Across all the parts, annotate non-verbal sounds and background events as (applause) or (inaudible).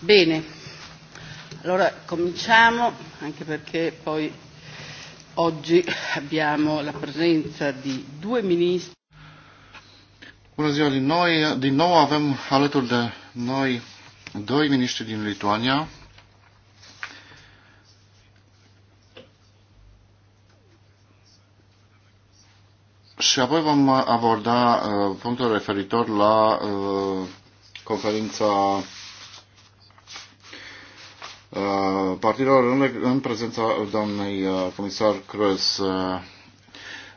Bene, allora cominciamo, anche perché poi oggi abbiamo la presenza di due ministri. Bună ziua din nou, din nou avem alături de noi doi miniștri din Lituania. Și apoi vom aborda uh, punctul referitor la uh, conferința Uh, partidelor în, în prezența doamnei uh, comisar Cruz. Uh,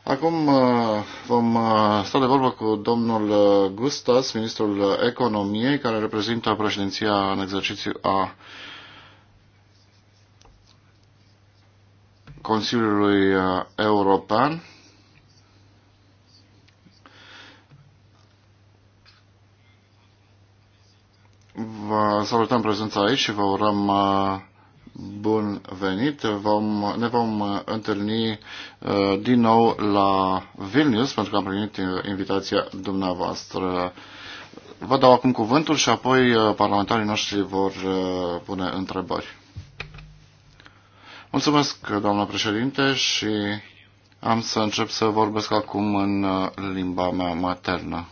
acum vom sta de vorbă cu domnul Gustas, ministrul economiei, care reprezintă președinția în exercițiu a Consiliului European. vă salutăm prezența aici și vă urăm uh, bun venit. Vom, ne vom uh, întâlni uh, din nou la Vilnius pentru că am primit invitația dumneavoastră. Vă dau acum cuvântul și apoi parlamentarii noștri vor pune întrebări. Mulțumesc, doamna președinte, și am să încep să vorbesc acum în limba mea maternă.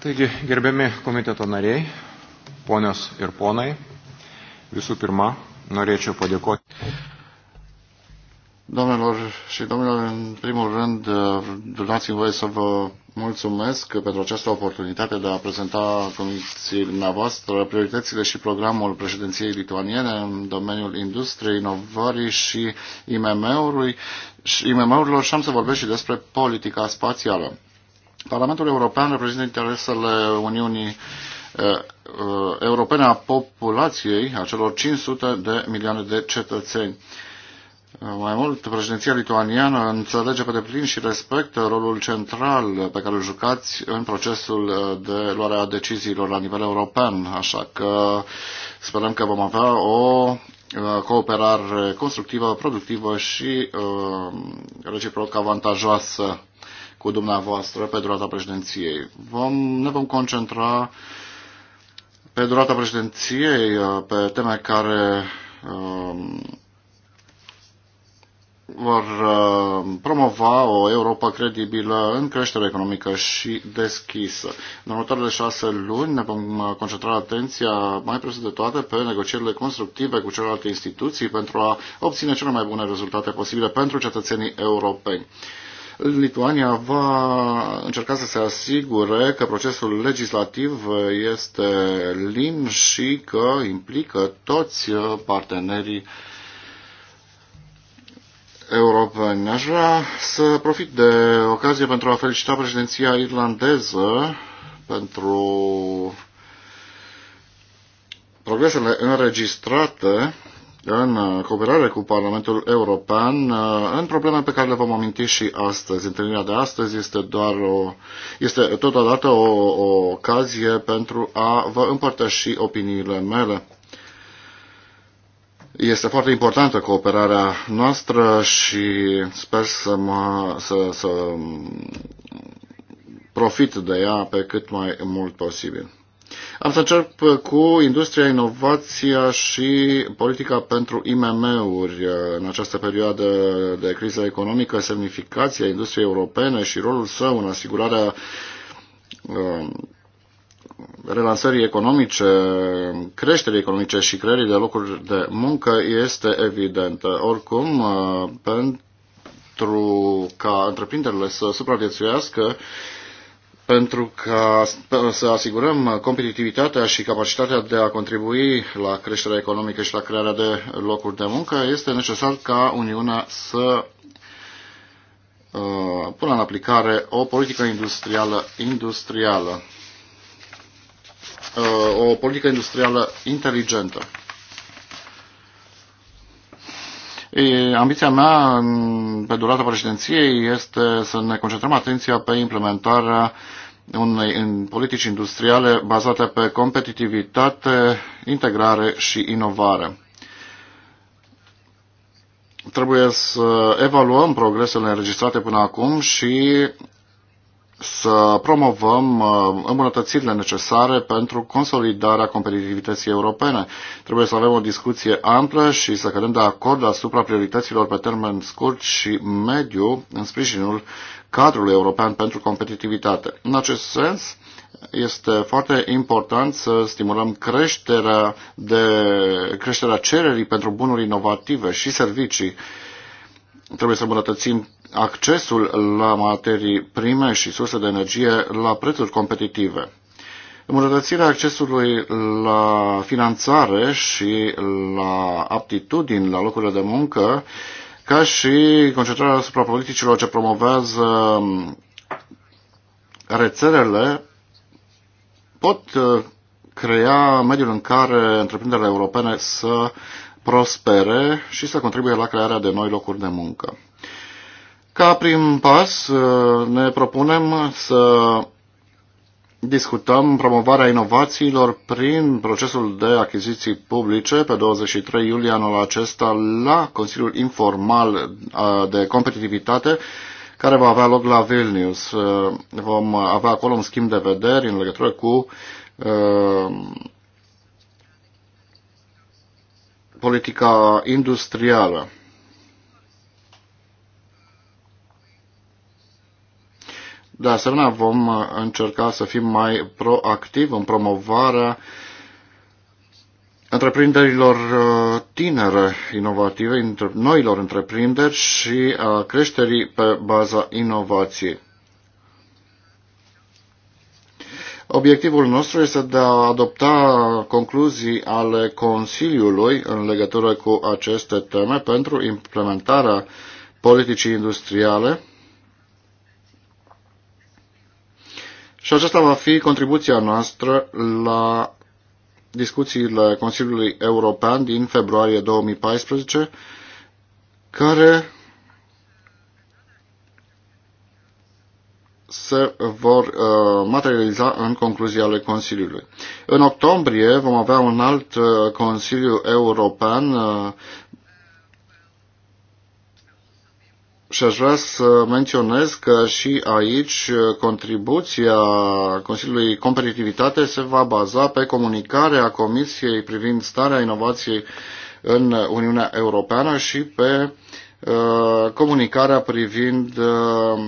Taigi, gerbiami komiteto nariai, ponios ir ponai, visų pirma, norėčiau padėkoti. Domnilor și domnilor, în primul rând, uh, dați-mi voie să vă mulțumesc pentru această oportunitate de a prezenta comisiei dumneavoastră prioritățile și programul președinției lituaniene în domeniul industriei, inovării și IMM-urilor și, IMM și am să vorbesc și despre politica spațială. Parlamentul European reprezintă interesele Uniunii eh, eh, Europene a populației, a celor 500 de milioane de cetățeni. Eh, mai mult, președinția lituaniană înțelege pe deplin și respectă rolul central pe care îl jucați în procesul de luare a deciziilor la nivel european, așa că sperăm că vom avea o cooperare constructivă, productivă și reciproc avantajoasă cu dumneavoastră pe durata președinției. Vom, ne vom concentra pe durata președinției uh, pe teme care um, vor uh, promova o Europa credibilă în creștere economică și deschisă. În următoarele șase luni ne vom uh, concentra atenția mai presus de toate pe negocierile constructive cu celelalte instituții pentru a obține cele mai bune rezultate posibile pentru cetățenii europeni. Lituania va încerca să se asigure că procesul legislativ este lin și că implică toți partenerii europeni. Aș vrea să profit de ocazie pentru a felicita președinția irlandeză pentru progresele înregistrate în uh, cooperare cu Parlamentul European uh, în probleme pe care le vom aminti și astăzi. Întâlnirea de astăzi este doar o, este totodată o, o ocazie pentru a vă împărtăși opiniile mele. Este foarte importantă cooperarea noastră și sper să, mă, să, să profit de ea pe cât mai mult posibil. Am să încep uh, cu industria, inovația și politica pentru IMM-uri. Uh, în această perioadă de criză economică, semnificația industriei europene și rolul său în asigurarea um, relansării economice, creșterii economice și creării de locuri de muncă este evidentă. Oricum, uh, pentru ca întreprinderile să supraviețuiască, pentru ca să asigurăm competitivitatea și capacitatea de a contribui la creșterea economică și la crearea de locuri de muncă, este necesar ca Uniunea să uh, pună în aplicare o politică industrială industrială, uh, o politică industrială inteligentă. Ambiția mea pe durata președinției este să ne concentrăm atenția pe implementarea uh, unei în politici industriale bazate pe competitivitate, integrare și inovare. Trebuie să evaluăm progresele înregistrate până acum și să promovăm uh, îmbunătățirile necesare pentru consolidarea competitivității europene. Trebuie să avem o discuție amplă și să cădem de acord asupra priorităților pe termen scurt și mediu în sprijinul cadrul european pentru competitivitate. În acest sens, este foarte important să stimulăm creșterea, de, creșterea cererii pentru bunuri inovative și servicii. Trebuie să îmbunătățim accesul la materii prime și surse de energie la prețuri competitive. Îmbunătățirea accesului la finanțare și la aptitudini la locurile de muncă ca și concentrarea asupra politicilor ce promovează um, rețelele pot uh, crea mediul în care întreprinderile europene să prospere și să contribuie la crearea de noi locuri de muncă. Ca prim pas uh, ne propunem să discutăm promovarea inovațiilor prin procesul de achiziții publice pe 23 iulie anul acesta la Consiliul Informal de Competitivitate care va avea loc la Vilnius. Vom avea acolo un schimb de vederi în legătură cu politica industrială. De asemenea, vom uh, încerca să fim mai proactivi în promovarea întreprinderilor uh, tinere inovative, noilor întreprinderi și a creșterii pe baza inovației. Obiectivul nostru este de a adopta concluzii ale Consiliului în legătură cu aceste teme pentru implementarea politicii industriale Și aceasta va fi contribuția noastră la discuțiile Consiliului European din februarie 2014, care se vor uh, materializa în concluzia ale Consiliului. În octombrie vom avea un alt uh, Consiliu European uh, și aș vrea să menționez că și aici uh, contribuția Consiliului Competitivitate se va baza pe comunicarea Comisiei privind starea inovației în Uniunea Europeană și pe uh, comunicarea privind uh,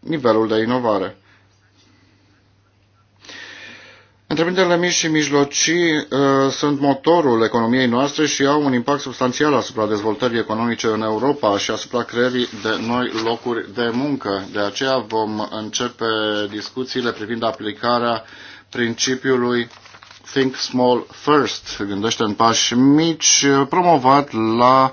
nivelul de inovare. Întreprinderile mici și mijlocii uh, sunt motorul economiei noastre și au un impact substanțial asupra dezvoltării economice în Europa și asupra creării de noi locuri de muncă. De aceea vom începe discuțiile privind aplicarea principiului Think Small First, gândește în pași mici, promovat la uh,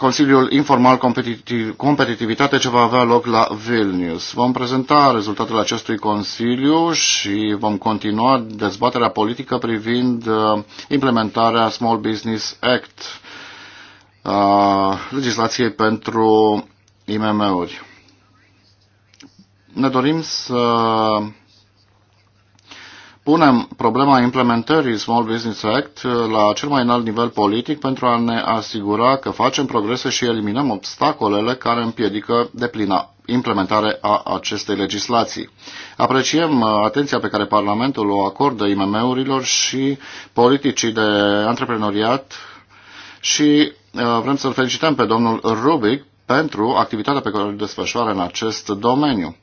Consiliul Informal Competitiv Competitivitate ce va avea loc la Vilnius. Vom prezenta rezultatele acestui Consiliu și vom continua dezbaterea politică privind uh, implementarea Small Business Act, uh, legislației pentru IMM-uri. Ne dorim să punem problema implementării Small Business Act uh, la cel mai înalt nivel politic pentru a ne asigura că facem progrese și eliminăm obstacolele care împiedică deplina implementare a acestei legislații. Apreciem uh, atenția pe care Parlamentul o acordă IMM-urilor și politicii de antreprenoriat și uh, vrem să-l felicităm pe domnul Rubic pentru activitatea pe care o desfășoară în acest domeniu.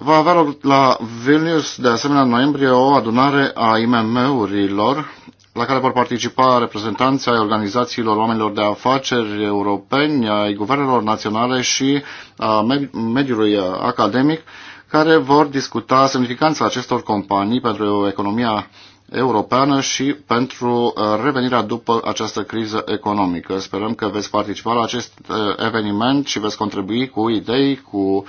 Va avea loc la Vilnius, de asemenea, în noiembrie, o adunare a IMM-urilor la care vor participa reprezentanții ai organizațiilor oamenilor de afaceri europeni, ai guvernelor naționale și a mediului academic, care vor discuta semnificanța acestor companii pentru economia europeană și pentru uh, revenirea după această criză economică. Sperăm că veți participa la acest uh, eveniment și veți contribui cu idei, cu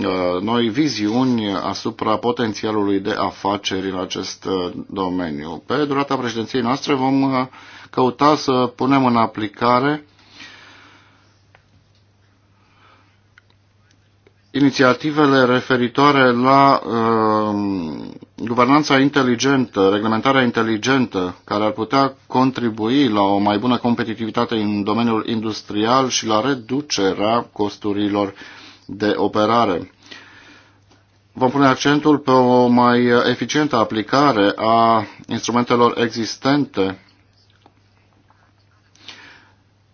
uh, noi viziuni asupra potențialului de afaceri în acest domeniu. Pe durata președinției noastre vom căuta să punem în aplicare inițiativele referitoare la uh, guvernanța inteligentă, reglementarea inteligentă, care ar putea contribui la o mai bună competitivitate în domeniul industrial și la reducerea costurilor de operare. Vom pune accentul pe o mai eficientă aplicare a instrumentelor existente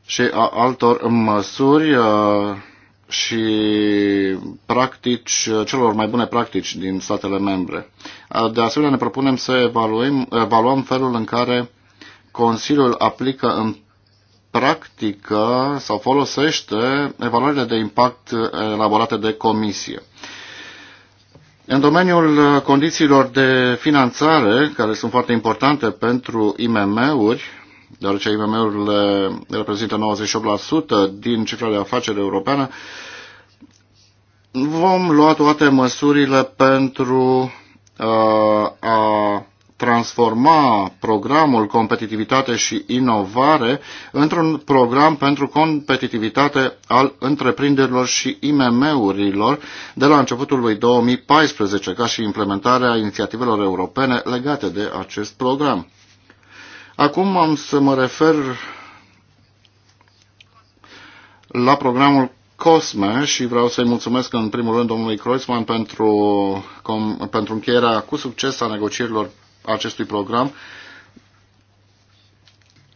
și a altor măsuri uh, și practici, celor mai bune practici din statele membre. De asemenea, ne propunem să evaluăm, evaluăm felul în care Consiliul aplică în practică sau folosește evaluările de impact elaborate de comisie. În domeniul condițiilor de finanțare, care sunt foarte importante pentru IMM-uri, deoarece IMM-urile reprezintă 98% din cifra de afaceri europeană, vom lua toate măsurile pentru uh, a transforma programul competitivitate și inovare într-un program pentru competitivitate al întreprinderilor și IMM-urilor de la începutul lui 2014, ca și implementarea inițiativelor europene legate de acest program. Acum am să mă refer la programul Cosme și vreau să-i mulțumesc în primul rând domnului Kreuzmann pentru, com, pentru încheierea cu succes a negocierilor acestui program.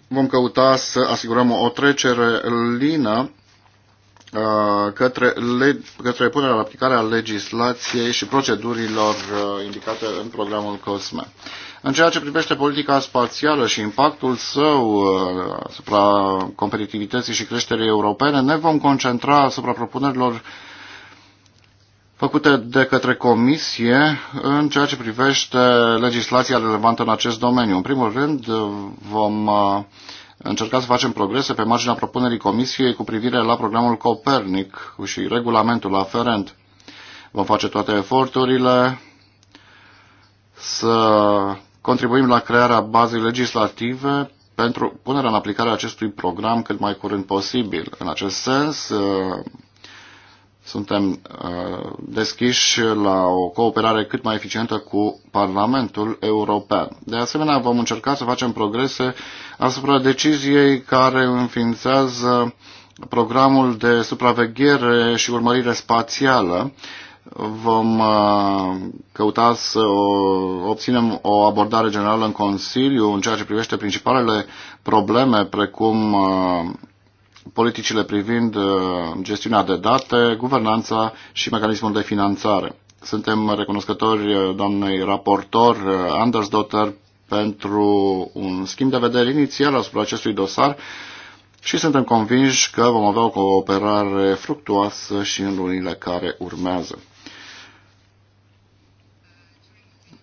Vom căuta să asigurăm o trecere lină uh, către, le, către punerea în aplicare a legislației și procedurilor uh, indicate în programul COSME. În ceea ce privește politica spațială și impactul său uh, asupra competitivității și creșterii europene, ne vom concentra asupra propunerilor făcute de către Comisie în ceea ce privește legislația relevantă în acest domeniu. În primul rând, uh, vom uh, încerca să facem progrese pe marginea propunerii Comisiei cu privire la programul Copernic și regulamentul aferent. Vom face toate eforturile să contribuim la crearea bazei legislative pentru punerea în aplicare a acestui program cât mai curând posibil. În acest sens, uh, suntem uh, deschiși la o cooperare cât mai eficientă cu Parlamentul European. De asemenea, vom încerca să facem progrese asupra deciziei care înființează programul de supraveghere și urmărire spațială vom uh, căuta să obținem o abordare generală în Consiliu în ceea ce privește principalele probleme, precum uh, politicile privind uh, gestiunea de date, guvernanța și mecanismul de finanțare. Suntem recunoscători doamnei raportor Anders Dotter pentru un schimb de vedere inițial asupra acestui dosar și suntem convinși că vom avea o cooperare fructuoasă și în lunile care urmează.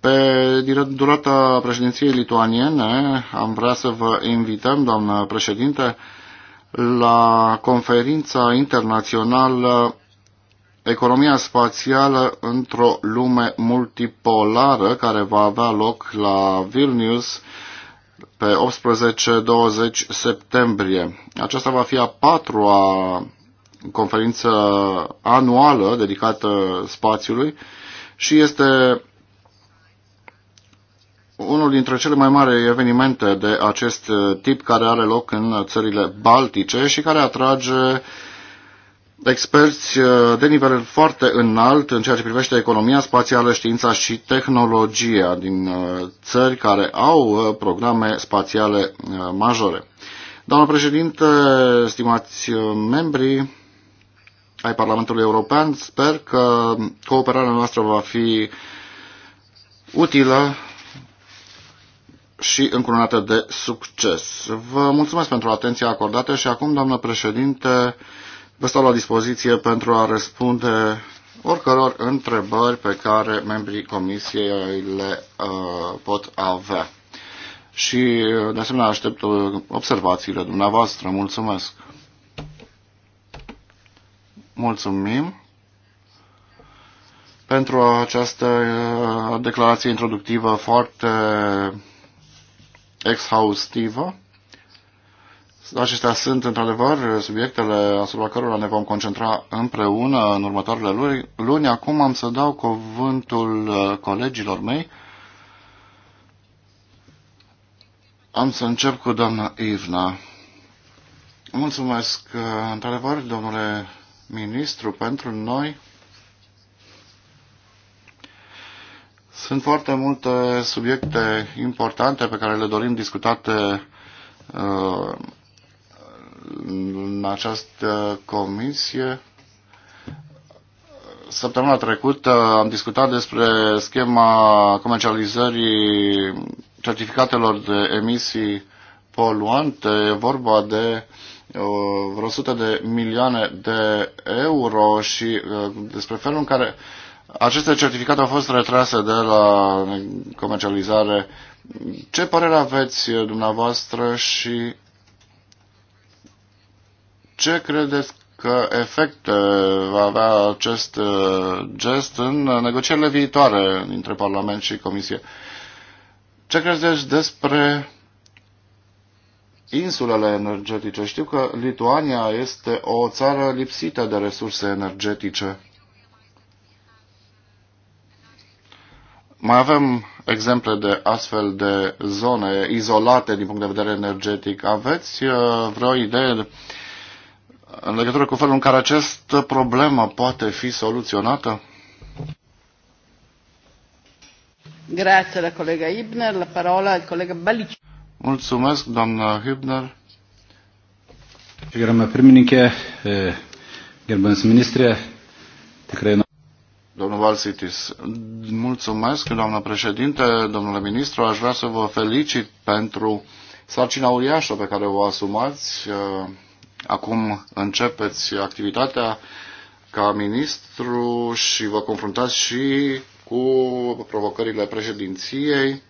Pe durata președinției lituaniene am vrea să vă invităm, doamnă președinte, la conferința internațională Economia spațială într-o lume multipolară care va avea loc la Vilnius pe 18-20 septembrie. Aceasta va fi a patrua conferință anuală dedicată spațiului și este unul dintre cele mai mari evenimente de acest uh, tip care are loc în țările baltice și care atrage experți uh, de nivel foarte înalt în ceea ce privește economia spațială, știința și tehnologia din uh, țări care au programe spațiale majore. Doamna președinte, stimați membri ai Parlamentului European, sper că cooperarea noastră va fi utilă și încurunată de succes. Vă mulțumesc pentru atenția acordată și acum, doamnă președinte, vă stau la dispoziție pentru a răspunde oricăror întrebări pe care membrii comisiei le uh, pot avea. Și, de asemenea, aștept uh, observațiile dumneavoastră. Mulțumesc! Mulțumim pentru această uh, declarație introductivă foarte exhaustivă. Acestea sunt, într-adevăr, subiectele asupra cărora ne vom concentra împreună în următoarele luni. Acum am să dau cuvântul uh, colegilor mei. Am să încep cu doamna Ivna. Mulțumesc, uh, într-adevăr, domnule ministru, pentru noi Sunt foarte multe subiecte importante pe care le dorim discutate uh, în această comisie. Săptămâna trecută am discutat despre schema comercializării certificatelor de emisii poluante. E vorba de uh, vreo 100 de milioane de euro și uh, despre felul în care aceste certificate au fost retrase de la comercializare. Ce părere aveți dumneavoastră și ce credeți că efecte va avea acest uh, gest în negocierile viitoare dintre Parlament și Comisie? Ce credeți despre insulele energetice? Știu că Lituania este o țară lipsită de resurse energetice. Mai avem exemple de astfel de zone izolate din punct de vedere energetic. Aveți uh, vreo idee în legătură cu felul în care această problemă poate fi soluționată? Grazie la colega Ibner. La parola al colega Balici. Mulțumesc, doamna Hübner. Gerbiamą pirmininkę, eh, gerbiamas ministrė, tikrai Domnul Valsitis, mulțumesc, doamnă președinte, domnule ministru, aș vrea să vă felicit pentru sarcina uriașă pe care o asumați. Uh, acum începeți activitatea ca ministru și vă confruntați și cu provocările președinției.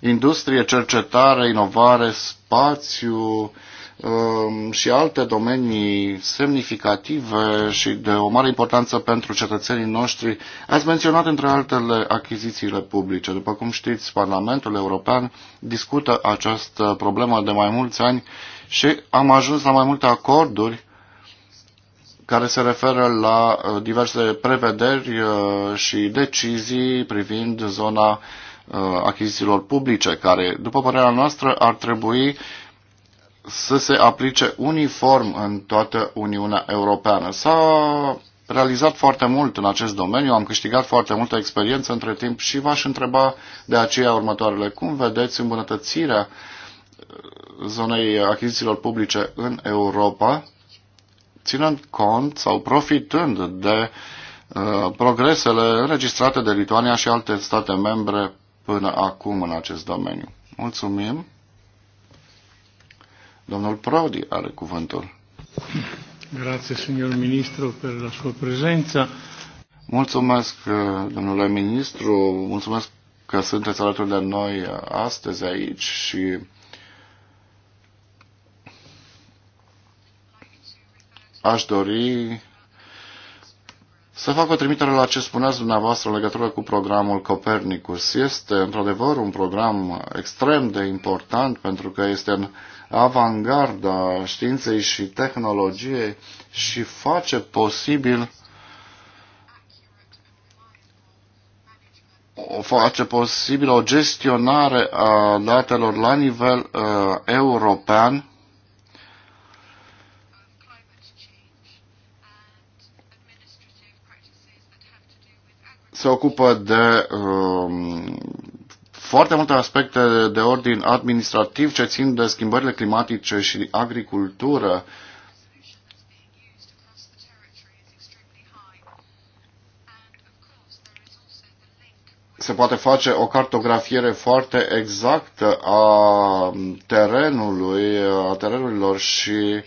Industrie, cercetare, inovare, spațiu, Um, și alte domenii semnificative și de o mare importanță pentru cetățenii noștri. Ați menționat, între altele, achizițiile publice. După cum știți, Parlamentul European discută această problemă de mai mulți ani și am ajuns la mai multe acorduri care se referă la uh, diverse prevederi uh, și decizii privind zona uh, achizițiilor publice, care, după părerea noastră, ar trebui să se aplice uniform în toată Uniunea Europeană. S-a realizat foarte mult în acest domeniu, am câștigat foarte multă experiență între timp și v-aș întreba de aceea următoarele. Cum vedeți îmbunătățirea uh, zonei achizițiilor publice în Europa, ținând cont sau profitând de uh, progresele înregistrate de Lituania și alte state membre până acum în acest domeniu? Mulțumim! Domnul Prodi are cuvântul. Grazie, signor ministro, per la sua presenza. Mulțumesc, uh, domnule ministru, mulțumesc că sunteți alături de noi astăzi aici și aș dori să fac o trimitere la ce spuneați dumneavoastră în legătură cu programul Copernicus. Este într-adevăr un program extrem de important pentru că este în avangarda științei și tehnologiei și face posibil face posibil o gestionare a datelor la nivel uh, european se ocupă de uh, foarte multe aspecte de ordin administrativ ce țin de schimbările climatice și agricultură. Se poate face o cartografiere foarte exactă a terenului, a terenurilor și uh,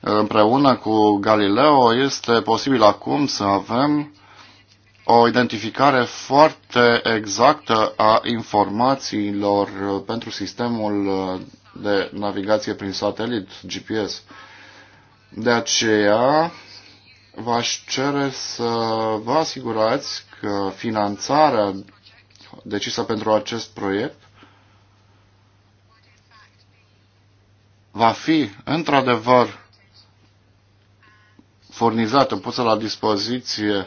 împreună cu Galileo este posibil acum să avem o identificare foarte exactă a informațiilor pentru sistemul de navigație prin satelit, GPS. De aceea, v-aș cere să vă asigurați că finanțarea decisă pentru acest proiect va fi într-adevăr furnizată, pusă la dispoziție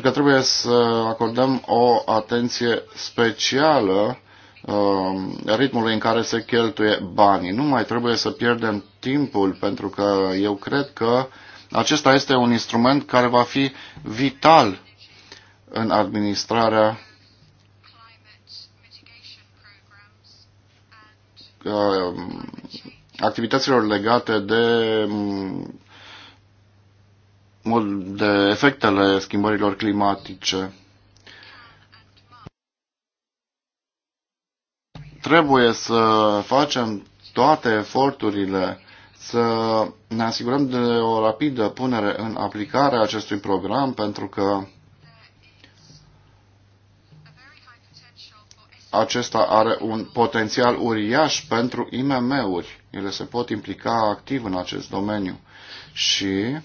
pentru că trebuie să acordăm o atenție specială um, ritmului în care se cheltuie banii. Nu mai trebuie să pierdem timpul, pentru că eu cred că acesta este un instrument care va fi vital în administrarea um, activităților legate de um, de efectele schimbărilor climatice. Trebuie să facem toate eforturile să ne asigurăm de o rapidă punere în aplicare a acestui program, pentru că acesta are un potențial uriaș pentru IMM-uri. Ele se pot implica activ în acest domeniu și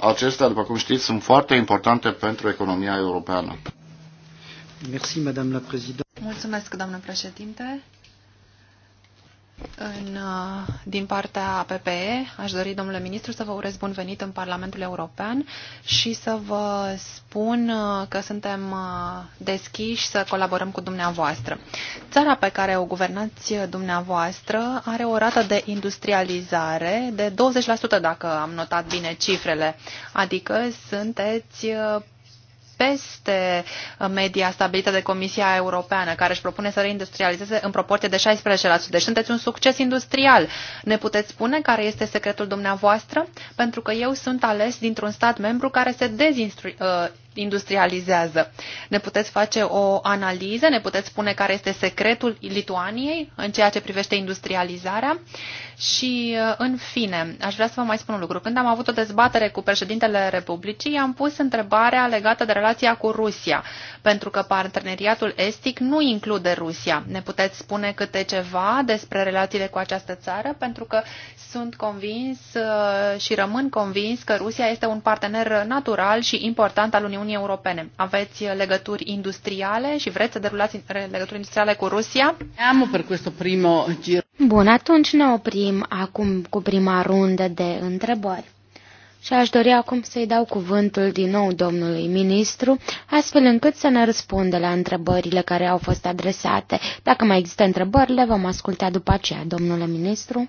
Acestea, după cum știți, sunt foarte importante pentru economia europeană. Mulțumesc, doamnă președinte. În, uh, din partea PPE, aș dori, domnule ministru, să vă urez bun venit în Parlamentul European și să vă spun uh, că suntem uh, deschiși să colaborăm cu dumneavoastră. Țara pe care o guvernați dumneavoastră are o rată de industrializare de 20%, dacă am notat bine cifrele, adică sunteți peste uh, media stabilită de Comisia Europeană, care își propune să reindustrializeze în proporție de 16%. Deci sunteți un succes industrial. Ne puteți spune care este secretul dumneavoastră? Pentru că eu sunt ales dintr-un stat membru care se dezinstru- uh, industrializează. Ne puteți face o analiză, ne puteți spune care este secretul Lituaniei în ceea ce privește industrializarea și, uh, în fine, aș vrea să vă mai spun un lucru. Când am avut o dezbatere cu președintele Republicii, am pus întrebarea legată de relația cu Rusia, pentru că parteneriatul estic nu include Rusia. Ne puteți spune câte ceva despre relațiile cu această țară, pentru că sunt convins uh, și rămân convins că Rusia este un partener natural și important al Uniunii Uniunii Europene. Aveți legături industriale și vreți să derulați legături industriale cu Rusia? Am per questo primo giro. Bun, atunci ne oprim acum cu prima rundă de întrebări. Și aș dori acum să-i dau cuvântul din nou domnului ministru, astfel încât să ne răspundă la întrebările care au fost adresate. Dacă mai există întrebări, le vom asculta după aceea, domnule ministru.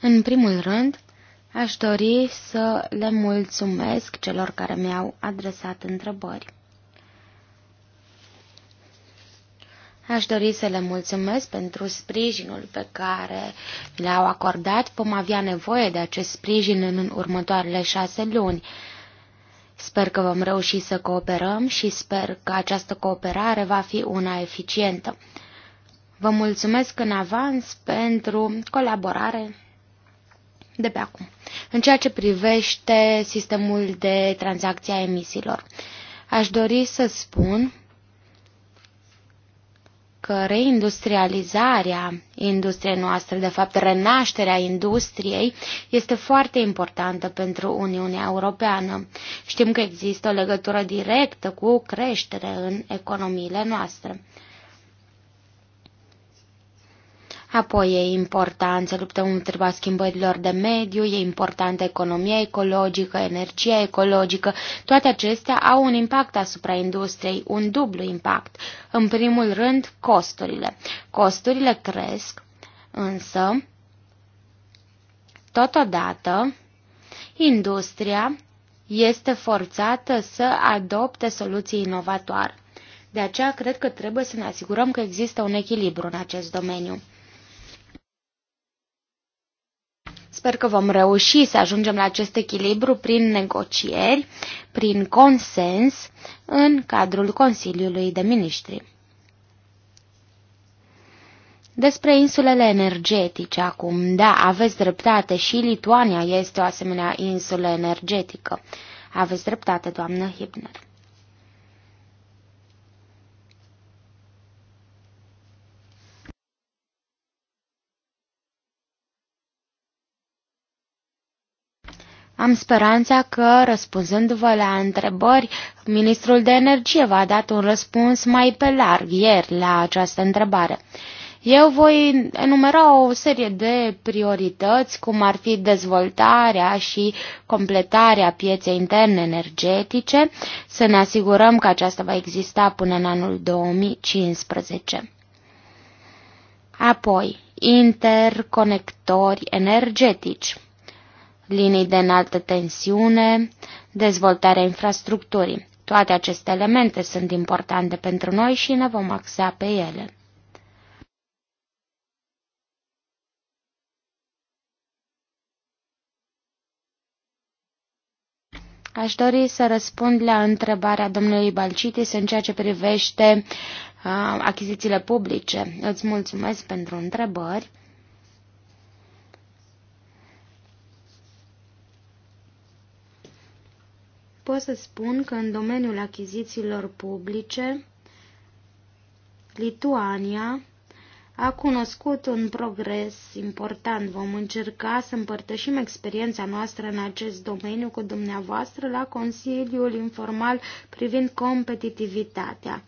În primul rând, aș dori să le mulțumesc celor care mi-au adresat întrebări. Aș dori să le mulțumesc pentru sprijinul pe care mi l-au acordat. Vom avea nevoie de acest sprijin în următoarele șase luni. Sper că vom reuși să cooperăm și sper că această cooperare va fi una eficientă. Vă mulțumesc în avans pentru colaborare de pe acum, în ceea ce privește sistemul de tranzacție a emisiilor. Aș dori să spun că reindustrializarea industriei noastre, de fapt renașterea industriei, este foarte importantă pentru Uniunea Europeană. Știm că există o legătură directă cu creștere în economiile noastre. Apoi e important să luptăm împotriva schimbărilor de mediu, e importantă economia ecologică, energia ecologică. Toate acestea au un impact asupra industriei, un dublu impact. În primul rând, costurile. Costurile cresc, însă, totodată, industria este forțată să adopte soluții inovatoare. De aceea cred că trebuie să ne asigurăm că există un echilibru în acest domeniu. Sper că vom reuși să ajungem la acest echilibru prin negocieri, prin consens în cadrul Consiliului de Ministri. Despre insulele energetice acum, da, aveți dreptate și Lituania este o asemenea insulă energetică. Aveți dreptate, doamnă Hibner. Am speranța că, răspunzându-vă la întrebări, ministrul de energie v-a dat un răspuns mai pe larg ieri la această întrebare. Eu voi enumera o serie de priorități, cum ar fi dezvoltarea și completarea pieței interne energetice, să ne asigurăm că aceasta va exista până în anul 2015. Apoi, interconectori energetici linii de înaltă tensiune, dezvoltarea infrastructurii. Toate aceste elemente sunt importante pentru noi și ne vom axa pe ele. Aș dori să răspund la întrebarea domnului Balcitis în ceea ce privește uh, achizițiile publice. Îți mulțumesc pentru întrebări. pot să spun că în domeniul achizițiilor publice, Lituania a cunoscut un progres important. Vom încerca să împărtășim experiența noastră în acest domeniu cu dumneavoastră la Consiliul Informal privind competitivitatea.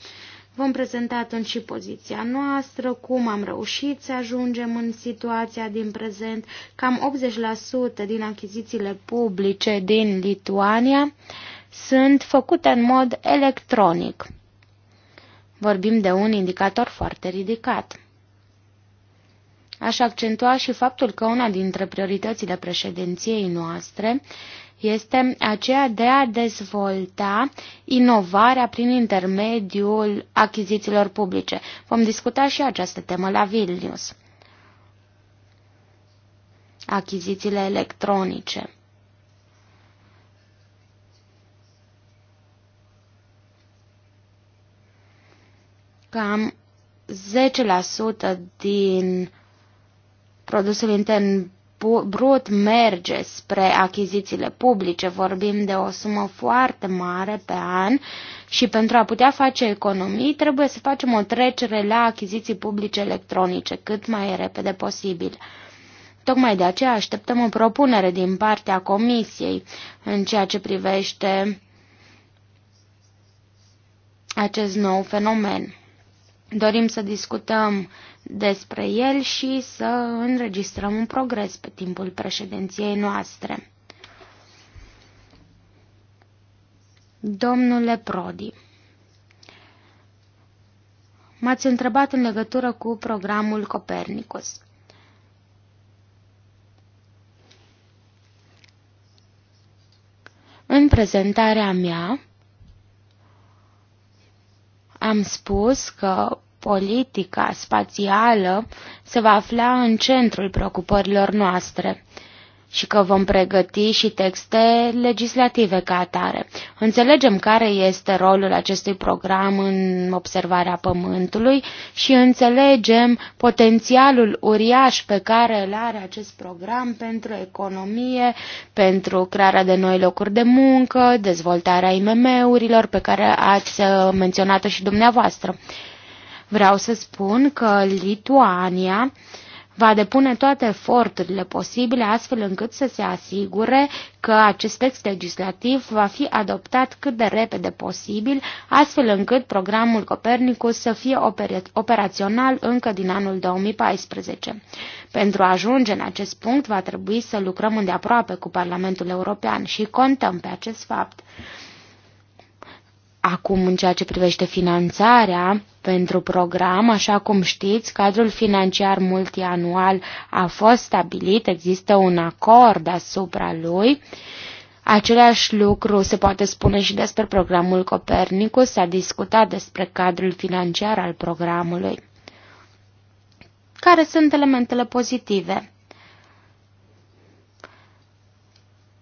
Vom prezenta atunci și poziția noastră, cum am reușit să ajungem în situația din prezent. Cam 80% din achizițiile publice din Lituania sunt făcute în mod electronic. Vorbim de un indicator foarte ridicat. Aș accentua și faptul că una dintre prioritățile președinției noastre este aceea de a dezvolta inovarea prin intermediul achizițiilor publice. Vom discuta și această temă la Vilnius. Achizițiile electronice. Cam 10% din produsul intern brut merge spre achizițiile publice. Vorbim de o sumă foarte mare pe an și pentru a putea face economii trebuie să facem o trecere la achiziții publice electronice cât mai repede posibil. Tocmai de aceea așteptăm o propunere din partea Comisiei în ceea ce privește acest nou fenomen. Dorim să discutăm despre el și să înregistrăm un progres pe timpul președinției noastre. Domnule Prodi, m-ați întrebat în legătură cu programul Copernicus. În prezentarea mea, am spus că politica spațială se va afla în centrul preocupărilor noastre și că vom pregăti și texte legislative ca atare. Înțelegem care este rolul acestui program în observarea pământului și înțelegem potențialul uriaș pe care îl are acest program pentru economie, pentru crearea de noi locuri de muncă, dezvoltarea IMM-urilor pe care ați uh, menționat-o și dumneavoastră. Vreau să spun că Lituania uh, va depune toate eforturile posibile astfel încât să se asigure că acest text legislativ va fi adoptat cât de repede posibil, astfel încât programul Copernicus să fie operațional încă din anul 2014. Pentru a ajunge în acest punct va trebui să lucrăm îndeaproape cu Parlamentul European și contăm pe acest fapt. Acum, în ceea ce privește finanțarea pentru program, așa cum știți, cadrul financiar multianual a fost stabilit, există un acord asupra lui. Același lucru se poate spune și despre programul Copernicus, s-a discutat despre cadrul financiar al programului. Care sunt elementele pozitive?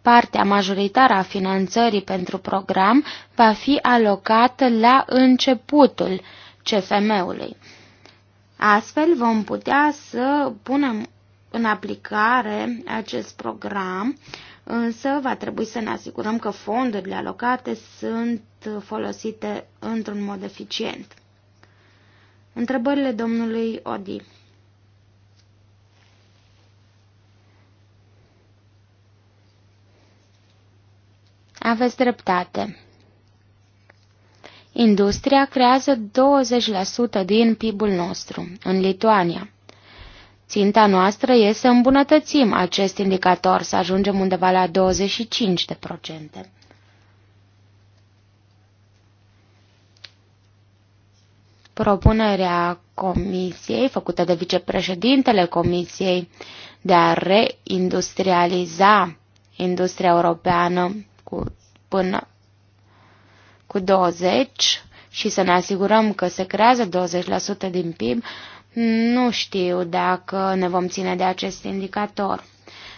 partea majoritară a finanțării pentru program va fi alocată la începutul CFM-ului. Astfel vom putea să punem în aplicare acest program, însă va trebui să ne asigurăm că fondurile alocate sunt folosite într-un mod eficient. Întrebările domnului Odi. Aveți dreptate. Industria creează 20% din PIB-ul nostru în Lituania. Ținta noastră e să îmbunătățim acest indicator, să ajungem undeva la 25%. Propunerea comisiei, făcută de vicepreședintele comisiei, de a reindustrializa industria europeană cu, până cu 20 și să ne asigurăm că se creează 20% din PIB, nu știu dacă ne vom ține de acest indicator.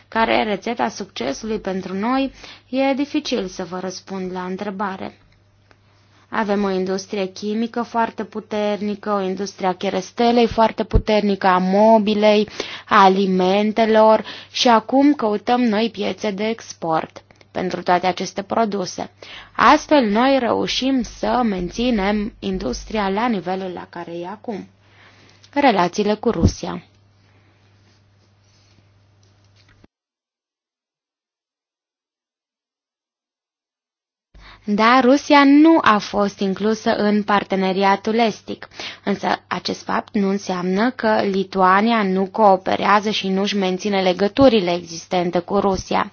Care e rețeta succesului pentru noi? E dificil să vă răspund la întrebare. Avem o industrie chimică foarte puternică, o industrie a cherestelei foarte puternică, a mobilei, a alimentelor și acum căutăm noi piețe de export pentru toate aceste produse. Astfel, noi reușim să menținem industria la nivelul la care e acum. Relațiile cu Rusia Da, Rusia nu a fost inclusă în parteneriatul estic, însă acest fapt nu înseamnă că Lituania nu cooperează și nu-și menține legăturile existente cu Rusia.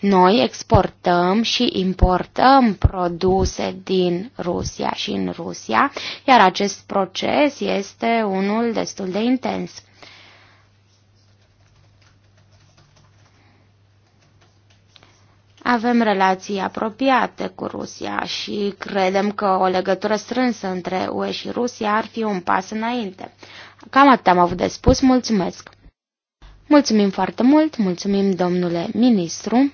Noi exportăm și importăm produse din Rusia și în Rusia, iar acest proces este unul destul de intens. Avem relații apropiate cu Rusia și credem că o legătură strânsă între UE și Rusia ar fi un pas înainte. Cam atât am avut de spus, mulțumesc! Mulțumim foarte mult, mulțumim domnule ministru!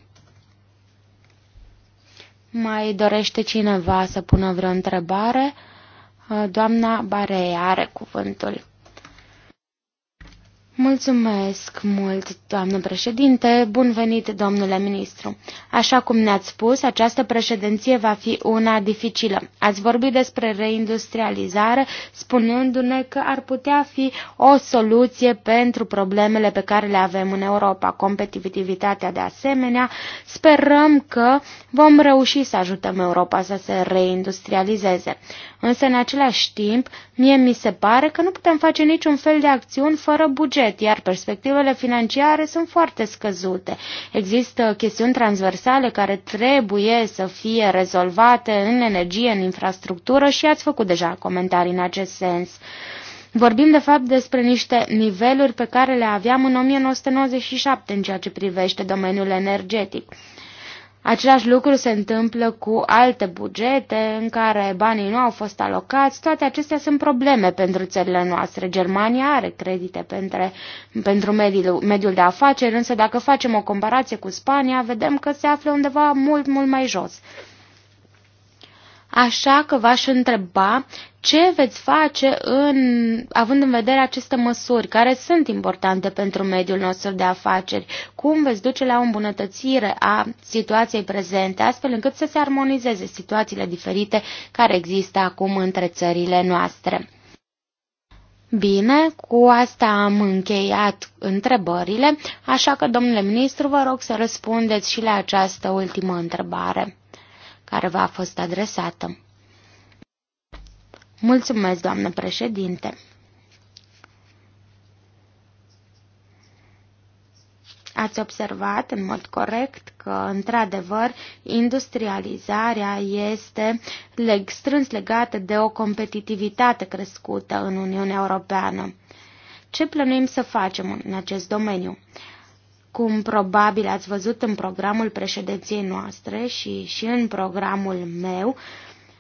Mai dorește cineva să pună vreo întrebare? Doamna Barea are cuvântul. Mulțumesc mult, doamnă președinte. Bun venit, domnule ministru. Așa cum ne-ați spus, această președinție va fi una dificilă. Ați vorbit despre reindustrializare, spunându-ne că ar putea fi o soluție pentru problemele pe care le avem în Europa, competitivitatea de asemenea. Sperăm că vom reuși să ajutăm Europa să se reindustrializeze. Însă, în același timp, mie mi se pare că nu putem face niciun fel de acțiuni fără buget buget, iar perspectivele financiare sunt foarte scăzute. Există chestiuni transversale care trebuie să fie rezolvate în energie, în infrastructură și ați făcut deja comentarii în acest sens. Vorbim de fapt despre niște niveluri pe care le aveam în 1997 în ceea ce privește domeniul energetic. Același lucru se întâmplă cu alte bugete în care banii nu au fost alocați. Toate acestea sunt probleme pentru țările noastre. Germania are credite pentru, pentru mediul, mediul de afaceri, însă dacă facem o comparație cu Spania, vedem că se află undeva mult, mult mai jos. Așa că v-aș întreba ce veți face în, având în vedere aceste măsuri care sunt importante pentru mediul nostru de afaceri? Cum veți duce la o îmbunătățire a situației prezente, astfel încât să se armonizeze situațiile diferite care există acum între țările noastre? Bine, cu asta am încheiat întrebările, așa că, domnule ministru, vă rog să răspundeți și la această ultimă întrebare care v-a fost adresată. Mulțumesc, doamnă președinte. Ați observat în mod corect că, într-adevăr, industrializarea este leg strâns legată de o competitivitate crescută în Uniunea Europeană. Ce plănuim să facem în acest domeniu? Cum probabil ați văzut în programul președinției noastre și, și în programul meu,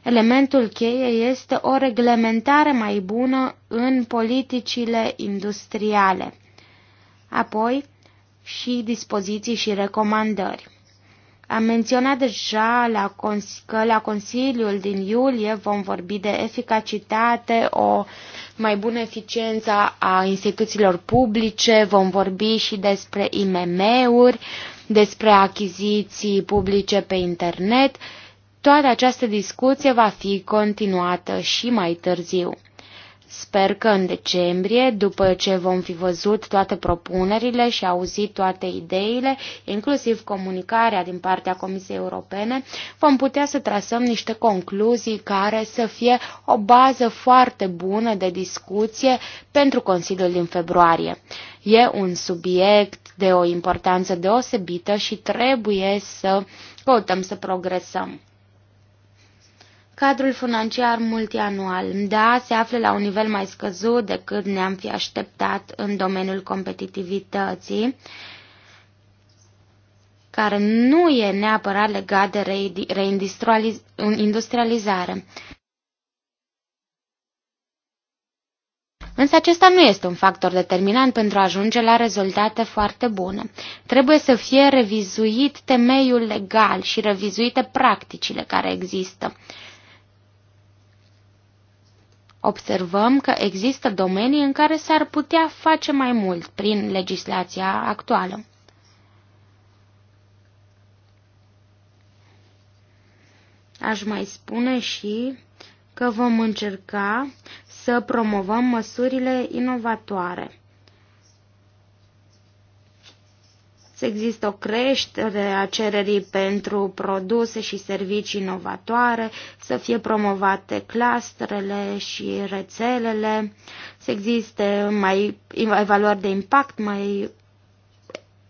elementul cheie este o reglementare mai bună în politicile industriale. Apoi, și dispoziții și recomandări. Am menționat deja la că la Consiliul din iulie vom vorbi de eficacitate, o mai bună eficiență a instituțiilor publice, vom vorbi și despre IMM-uri, despre achiziții publice pe internet. Toată această discuție va fi continuată și mai târziu. Sper că în decembrie, după ce vom fi văzut toate propunerile și auzit toate ideile, inclusiv comunicarea din partea Comisiei Europene, vom putea să trasăm niște concluzii care să fie o bază foarte bună de discuție pentru Consiliul din februarie. E un subiect de o importanță deosebită și trebuie să căutăm să progresăm. Cadrul financiar multianual, da, se află la un nivel mai scăzut decât ne-am fi așteptat în domeniul competitivității, care nu e neapărat legat de reindustrializare. Însă acesta nu este un factor determinant pentru a ajunge la rezultate foarte bune. Trebuie să fie revizuit temeiul legal și revizuite practicile care există observăm că există domenii în care s-ar putea face mai mult prin legislația actuală. Aș mai spune și că vom încerca să promovăm măsurile inovatoare. să există o creștere a cererii pentru produse și servicii inovatoare, să fie promovate clusterele și rețelele, să existe mai evaluări de impact mai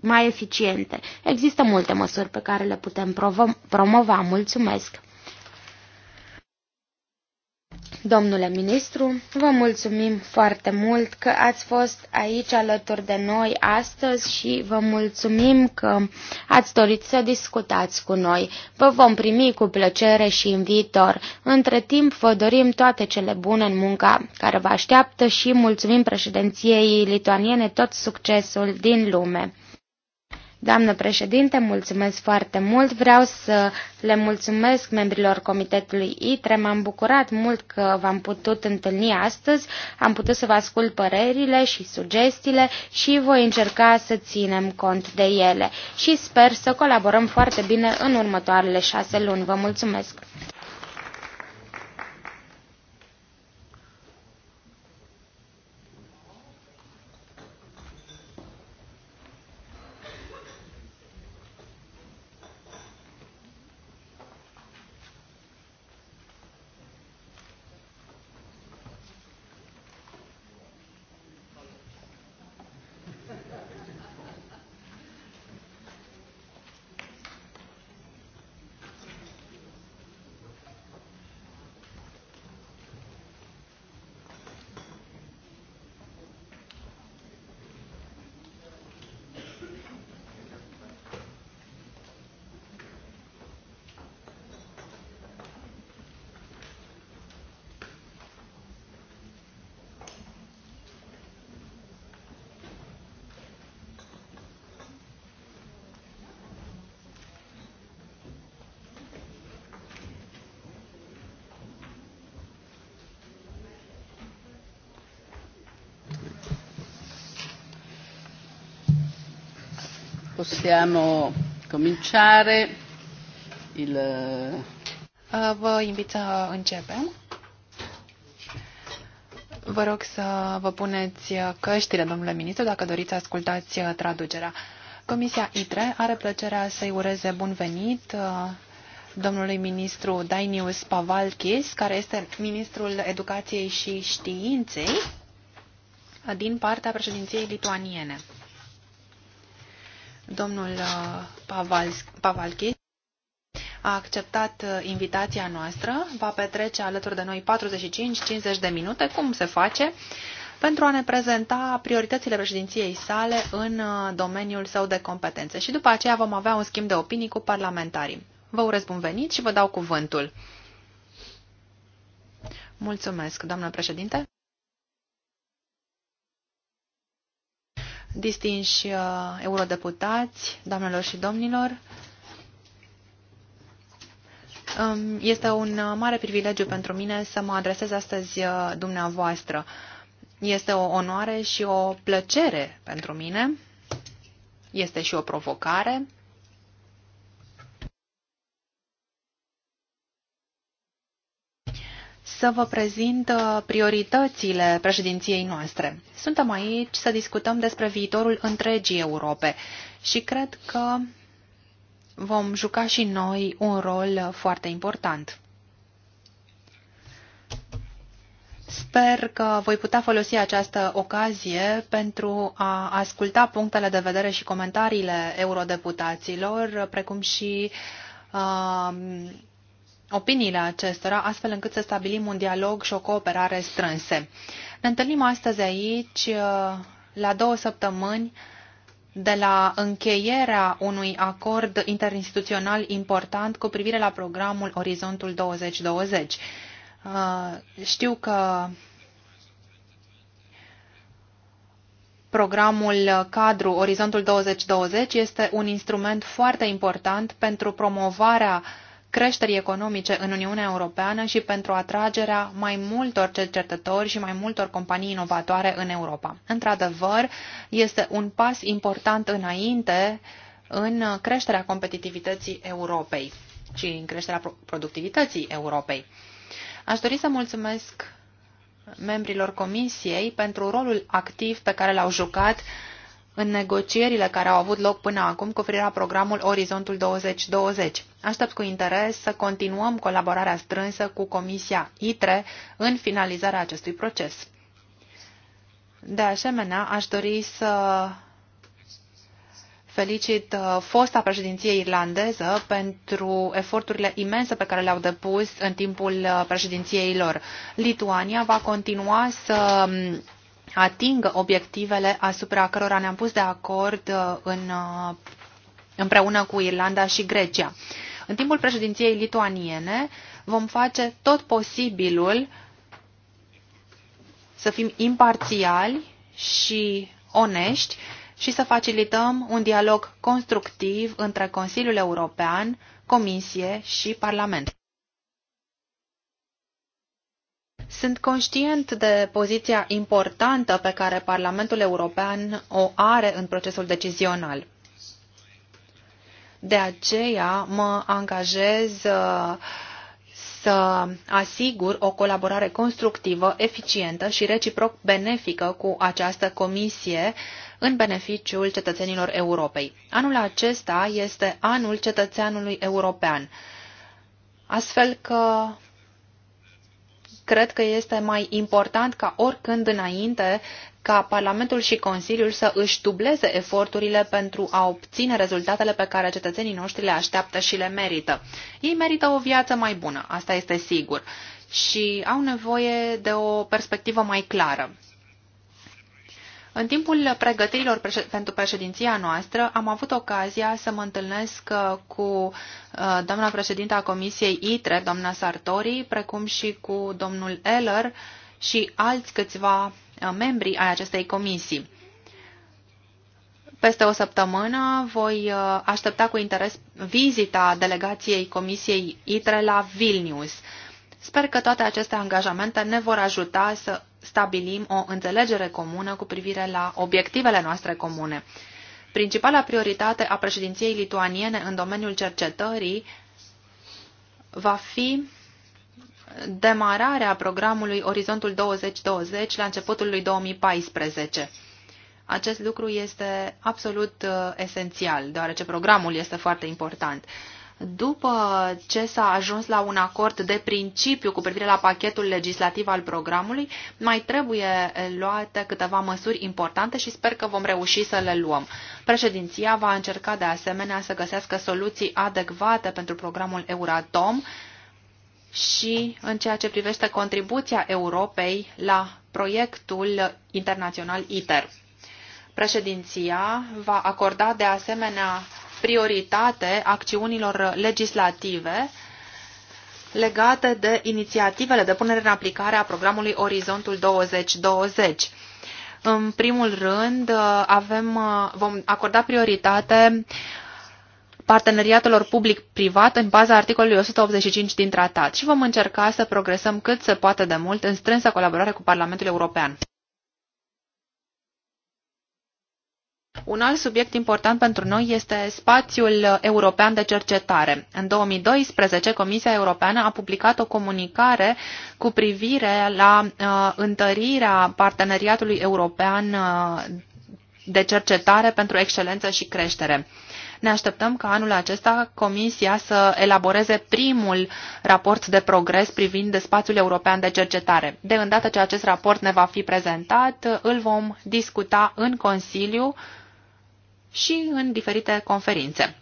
mai eficiente. Există multe măsuri pe care le putem promova. Mulțumesc! Domnule ministru, vă mulțumim foarte mult că ați fost aici alături de noi astăzi și vă mulțumim că ați dorit să discutați cu noi. Vă vom primi cu plăcere și în viitor. Între timp, vă dorim toate cele bune în munca care vă așteaptă și mulțumim președinției lituaniene tot succesul din lume. Doamnă președinte, mulțumesc foarte mult. Vreau să le mulțumesc membrilor Comitetului ITRE. M-am bucurat mult că v-am putut întâlni astăzi. Am putut să vă ascult părerile și sugestiile și voi încerca să ținem cont de ele. Și sper să colaborăm foarte bine în următoarele șase luni. Vă mulțumesc! Possiamo cominciare il... Uh, vă invit să începem. Vă rog să vă puneți căștile, domnule ministru, dacă doriți să ascultați uh, traducerea. Comisia ITRE are plăcerea să-i ureze bun venit uh, domnului ministru Dainius Pavalkis, care este ministrul Educației și Științei din partea președinției lituaniene. Domnul uh, Pavalchi a acceptat uh, invitația noastră, va petrece alături de noi 45-50 de minute, cum se face, pentru a ne prezenta prioritățile președinției sale în uh, domeniul său de competențe. Și după aceea vom avea un schimb de opinii cu parlamentarii. Vă urez bun venit și vă dau cuvântul. Mulțumesc, doamnă președinte. distinși uh, eurodeputați, doamnelor și domnilor, um, este un uh, mare privilegiu pentru mine să mă adresez astăzi uh, dumneavoastră. Este o onoare și o plăcere pentru mine, este și o provocare să vă prezint uh, prioritățile președinției noastre. Suntem aici să discutăm despre viitorul întregii Europe și cred că vom juca și noi un rol foarte important. Sper că voi putea folosi această ocazie pentru a asculta punctele de vedere și comentariile eurodeputaților, precum și uh, opiniile acestora, astfel încât să stabilim un dialog și o cooperare strânse. Ne întâlnim astăzi aici, uh, la două săptămâni, de la încheierea unui acord interinstituțional important cu privire la programul Orizontul 2020. Uh, știu că programul cadru Orizontul 2020 este un instrument foarte important pentru promovarea uh, creșterii economice în Uniunea Europeană și pentru atragerea mai multor cercetători și mai multor companii inovatoare în Europa. Într-adevăr, este un pas important înainte în creșterea competitivității Europei și în creșterea productivității Europei. Aș dori să mulțumesc membrilor Comisiei pentru rolul activ pe care l-au jucat în negocierile care au avut loc până acum cu privire la programul Orizontul 2020. Aștept cu interes să continuăm colaborarea strânsă cu Comisia ITRE în finalizarea acestui proces. De asemenea, aș dori să felicit uh, fosta președinție irlandeză pentru eforturile imense pe care le-au depus în timpul uh, președinției lor. Lituania va continua să um, atingă obiectivele asupra cărora ne-am pus de acord uh, în, uh, împreună cu Irlanda și Grecia. În timpul președinției lituaniene vom face tot posibilul să fim imparțiali și onești și să facilităm un dialog constructiv între Consiliul European, Comisie și Parlament. Sunt conștient de poziția importantă pe care Parlamentul European o are în procesul decizional. De aceea mă angajez uh, să asigur o colaborare constructivă, eficientă și reciproc benefică cu această comisie în beneficiul cetățenilor Europei. Anul acesta este anul cetățeanului european. Astfel că cred că este mai important ca oricând înainte ca Parlamentul și Consiliul să își dubleze eforturile pentru a obține rezultatele pe care cetățenii noștri le așteaptă și le merită. Ei merită o viață mai bună, asta este sigur, și au nevoie de o perspectivă mai clară. În timpul pregătirilor pentru președinția noastră am avut ocazia să mă întâlnesc uh, cu uh, doamna președinta a Comisiei ITRE, doamna Sartori, precum și cu domnul Eller și alți câțiva uh, membri ai acestei comisii. Peste o săptămână voi aștepta cu interes vizita delegației Comisiei ITRE la Vilnius. Sper că toate aceste angajamente ne vor ajuta să stabilim o înțelegere comună cu privire la obiectivele noastre comune. Principala prioritate a președinției lituaniene în domeniul cercetării va fi demararea programului Orizontul 2020 la începutul lui 2014. Acest lucru este absolut uh, esențial, deoarece programul este foarte important. După ce s-a ajuns la un acord de principiu cu privire la pachetul legislativ al programului, mai trebuie luate câteva măsuri importante și sper că vom reuși să le luăm. Președinția va încerca de asemenea să găsească soluții adecvate pentru programul Euratom și în ceea ce privește contribuția Europei la proiectul internațional ITER. Președinția va acorda de asemenea prioritate acțiunilor legislative legate de inițiativele de punere în aplicare a programului Orizontul 2020. În primul rând, avem, vom acorda prioritate parteneriatelor public-privat în baza articolului 185 din tratat și vom încerca să progresăm cât se poate de mult în strânsă colaborare cu Parlamentul European. Un alt subiect important pentru noi este spațiul european de cercetare. În 2012, Comisia Europeană a publicat o comunicare cu privire la uh, întărirea parteneriatului european uh, de cercetare pentru excelență și creștere. Ne așteptăm ca anul acesta Comisia să elaboreze primul raport de progres privind de spațiul european de cercetare. De îndată ce acest raport ne va fi prezentat, îl vom discuta în Consiliu și în diferite conferințe.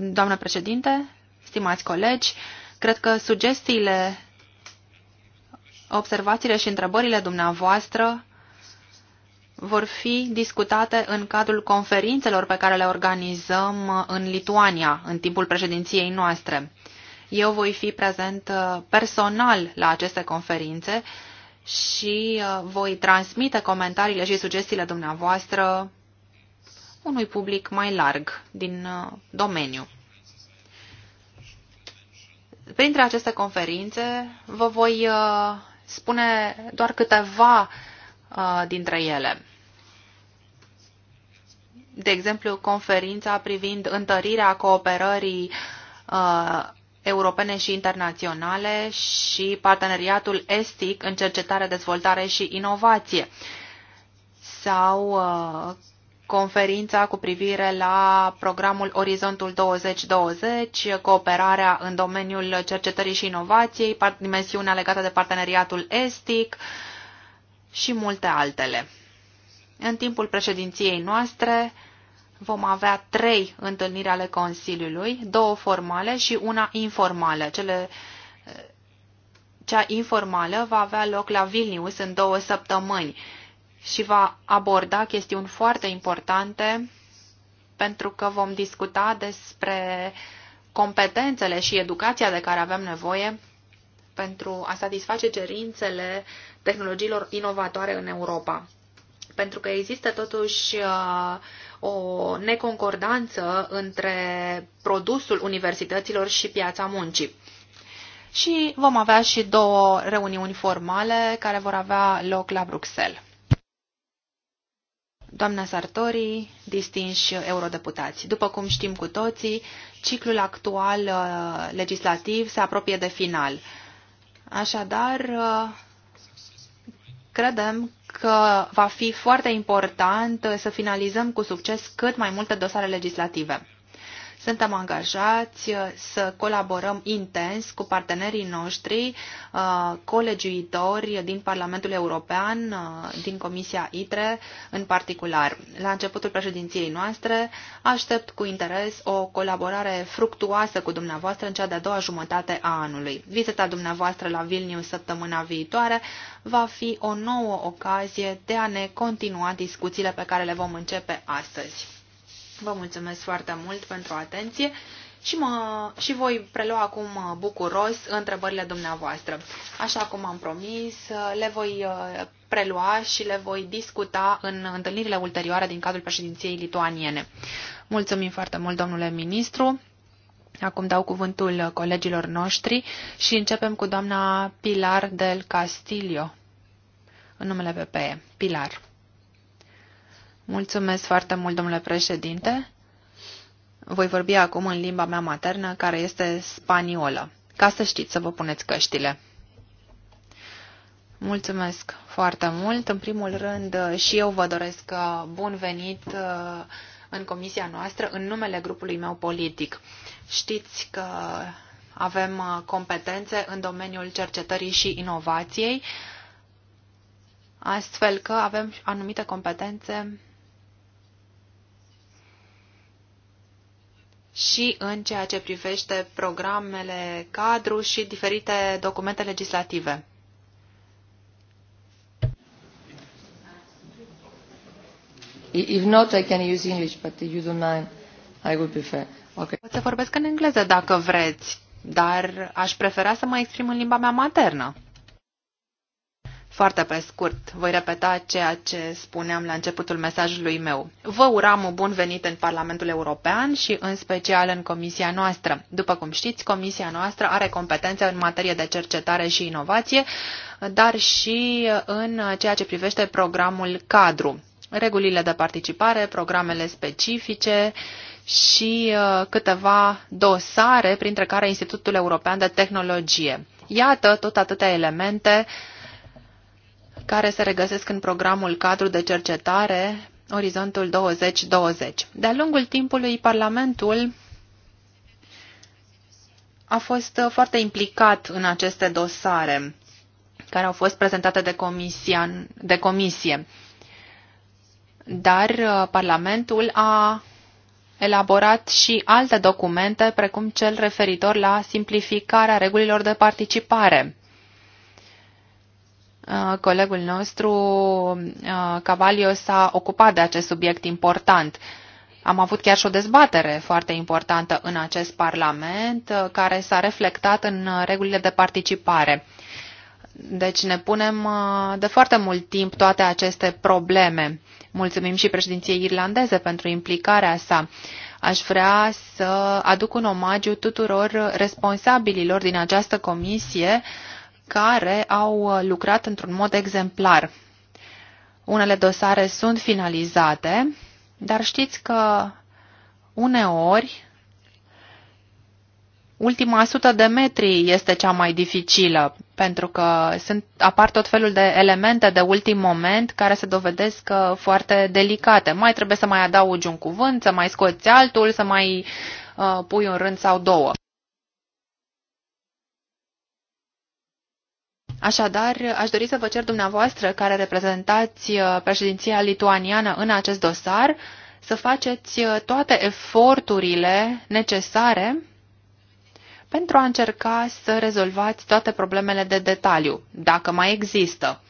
Doamnă președinte, stimați colegi, cred că sugestiile, observațiile și întrebările dumneavoastră vor fi discutate în cadrul conferințelor pe care le organizăm în Lituania, în timpul președinției noastre. Eu voi fi prezent uh, personal la aceste conferințe și uh, voi transmite comentariile și sugestiile dumneavoastră unui public mai larg din uh, domeniu. Printre aceste conferințe vă voi uh, spune doar câteva dintre ele. De exemplu, conferința privind întărirea cooperării europene și internaționale și parteneriatul estic în cercetare, dezvoltare și inovație sau uh, conferința cu privire la programul Orizontul 2020, cooperarea în domeniul cercetării și inovației, dimensiunea legată de parteneriatul estic și multe altele. În timpul președinției noastre, vom avea trei întâlniri ale Consiliului, două formale și una informală. Cele, eh, cea informală va avea loc la Vilnius în două săptămâni și va aborda chestiuni foarte importante pentru că vom discuta despre competențele și educația de care avem nevoie pentru a satisface cerințele tehnologiilor inovatoare în Europa. Pentru că există totuși eh, o neconcordanță între produsul universităților și piața muncii. Și vom avea și două reuniuni formale care vor avea loc la Bruxelles. Doamna Sartori, distinși eurodeputați, după cum știm cu toții, ciclul actual uh, legislativ se apropie de final. Așadar, uh, credem că va fi foarte important să finalizăm cu succes cât mai multe dosare legislative. Suntem angajați uh, să colaborăm intens cu partenerii noștri, uh, colegiuitori din Parlamentul European, uh, din Comisia ITRE în particular. La începutul președinției noastre aștept cu interes o colaborare fructuoasă cu dumneavoastră în cea de-a doua jumătate a anului. Vizita dumneavoastră la Vilnius săptămâna viitoare va fi o nouă ocazie de a ne continua discuțiile pe care le vom începe astăzi. Vă mulțumesc foarte mult pentru atenție și, mă, și voi prelua acum bucuros întrebările dumneavoastră. Așa cum am promis, le voi uh, prelua și le voi discuta în întâlnirile ulterioare din cadrul președinției lituaniene. Mulțumim foarte mult, domnule ministru. Acum dau cuvântul colegilor noștri și începem cu doamna Pilar del Castillo, în numele PPE. Pilar. Mulțumesc foarte mult, domnule președinte. Voi vorbi acum în limba mea maternă, care este spaniolă, ca să știți să vă puneți căștile. Mulțumesc foarte mult. În primul rând, și eu vă doresc bun venit uh, în comisia noastră în numele grupului meu politic. Știți că avem uh, competențe în domeniul cercetării și inovației, astfel că avem anumite competențe și în ceea ce privește programele cadru și diferite documente legislative. If not, I can use English, but you don't mind. I would prefer. Okay. Pot să vorbesc în engleză dacă vreți, dar aș prefera să mă exprim în limba mea maternă. Foarte pe scurt, voi repeta ceea ce spuneam la începutul mesajului meu. Vă uram un bun venit în Parlamentul European și în special în comisia noastră. După cum știți, comisia noastră are competențe în materie de cercetare și inovație, dar și în ceea ce privește programul cadru, regulile de participare, programele specifice și uh, câteva dosare, printre care Institutul European de Tehnologie. Iată tot atâtea elemente uh, care se regăsesc în programul cadru de cercetare Orizontul 2020. De-a lungul timpului, Parlamentul a fost foarte implicat în aceste dosare care au fost prezentate de, comisia, de comisie. Dar uh, Parlamentul a elaborat și alte documente, precum cel referitor la simplificarea regulilor de participare Uh, colegul nostru uh, Cavalio s-a ocupat de acest subiect important. Am avut chiar și o dezbatere foarte importantă în acest Parlament uh, care s-a reflectat în regulile de participare. Deci ne punem de foarte mult timp toate aceste probleme. Mulțumim și președinției irlandeze pentru implicarea sa. Aș vrea să aduc un omagiu tuturor responsabililor din această comisie uh, care au uh, lucrat într-un mod exemplar. Unele dosare sunt finalizate, dar știți că uneori ultima sută de metri este cea mai dificilă, pentru că sunt, apar tot felul de elemente de ultim moment care se dovedesc uh, foarte delicate. Mai trebuie să mai adaugi un cuvânt, să mai scoți altul, să mai uh, pui un rând sau două. Așadar, aș dori să vă cer dumneavoastră, care reprezentați uh, președinția lituaniană în acest dosar, să faceți uh, toate eforturile necesare pentru a încerca să rezolvați toate problemele de detaliu, dacă mai există.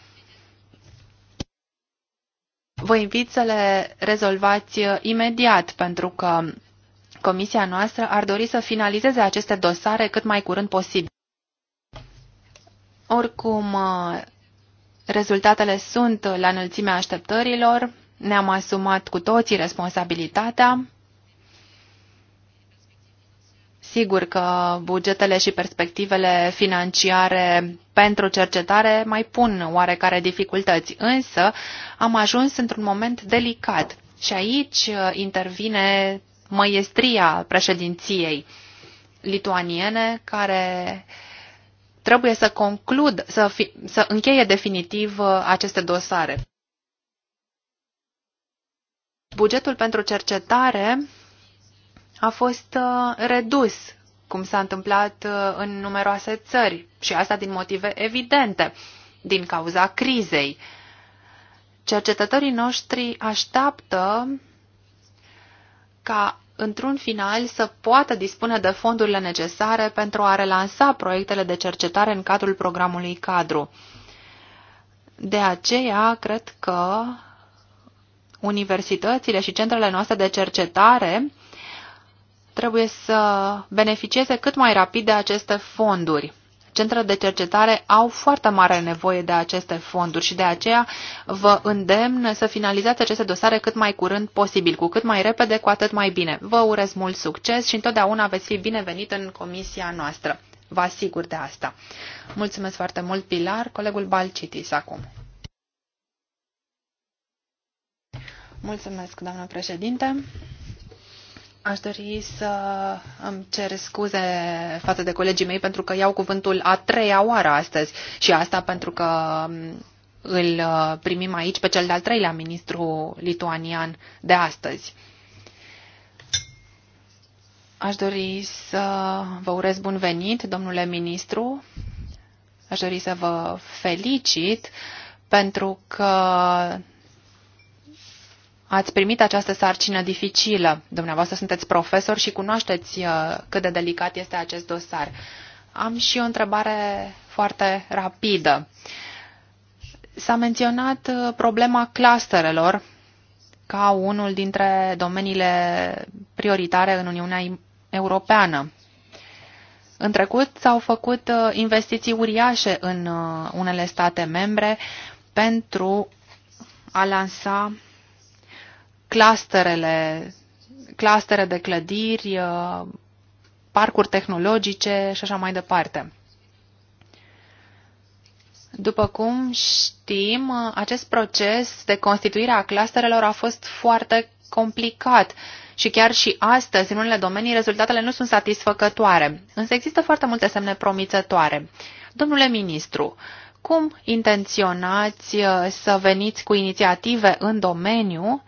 Vă invit să le rezolvați uh, imediat, pentru că comisia noastră ar dori să finalizeze aceste dosare cât mai curând posibil. Oricum, uh, rezultatele sunt la înălțimea așteptărilor, ne-am asumat cu toții responsabilitatea. Sigur că bugetele și perspectivele financiare pentru cercetare mai pun oarecare dificultăți, însă am ajuns într-un moment delicat și aici uh, intervine măiestria președinției lituaniene care uh, trebuie să conclud, să, fi, să încheie definitiv uh, aceste dosare. Bugetul pentru cercetare a fost uh, redus, cum s-a întâmplat uh, în numeroase țări, și asta din motive evidente, din cauza crizei. Cercetătorii noștri așteaptă ca într-un final, să poată dispune de fondurile necesare pentru a relansa proiectele de cercetare în cadrul programului cadru. De aceea, cred că universitățile și centrele noastre de cercetare trebuie să beneficieze cât mai rapid de aceste fonduri centre de cercetare au foarte mare nevoie de aceste fonduri și de aceea vă îndemn să finalizați aceste dosare cât mai curând posibil, cu cât mai repede, cu atât mai bine. Vă urez mult succes și întotdeauna veți fi binevenit în comisia noastră. Vă asigur de asta. Mulțumesc foarte mult, Pilar. Colegul Balcitis acum. Mulțumesc, doamnă președinte. Aș dori să îmi cer scuze față de colegii mei pentru că iau cuvântul a treia oară astăzi și asta pentru că mm, îl uh, primim aici pe cel de-al treilea ministru lituanian de astăzi. Aș dori să vă urez bun venit, domnule ministru. Aș dori să vă felicit pentru că ați primit această sarcină dificilă. Dumneavoastră sunteți profesor și cunoașteți uh, cât de delicat este acest dosar. Am și o întrebare foarte rapidă. S-a menționat uh, problema clusterelor ca unul dintre domeniile prioritare în Uniunea Europeană. În trecut s-au făcut uh, investiții uriașe în unele state membre pentru a lansa clusterele, clustere de clădiri, uh, parcuri tehnologice și așa mai departe. După cum știm, acest proces de constituire a clusterelor a fost foarte complicat și chiar și astăzi, în unele domenii, rezultatele nu sunt satisfăcătoare. Însă există foarte multe semne promițătoare. Domnule ministru, cum intenționați uh, să veniți cu inițiative în domeniu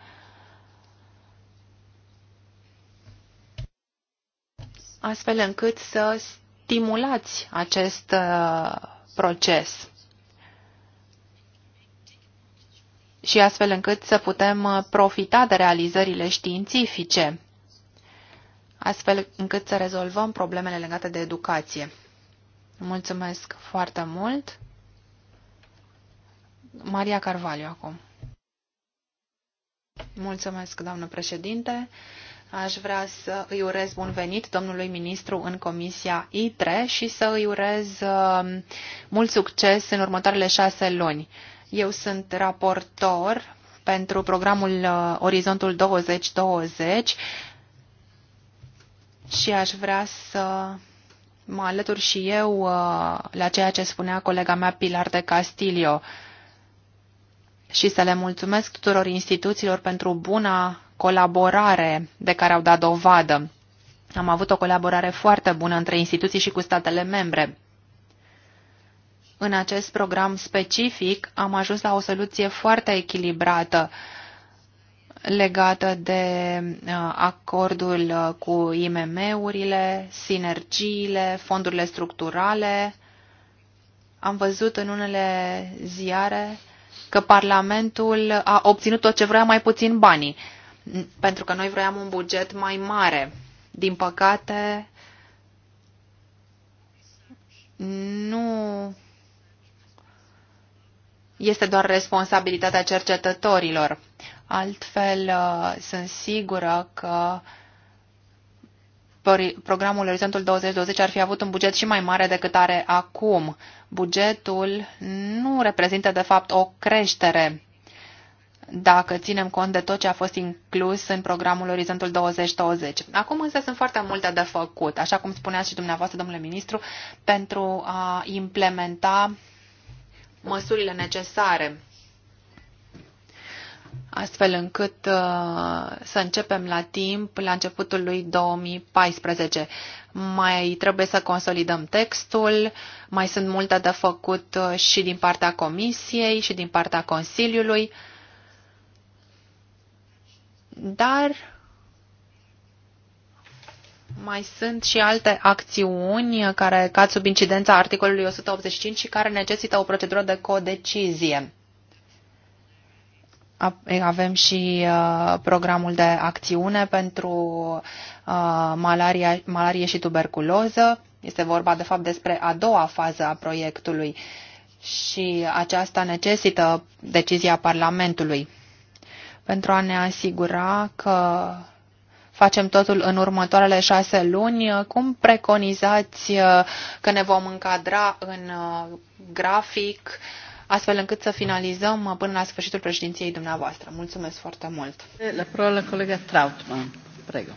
astfel încât să stimulați acest uh, proces și astfel încât să putem uh, profita de realizările științifice, astfel încât să rezolvăm problemele legate de educație. Mulțumesc foarte mult! Maria Carvalho acum. Mulțumesc, doamnă președinte. Aș vrea să îi urez bun venit domnului ministru în Comisia ITRE și să îi urez um, mult succes în următoarele șase luni. Eu sunt raportor pentru programul uh, Orizontul 2020 și aș vrea să mă alătur și eu uh, la ceea ce spunea colega mea Pilar de Castilio și să le mulțumesc tuturor instituțiilor pentru buna colaborare de care au dat dovadă. Am avut o colaborare foarte bună între instituții și cu statele membre. În acest program specific am ajuns la o soluție foarte echilibrată legată de uh, acordul uh, cu IMM-urile, sinergiile, fondurile structurale. Am văzut în unele ziare că Parlamentul a obținut tot ce vrea, mai puțin banii pentru că noi vroiam un buget mai mare. Din păcate, nu este doar responsabilitatea cercetătorilor. Altfel, uh, sunt sigură că programul Orizontul 2020 ar fi avut un buget și mai mare decât are acum. Bugetul nu reprezintă, de fapt, o creștere dacă ținem cont de tot ce a fost inclus în programul Orizontul 2020. Acum însă sunt foarte multe de făcut, așa cum spuneați și dumneavoastră, domnule ministru, pentru a implementa măsurile necesare astfel încât uh, să începem la timp, la începutul lui 2014. Mai trebuie să consolidăm textul, mai sunt multe de făcut uh, și din partea Comisiei și din partea Consiliului. Dar mai sunt și alte acțiuni care cad sub incidența articolului 185 și care necesită o procedură de codecizie. Avem și uh, programul de acțiune pentru uh, malaria, malarie și tuberculoză. Este vorba, de fapt, despre a doua fază a proiectului și aceasta necesită decizia Parlamentului pentru a ne asigura că facem totul în următoarele șase luni. Cum preconizați uh, că ne vom încadra în uh, grafic astfel încât să finalizăm uh, până la sfârșitul președinției dumneavoastră? Mulțumesc foarte mult! La parola colega Trautmann. Prego.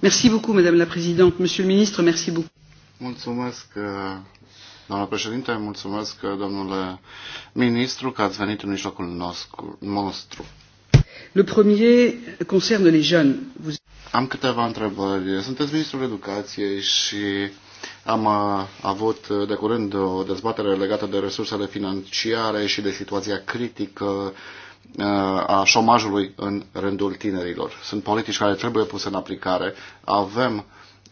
Merci beaucoup, Madame la Présidente. Monsieur le Ministre, merci beaucoup. Mulțumesc, Doamna președinte, mulțumesc, domnule ministru, că ați venit în mijlocul nostru. Le premier concerne les jeunes. Vous... Am câteva întrebări. Sunteți ministrul educației și am uh, avut de curând o dezbatere legată de resursele financiare și de situația critică uh, a șomajului în rândul tinerilor. Sunt politici care trebuie puse în aplicare. Avem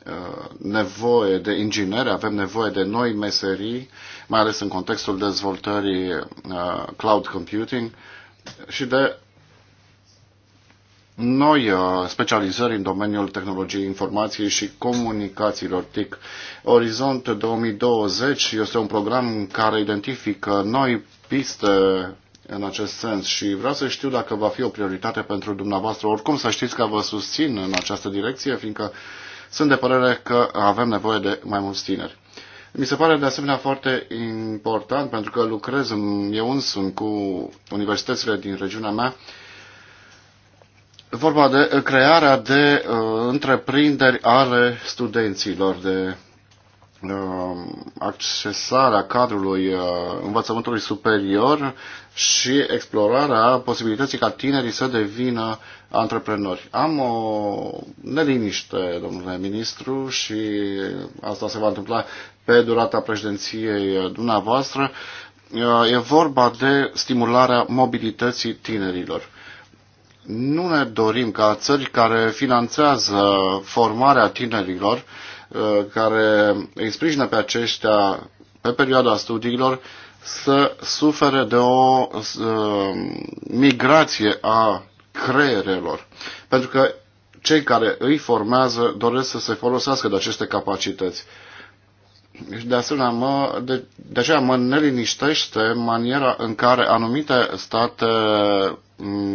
Uh, nevoie de ingineri, avem nevoie de noi meserii, mai ales în contextul dezvoltării uh, cloud computing și de noi uh, specializări în domeniul tehnologiei informației și comunicațiilor TIC. Orizont 2020 este un program care identifică noi piste în acest sens și vreau să știu dacă va fi o prioritate pentru dumneavoastră. Oricum să știți că vă susțin în această direcție, fiindcă uh, sunt de părere că avem nevoie de mai mulți tineri. Mi se pare de asemenea foarte important pentru că lucrez în, eu însumi cu universitățile din regiunea mea vorba de crearea de uh, întreprinderi ale studenților, de uh, accesarea cadrului uh, învățământului superior și explorarea posibilității ca tinerii să devină antreprenori. Am o neliniște, domnule ministru, și asta se va întâmpla pe durata președinției dumneavoastră. Uh, e vorba de stimularea mobilității tinerilor. Nu ne dorim ca țări care finanțează formarea tinerilor, uh, care îi sprijină pe aceștia pe perioada studiilor, să sufere de o uh, migrație a creierelor. Pentru că cei care îi formează doresc să se folosească de aceste capacități. Și de, asemenea, mă, de, de aceea mă neliniștește maniera în care anumite state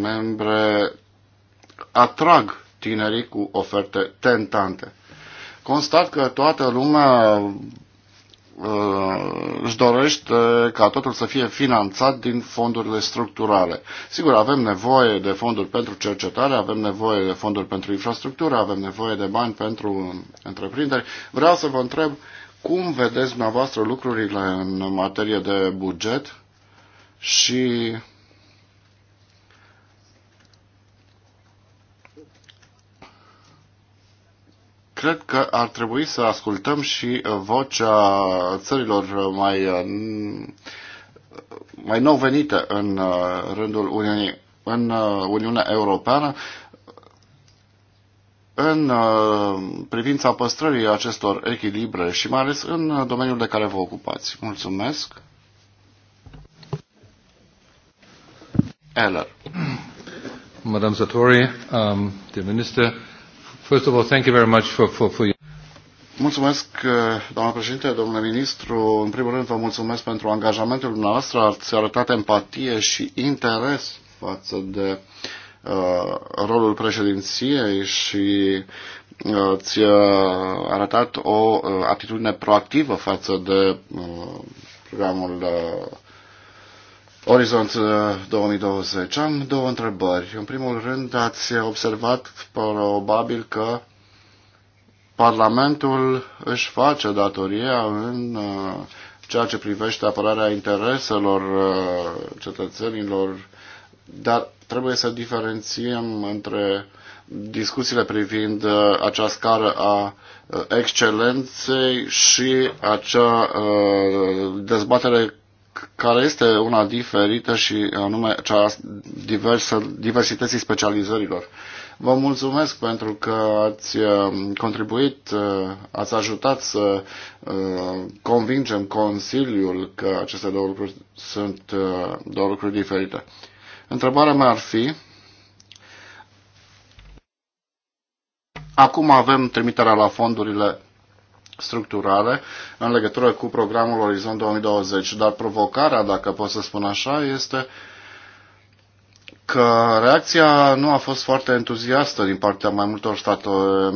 membre atrag tinerii cu oferte tentante. Constat că toată lumea Uh, își dorește ca totul să fie finanțat din fondurile structurale. Sigur, avem nevoie de fonduri pentru cercetare, avem nevoie de fonduri pentru infrastructură, avem nevoie de bani pentru întreprinderi. Vreau să vă întreb cum vedeți dumneavoastră lucrurile în materie de buget și cred că ar trebui să ascultăm și uh, vocea țărilor uh, mai, uh, mai nou venite în rândul Uniunii, în Uniunea Europeană în privința păstrării acestor echilibre și mai ales în domeniul de care vă ocupați. Mulțumesc! Eller. Madame Satori, um, dear Minister, First of all, thank you very much for, for, for your... Mulțumesc, uh, doamna președinte, domnule ministru. În primul rând, vă mulțumesc pentru angajamentul dumneavoastră. Ați arătat empatie și interes față de uh, rolul președinției și uh, uh arătat o uh, atitudine proactivă față de uh, programul uh, Orizont 2020. Uh, Am două întrebări. În primul rând, ați observat probabil că Parlamentul își face datoria în uh, ceea ce privește apărarea intereselor uh, cetățenilor, dar trebuie să diferențiem între discuțiile privind acea scară a excelenței și acea dezbatere care este una diferită și anume cea diversă, diversității specializărilor. Vă mulțumesc pentru că ați uh, contribuit, uh, ați ajutat să uh, convingem Consiliul că aceste două lucruri sunt două lucruri diferite. Întrebarea mea ar fi, acum avem trimiterea la fondurile structurale în legătură cu programul Orizont 2020. Dar provocarea, dacă pot să spun așa, este că reacția nu a fost foarte entuziastă din partea mai multor state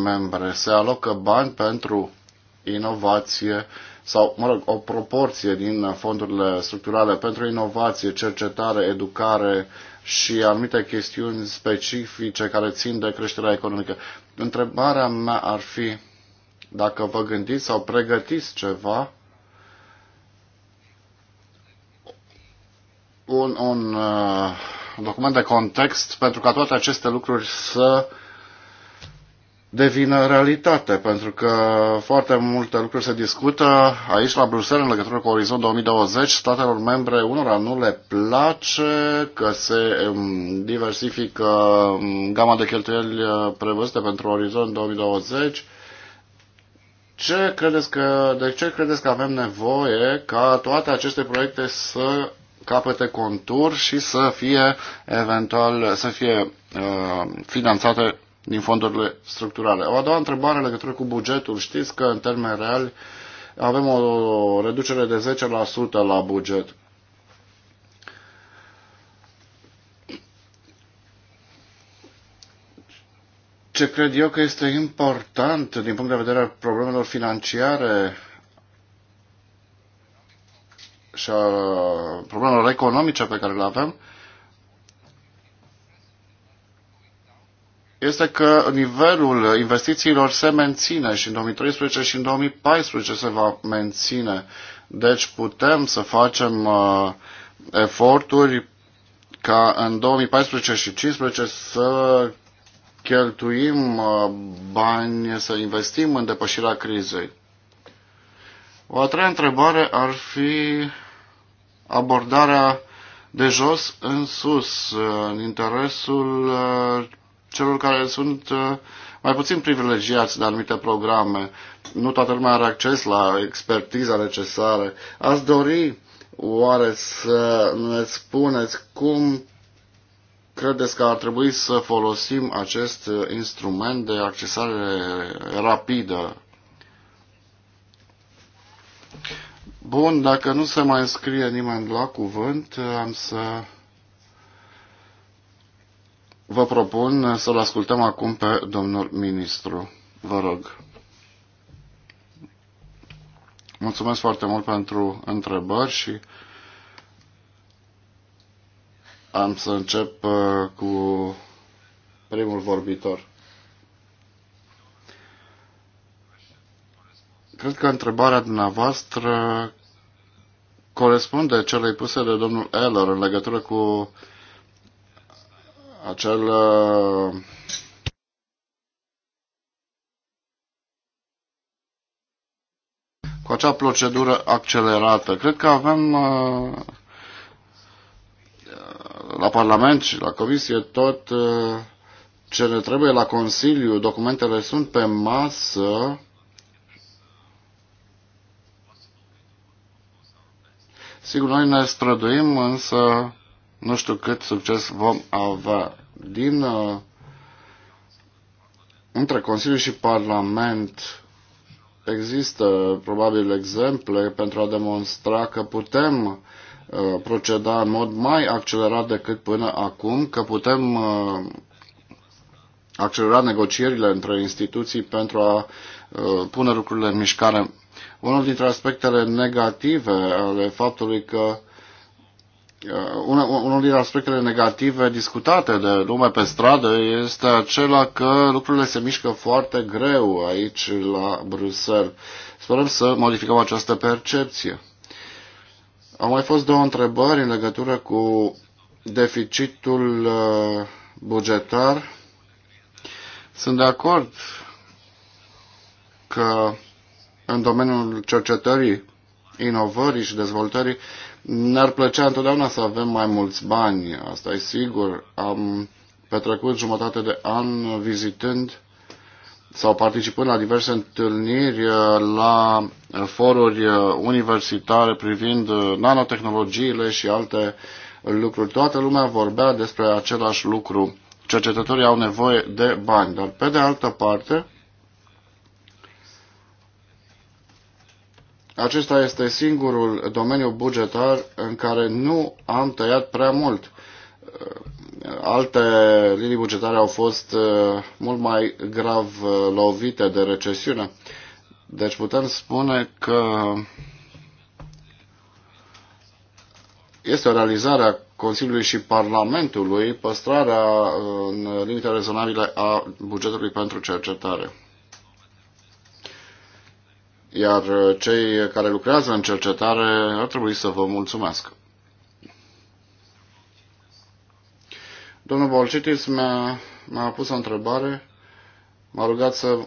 membre. Se alocă bani pentru inovație sau, mă rog, o proporție din fondurile structurale pentru inovație, cercetare, educare și anumite chestiuni specifice care țin de creșterea economică. Întrebarea mea ar fi dacă vă gândiți sau pregătiți ceva, un, un uh, document de context pentru ca toate aceste lucruri să devină realitate, pentru că foarte multe lucruri se discută aici la Bruxelles în legătură cu Orizont 2020, statelor membre unora nu le place că se um, diversifică um, gama de cheltuieli uh, prevăzute pentru Orizont 2020, ce credeți că, de ce credeți că avem nevoie ca toate aceste proiecte să capete contur și să fie eventual să fie uh, finanțate din fondurile structurale. O a doua întrebare legătură cu bugetul. Știți că în termeni reali avem o reducere de 10% la buget. ce cred eu că este important din punct de vedere al problemelor financiare și a problemelor economice pe care le avem, este că nivelul investițiilor se menține și în 2013 și în 2014 se va menține. Deci putem să facem uh, eforturi ca în 2014 și 2015 să cheltuim uh, bani, să investim în depășirea crizei. O a treia întrebare ar fi abordarea de jos în sus, uh, în interesul uh, celor care sunt mai puțin privilegiați de anumite programe. Nu toată lumea are acces la expertiza necesară. Ați dori oare să ne spuneți cum credeți că ar trebui să folosim acest uh, instrument de accesare rapidă? Bun, dacă nu se mai înscrie nimeni la cuvânt, uh, am să vă propun uh, să-l ascultăm acum pe domnul ministru. Vă rog. Mulțumesc foarte mult pentru întrebări și am să încep uh, cu primul vorbitor. Cred că întrebarea dumneavoastră corespunde celei puse de domnul Eller în legătură cu acel uh, cu acea procedură accelerată. Cred că avem uh, la Parlament și la Comisie tot uh, ce ne trebuie la Consiliu, documentele sunt pe masă. Sigur, noi ne străduim, însă nu știu cât succes vom avea. Din uh, între Consiliu și Parlament există probabil exemple pentru a demonstra că putem Uh, proceda în mod mai accelerat decât până acum, că putem uh, accelera negocierile între instituții pentru a uh, pune lucrurile în mișcare. Unul dintre aspectele negative ale faptului că unul dintre aspectele negative discutate de lume pe stradă este acela că lucrurile se mișcă foarte greu aici la Bruxelles. Sperăm să modificăm această percepție. Au mai fost două întrebări în legătură cu deficitul uh, bugetar. Sunt de acord că în domeniul cercetării, inovării și dezvoltării ne-ar plăcea întotdeauna să avem mai mulți bani, asta e sigur. Am petrecut jumătate de an vizitând sau participând la diverse întâlniri uh, la uh, foruri uh, universitare privind nanotehnologiile și alte lucruri. Toată lumea vorbea despre același lucru. Cercetătorii au nevoie de bani, dar pe de altă parte, acesta este singurul domeniu bugetar în care nu am tăiat prea mult Alte linii bugetare au fost uh, mult mai grav uh, lovite de recesiune. Deci putem spune că este o realizare a Consiliului și Parlamentului păstrarea uh, în limite rezonabile a bugetului pentru cercetare. Iar cei care lucrează în cercetare ar trebui să vă mulțumesc. Domnul Bolcitis mi-a, mi-a pus o întrebare, m-a rugat să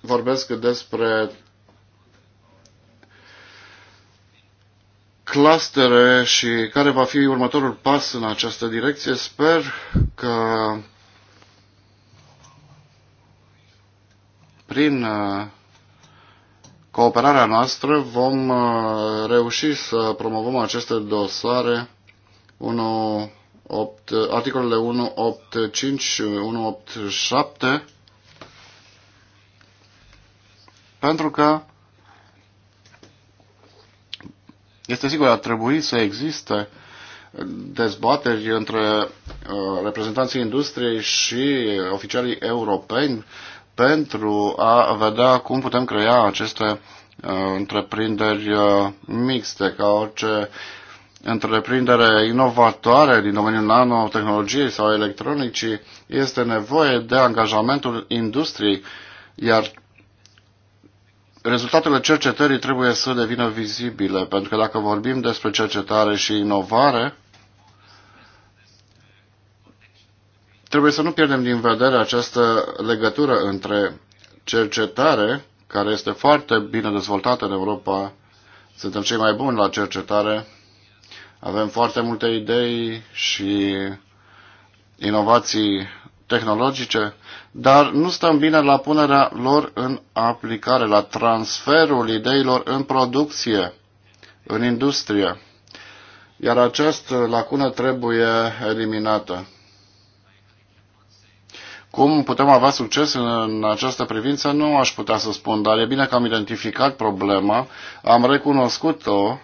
vorbesc despre clustere și care va fi următorul pas în această direcție. Sper că prin uh, cooperarea noastră vom uh, reuși să promovăm aceste dosare unul 8, articolele 1, 1, 8, 5 și 8, 7, pentru că este sigur, ar trebui să existe dezbateri între uh, reprezentanții industriei și oficialii europeni pentru a vedea cum putem crea aceste uh, întreprinderi uh, mixte, ca orice uh, întreprindere inovatoare din domeniul nanotehnologiei sau electronicii, este nevoie de angajamentul industriei, iar rezultatele cercetării trebuie să devină vizibile, pentru că dacă vorbim despre cercetare și inovare, trebuie să nu pierdem din vedere această legătură între cercetare, care este foarte bine dezvoltată în Europa, suntem cei mai buni la cercetare, avem foarte multe idei și inovații tehnologice, dar nu stăm bine la punerea lor în aplicare, la transferul ideilor în producție, în industrie. Iar această lacună trebuie eliminată. Cum putem avea succes în această privință, nu aș putea să spun, dar e bine că am identificat problema, am recunoscut-o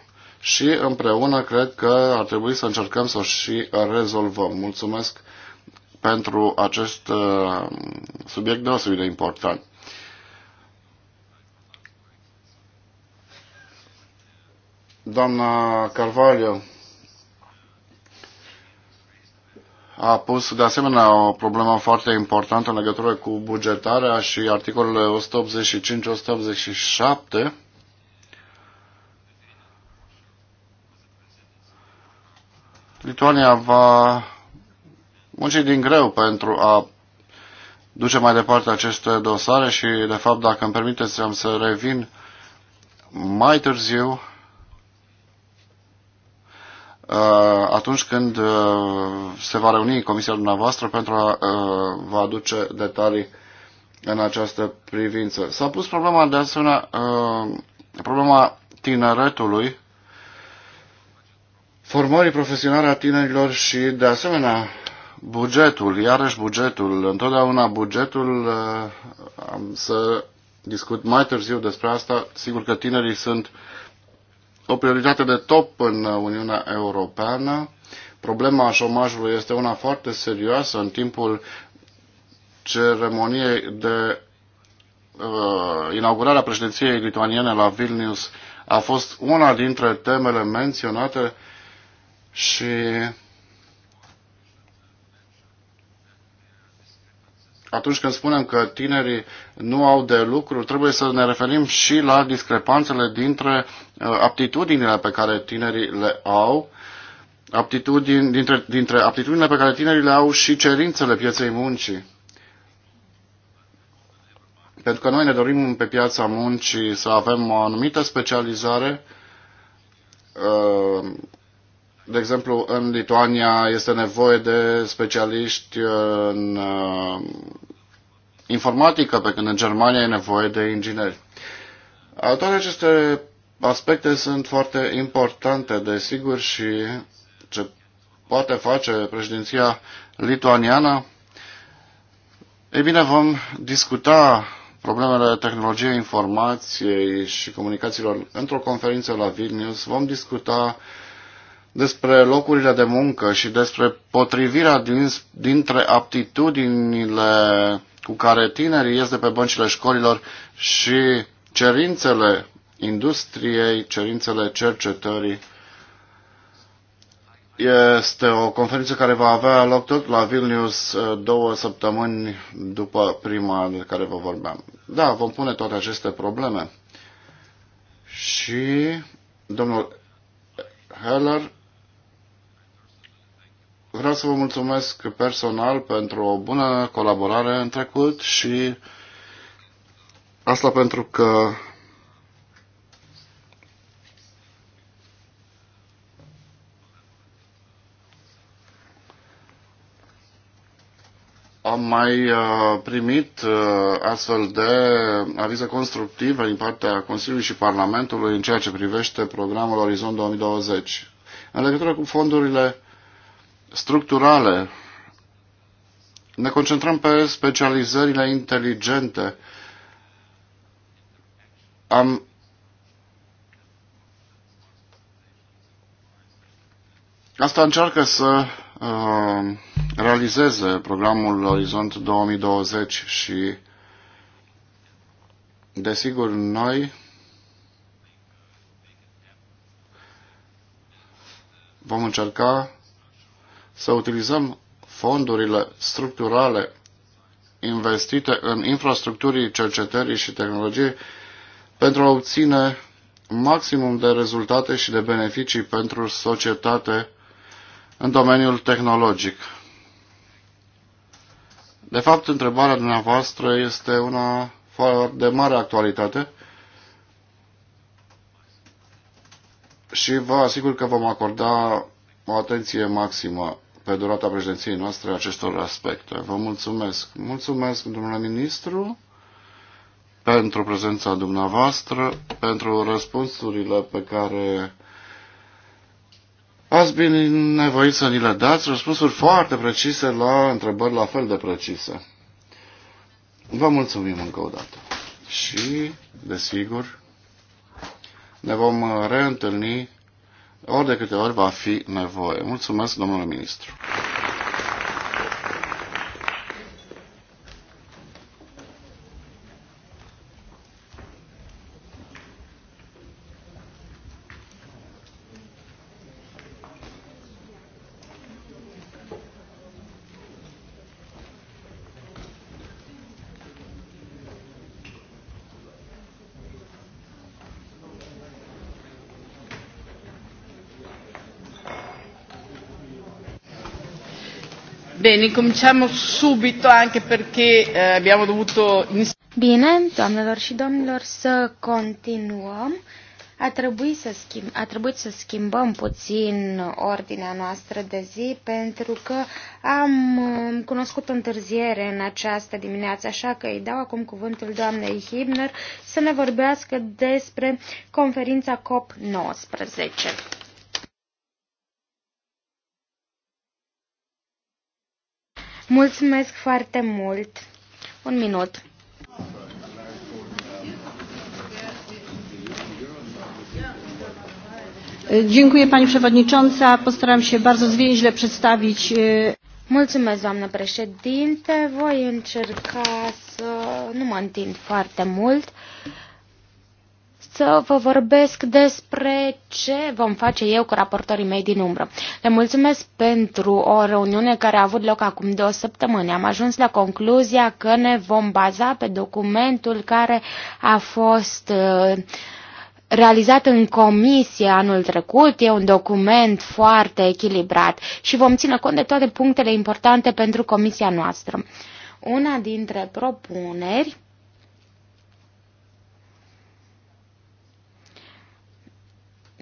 și împreună cred că ar trebui să încercăm să o și rezolvăm. Mulțumesc pentru acest uh, subiect deosebit de important. Doamna Carvalho a pus de asemenea o problemă foarte importantă în legătură cu bugetarea și articolele 185-187 Lituania va munci din greu pentru a duce mai departe aceste dosare și, de fapt, dacă îmi permiteți, am să revin mai târziu uh, atunci când uh, se va reuni Comisia dumneavoastră pentru a uh, vă aduce detalii în această privință. S-a pus problema de asemenea problema tineretului formării profesionale a tinerilor și, de asemenea, bugetul, iarăși bugetul, întotdeauna bugetul, uh, am să discut mai târziu despre asta, sigur că tinerii sunt o prioritate de top în Uniunea Europeană. Problema șomajului este una foarte serioasă în timpul ceremoniei de uh, inaugurare a președinției lituaniene la Vilnius a fost una dintre temele menționate și atunci când spunem că tinerii nu au de lucru, trebuie să ne referim și la discrepanțele dintre uh, aptitudinile pe care tinerii le au, aptitudini, dintre, dintre aptitudinile pe care tinerii le au și cerințele pieței muncii. Pentru că noi ne dorim pe piața muncii să avem o anumită specializare, uh, de exemplu, în Lituania este nevoie de specialiști uh, în uh, informatică, pe când în Germania e nevoie de ingineri. Uh, toate aceste aspecte sunt foarte importante, desigur, și ce poate face președinția lituaniană. Ei bine, vom discuta problemele tehnologiei informației și comunicațiilor într-o conferință la Vilnius. Vom discuta uh, despre locurile de muncă și despre potrivirea din, dintre aptitudinile cu care tinerii ies de pe băncile școlilor și cerințele industriei, cerințele cercetării. Este o conferință care va avea loc tot la Vilnius eh, două săptămâni după prima de care vă vorbeam. Da, vom pune toate aceste probleme. Și domnul Heller Vreau să vă mulțumesc personal pentru o bună colaborare în trecut și asta pentru că am mai uh, primit uh, astfel de avize constructive din partea Consiliului și Parlamentului în ceea ce privește programul Orizont 2020. În legătură cu fondurile structurale. Ne concentrăm pe specializările inteligente. Am Asta încearcă să uh, realizeze programul Orizont 2020 și desigur noi vom încerca să utilizăm fondurile structurale investite în infrastructurii cercetării și tehnologiei pentru a obține maximum de rezultate și de beneficii pentru societate în domeniul tehnologic. De fapt, întrebarea dumneavoastră este una de mare actualitate și vă asigur că vom acorda o atenție maximă pe durata președinției noastre acestor aspecte. Vă mulțumesc. Mulțumesc, domnule ministru, pentru prezența dumneavoastră, pentru răspunsurile pe care ați bine nevoit să ni le dați, răspunsuri foarte precise la întrebări la fel de precise. Vă mulțumim încă o dată. Și, desigur, ne vom reîntâlni ori de câte ori va fi nevoie. Mulțumesc, domnule ministru. Bine, cominciamo subito anche perché eh, abbiamo dovuto... Bine, doamnelor și domnilor, să continuăm. A trebuit să, schimb, a trebuit să schimbăm puțin ordinea noastră de zi pentru că am uh, cunoscut o întârziere în această dimineață, așa că îi dau acum cuvântul doamnei Hibner să ne vorbească despre conferința COP19. Mulțumesc foarte mult. Un minut. Dziękuję Pani Przewodnicząca. Postaram się bardzo zwięźle przedstawić. Mulțumesc, doamnă președinte. Voi încerca să nu mă întind foarte mult. Uh, să vă vorbesc despre ce vom face eu cu raportorii mei din umbră. Le mulțumesc pentru o reuniune care a avut loc acum două săptămâni. Am ajuns la concluzia că ne vom baza pe documentul care a fost uh, realizat în comisie anul trecut, e un document foarte echilibrat și vom ține cont de toate punctele importante pentru comisia noastră. Una dintre propuneri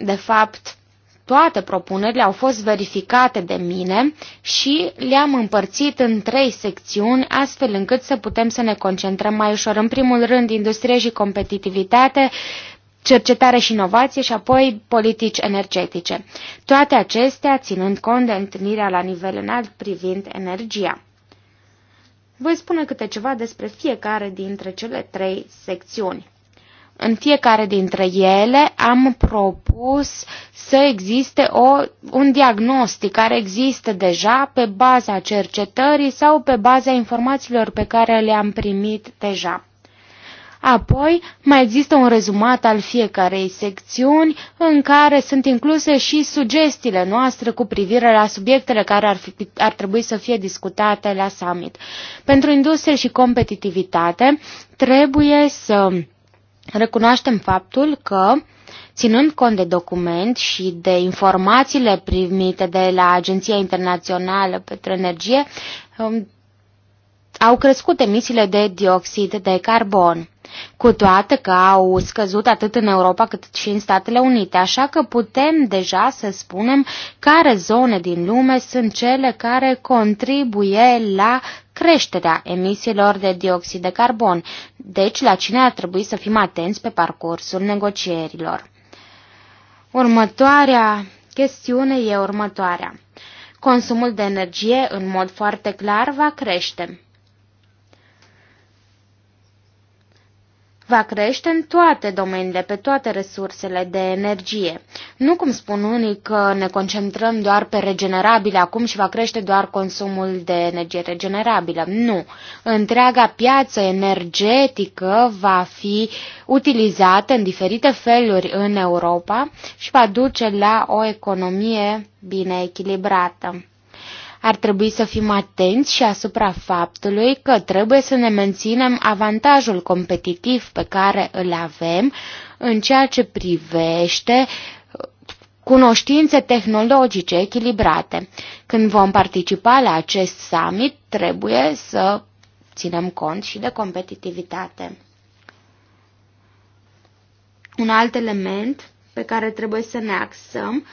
De fapt, toate propunerile au fost verificate de mine și le-am împărțit în trei secțiuni, astfel încât să putem să ne concentrăm mai ușor. În primul rând, industrie și competitivitate, cercetare și inovație și apoi politici energetice. Toate acestea ținând cont de întâlnirea la nivel înalt privind energia. Voi spune câte ceva despre fiecare dintre cele trei secțiuni. În fiecare dintre ele am propus să existe o, un diagnostic care există deja pe baza cercetării sau pe baza informațiilor pe care le-am primit deja. Apoi mai există un rezumat al fiecarei secțiuni în care sunt incluse și sugestiile noastre cu privire la subiectele care ar, fi, ar trebui să fie discutate la summit. Pentru industrie și competitivitate trebuie să Recunoaștem faptul că, ținând cont de document și de informațiile primite de la Agenția Internațională pentru Energie, um, au crescut emisiile de dioxid de carbon cu toate că au scăzut atât în Europa cât și în Statele Unite, așa că putem deja să spunem care zone din lume sunt cele care contribuie la creșterea emisiilor de dioxid de carbon, deci la cine ar trebui să fim atenți pe parcursul negocierilor. Următoarea chestiune e următoarea. Consumul de energie, în mod foarte clar, va crește. va crește în toate domeniile, pe toate resursele de energie. Nu cum spun unii că ne concentrăm doar pe regenerabile acum și va crește doar consumul de energie regenerabilă. Nu. Întreaga piață energetică va fi utilizată în diferite feluri în Europa și va duce la o economie bine echilibrată. Ar trebui să fim atenți și asupra faptului că trebuie să ne menținem avantajul competitiv pe care îl avem în ceea ce privește cunoștințe tehnologice echilibrate. Când vom participa la acest summit, trebuie să ținem cont și de competitivitate. Un alt element pe care trebuie să ne axăm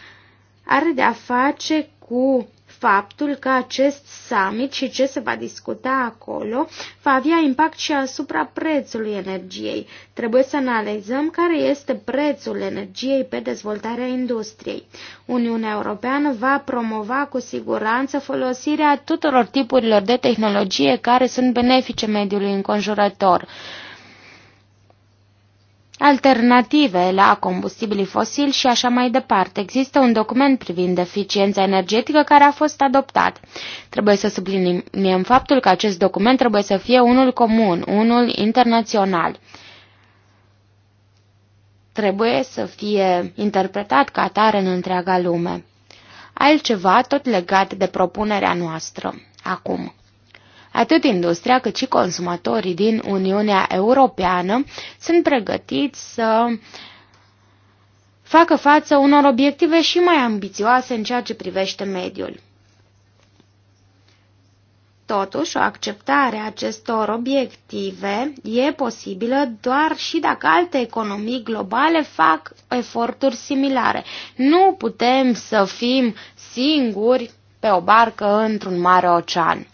are de a face cu faptul că acest summit și ce se va discuta acolo va avea impact și asupra prețului energiei. Trebuie să analizăm care este prețul energiei pe dezvoltarea industriei. Uniunea Europeană va promova cu siguranță folosirea tuturor tipurilor de tehnologie care sunt benefice mediului înconjurător alternative la combustibilii fosili și așa mai departe. Există un document privind eficiența energetică care a fost adoptat. Trebuie să subliniem faptul că acest document trebuie să fie unul comun, unul internațional. Trebuie să fie interpretat ca atare în întreaga lume. Altceva tot legat de propunerea noastră. Acum. Atât industria cât și consumatorii din Uniunea Europeană sunt pregătiți să facă față unor obiective și mai ambițioase în ceea ce privește mediul. Totuși, o acceptare a acestor obiective e posibilă doar și dacă alte economii globale fac eforturi similare. Nu putem să fim singuri pe o barcă într-un mare ocean.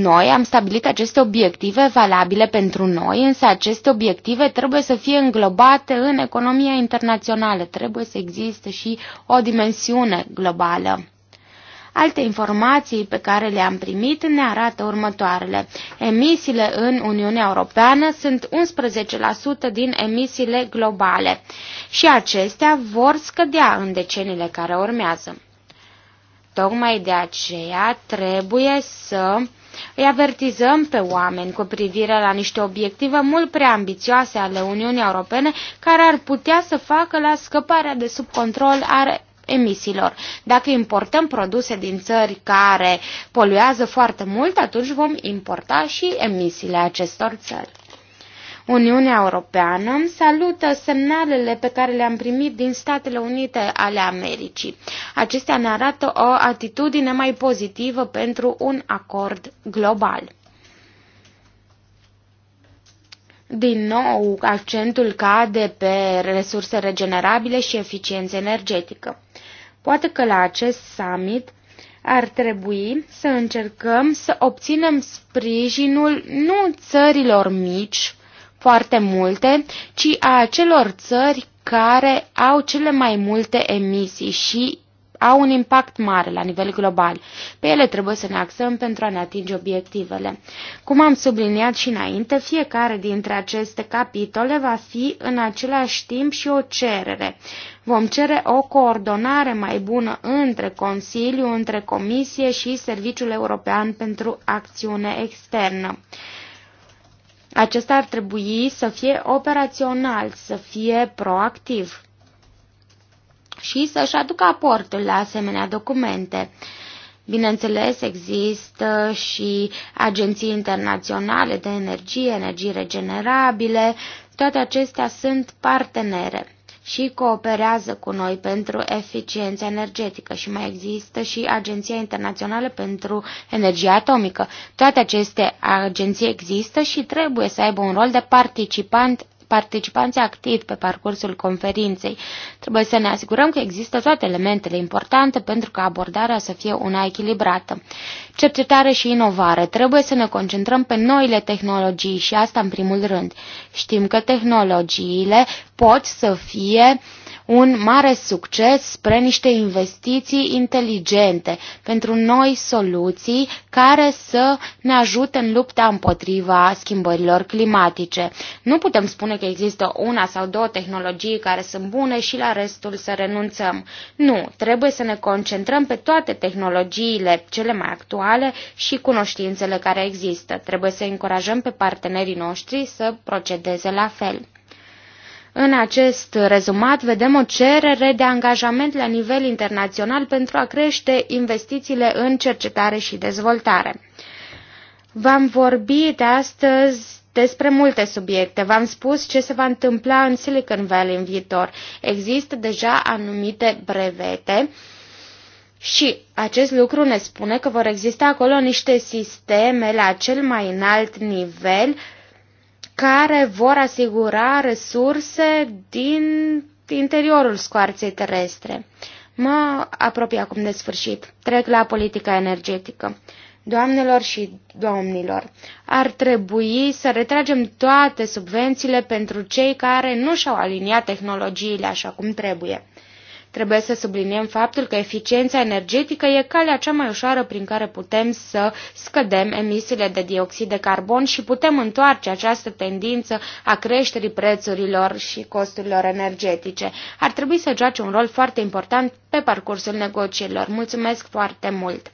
Noi am stabilit aceste obiective valabile pentru noi, însă aceste obiective trebuie să fie înglobate în economia internațională, trebuie să existe și o dimensiune globală. Alte informații pe care le-am primit ne arată următoarele. Emisiile în Uniunea Europeană sunt 11% din emisiile globale și acestea vor scădea în deceniile care urmează. Tocmai de aceea trebuie să îi avertizăm pe oameni cu privire la niște obiective mult prea ambițioase ale Uniunii Europene care ar putea să facă la scăparea de sub control a emisiilor. Dacă importăm produse din țări care poluează foarte mult, atunci vom importa și emisiile acestor țări. Uniunea Europeană salută semnalele pe care le-am primit din Statele Unite ale Americii. Acestea ne arată o atitudine mai pozitivă pentru un acord global. Din nou, accentul cade pe resurse regenerabile și eficiență energetică. Poate că la acest summit ar trebui să încercăm să obținem sprijinul nu țărilor mici, foarte multe, ci a acelor țări care au cele mai multe emisii și au un impact mare la nivel global. Pe ele trebuie să ne axăm pentru a ne atinge obiectivele. Cum am subliniat și înainte, fiecare dintre aceste capitole va fi în același timp și o cerere. Vom cere o coordonare mai bună între Consiliu, între Comisie și Serviciul European pentru Acțiune Externă. Acesta ar trebui să fie operațional, să fie proactiv și să-și aducă aportul la asemenea documente. Bineînțeles, există și agenții internaționale de energie, energii regenerabile, toate acestea sunt partenere și cooperează cu noi pentru eficiență energetică și mai există și Agenția Internațională pentru Energie Atomică. Toate aceste agenții există și trebuie să aibă un rol de participant participanți activi pe parcursul conferinței. Trebuie să ne asigurăm că există toate elementele importante pentru ca abordarea să fie una echilibrată. Cercetare și inovare. Trebuie să ne concentrăm pe noile tehnologii și asta în primul rând. Știm că tehnologiile pot să fie uh, un mare succes spre niște investiții inteligente, pentru noi soluții care să ne ajute în lupta împotriva schimbărilor climatice. Nu putem spune că există una sau două tehnologii care sunt bune și la restul să renunțăm. Nu, trebuie să ne concentrăm pe toate tehnologiile cele mai actuale și cunoștințele care există. Trebuie să încurajăm pe partenerii noștri să procedeze la fel. În acest rezumat vedem o cerere de angajament la nivel internațional pentru a crește investițiile în cercetare și dezvoltare. V-am vorbit astăzi despre multe subiecte. V-am spus ce se va întâmpla în Silicon Valley în viitor. Există deja anumite brevete și acest lucru ne spune că vor exista acolo niște sisteme la cel mai înalt nivel care vor asigura resurse din interiorul scoarței terestre. Mă apropii acum de sfârșit. Trec la politica energetică. Doamnelor și domnilor, ar trebui să retragem toate subvențiile pentru cei care nu și-au aliniat tehnologiile așa cum trebuie. Trebuie să subliniem faptul că eficiența energetică e calea cea mai ușoară prin care putem să scădem emisiile de dioxid de carbon și putem întoarce această tendință a creșterii prețurilor și costurilor energetice. Ar trebui să joace un rol foarte important pe parcursul negocierilor. Mulțumesc foarte mult!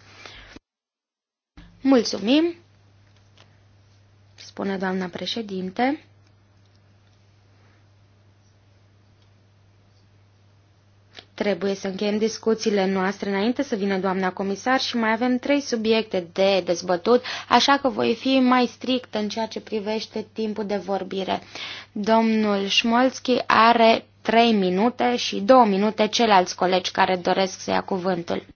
Mulțumim, spune doamna președinte. Trebuie să încheiem discuțiile noastre înainte să vină doamna comisar și mai avem trei subiecte de dezbătut, așa că voi fi mai strict în ceea ce privește timpul de vorbire. Domnul Șmolski are trei minute și două minute celalți colegi care doresc să ia cuvântul.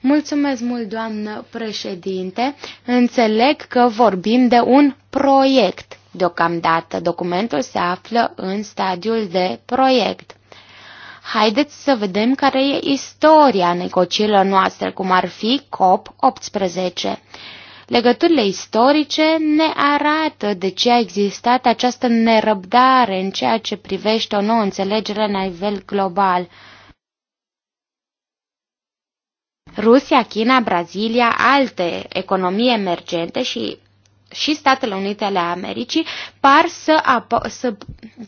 Mulțumesc mult, doamnă președinte. Înțeleg că vorbim de un proiect. Deocamdată documentul se află în stadiul de proiect. Haideți să vedem care e istoria negocierilor noastre, cum ar fi COP18. Legăturile istorice ne arată de ce a existat această nerăbdare în ceea ce privește o nouă înțelegere la nivel global. Rusia, China, Brazilia, alte economii emergente și și Statele Unite ale Americii par, să, să,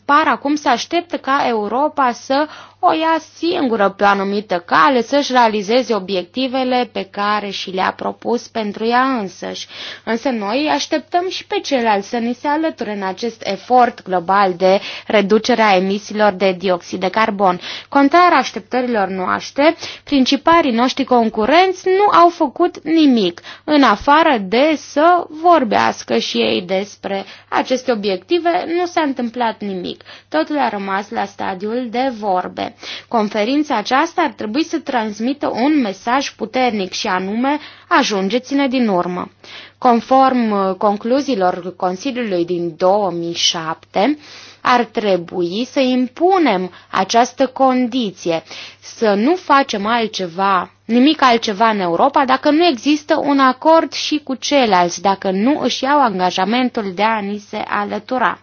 par acum să aștepte ca Europa să o ia singură pe o anumită cale, să-și realizeze obiectivele pe care și le-a propus pentru ea însăși. Însă noi așteptăm și pe ceilalți să ni se alăture în acest efort global de reducere a emisiilor de dioxid de carbon. Contrar așteptărilor noastre, principalii noștri concurenți nu au făcut nimic, în afară de să vorbească vorbească și ei despre aceste obiective, nu s-a întâmplat nimic. Totul a rămas la stadiul de vorbe. Conferința aceasta ar trebui să transmită un mesaj puternic și anume ajungeți-ne din urmă. Conform uh, concluziilor Consiliului din 2007, ar trebui să impunem această condiție, să nu facem altceva, nimic altceva în Europa dacă nu există un acord și cu ceilalți, dacă nu își iau angajamentul de a ni se alătura.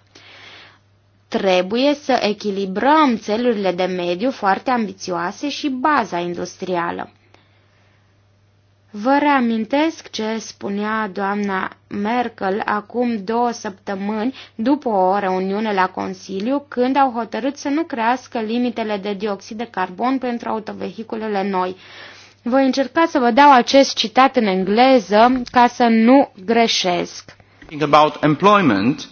Trebuie să echilibrăm țelurile de mediu foarte ambițioase și baza industrială. Vă reamintesc ce spunea doamna Merkel acum două săptămâni după o reuniune la Consiliu când au hotărât să nu crească limitele de dioxid de carbon pentru autovehiculele noi. Voi încerca să vă dau acest citat în engleză ca să nu greșesc. About employment,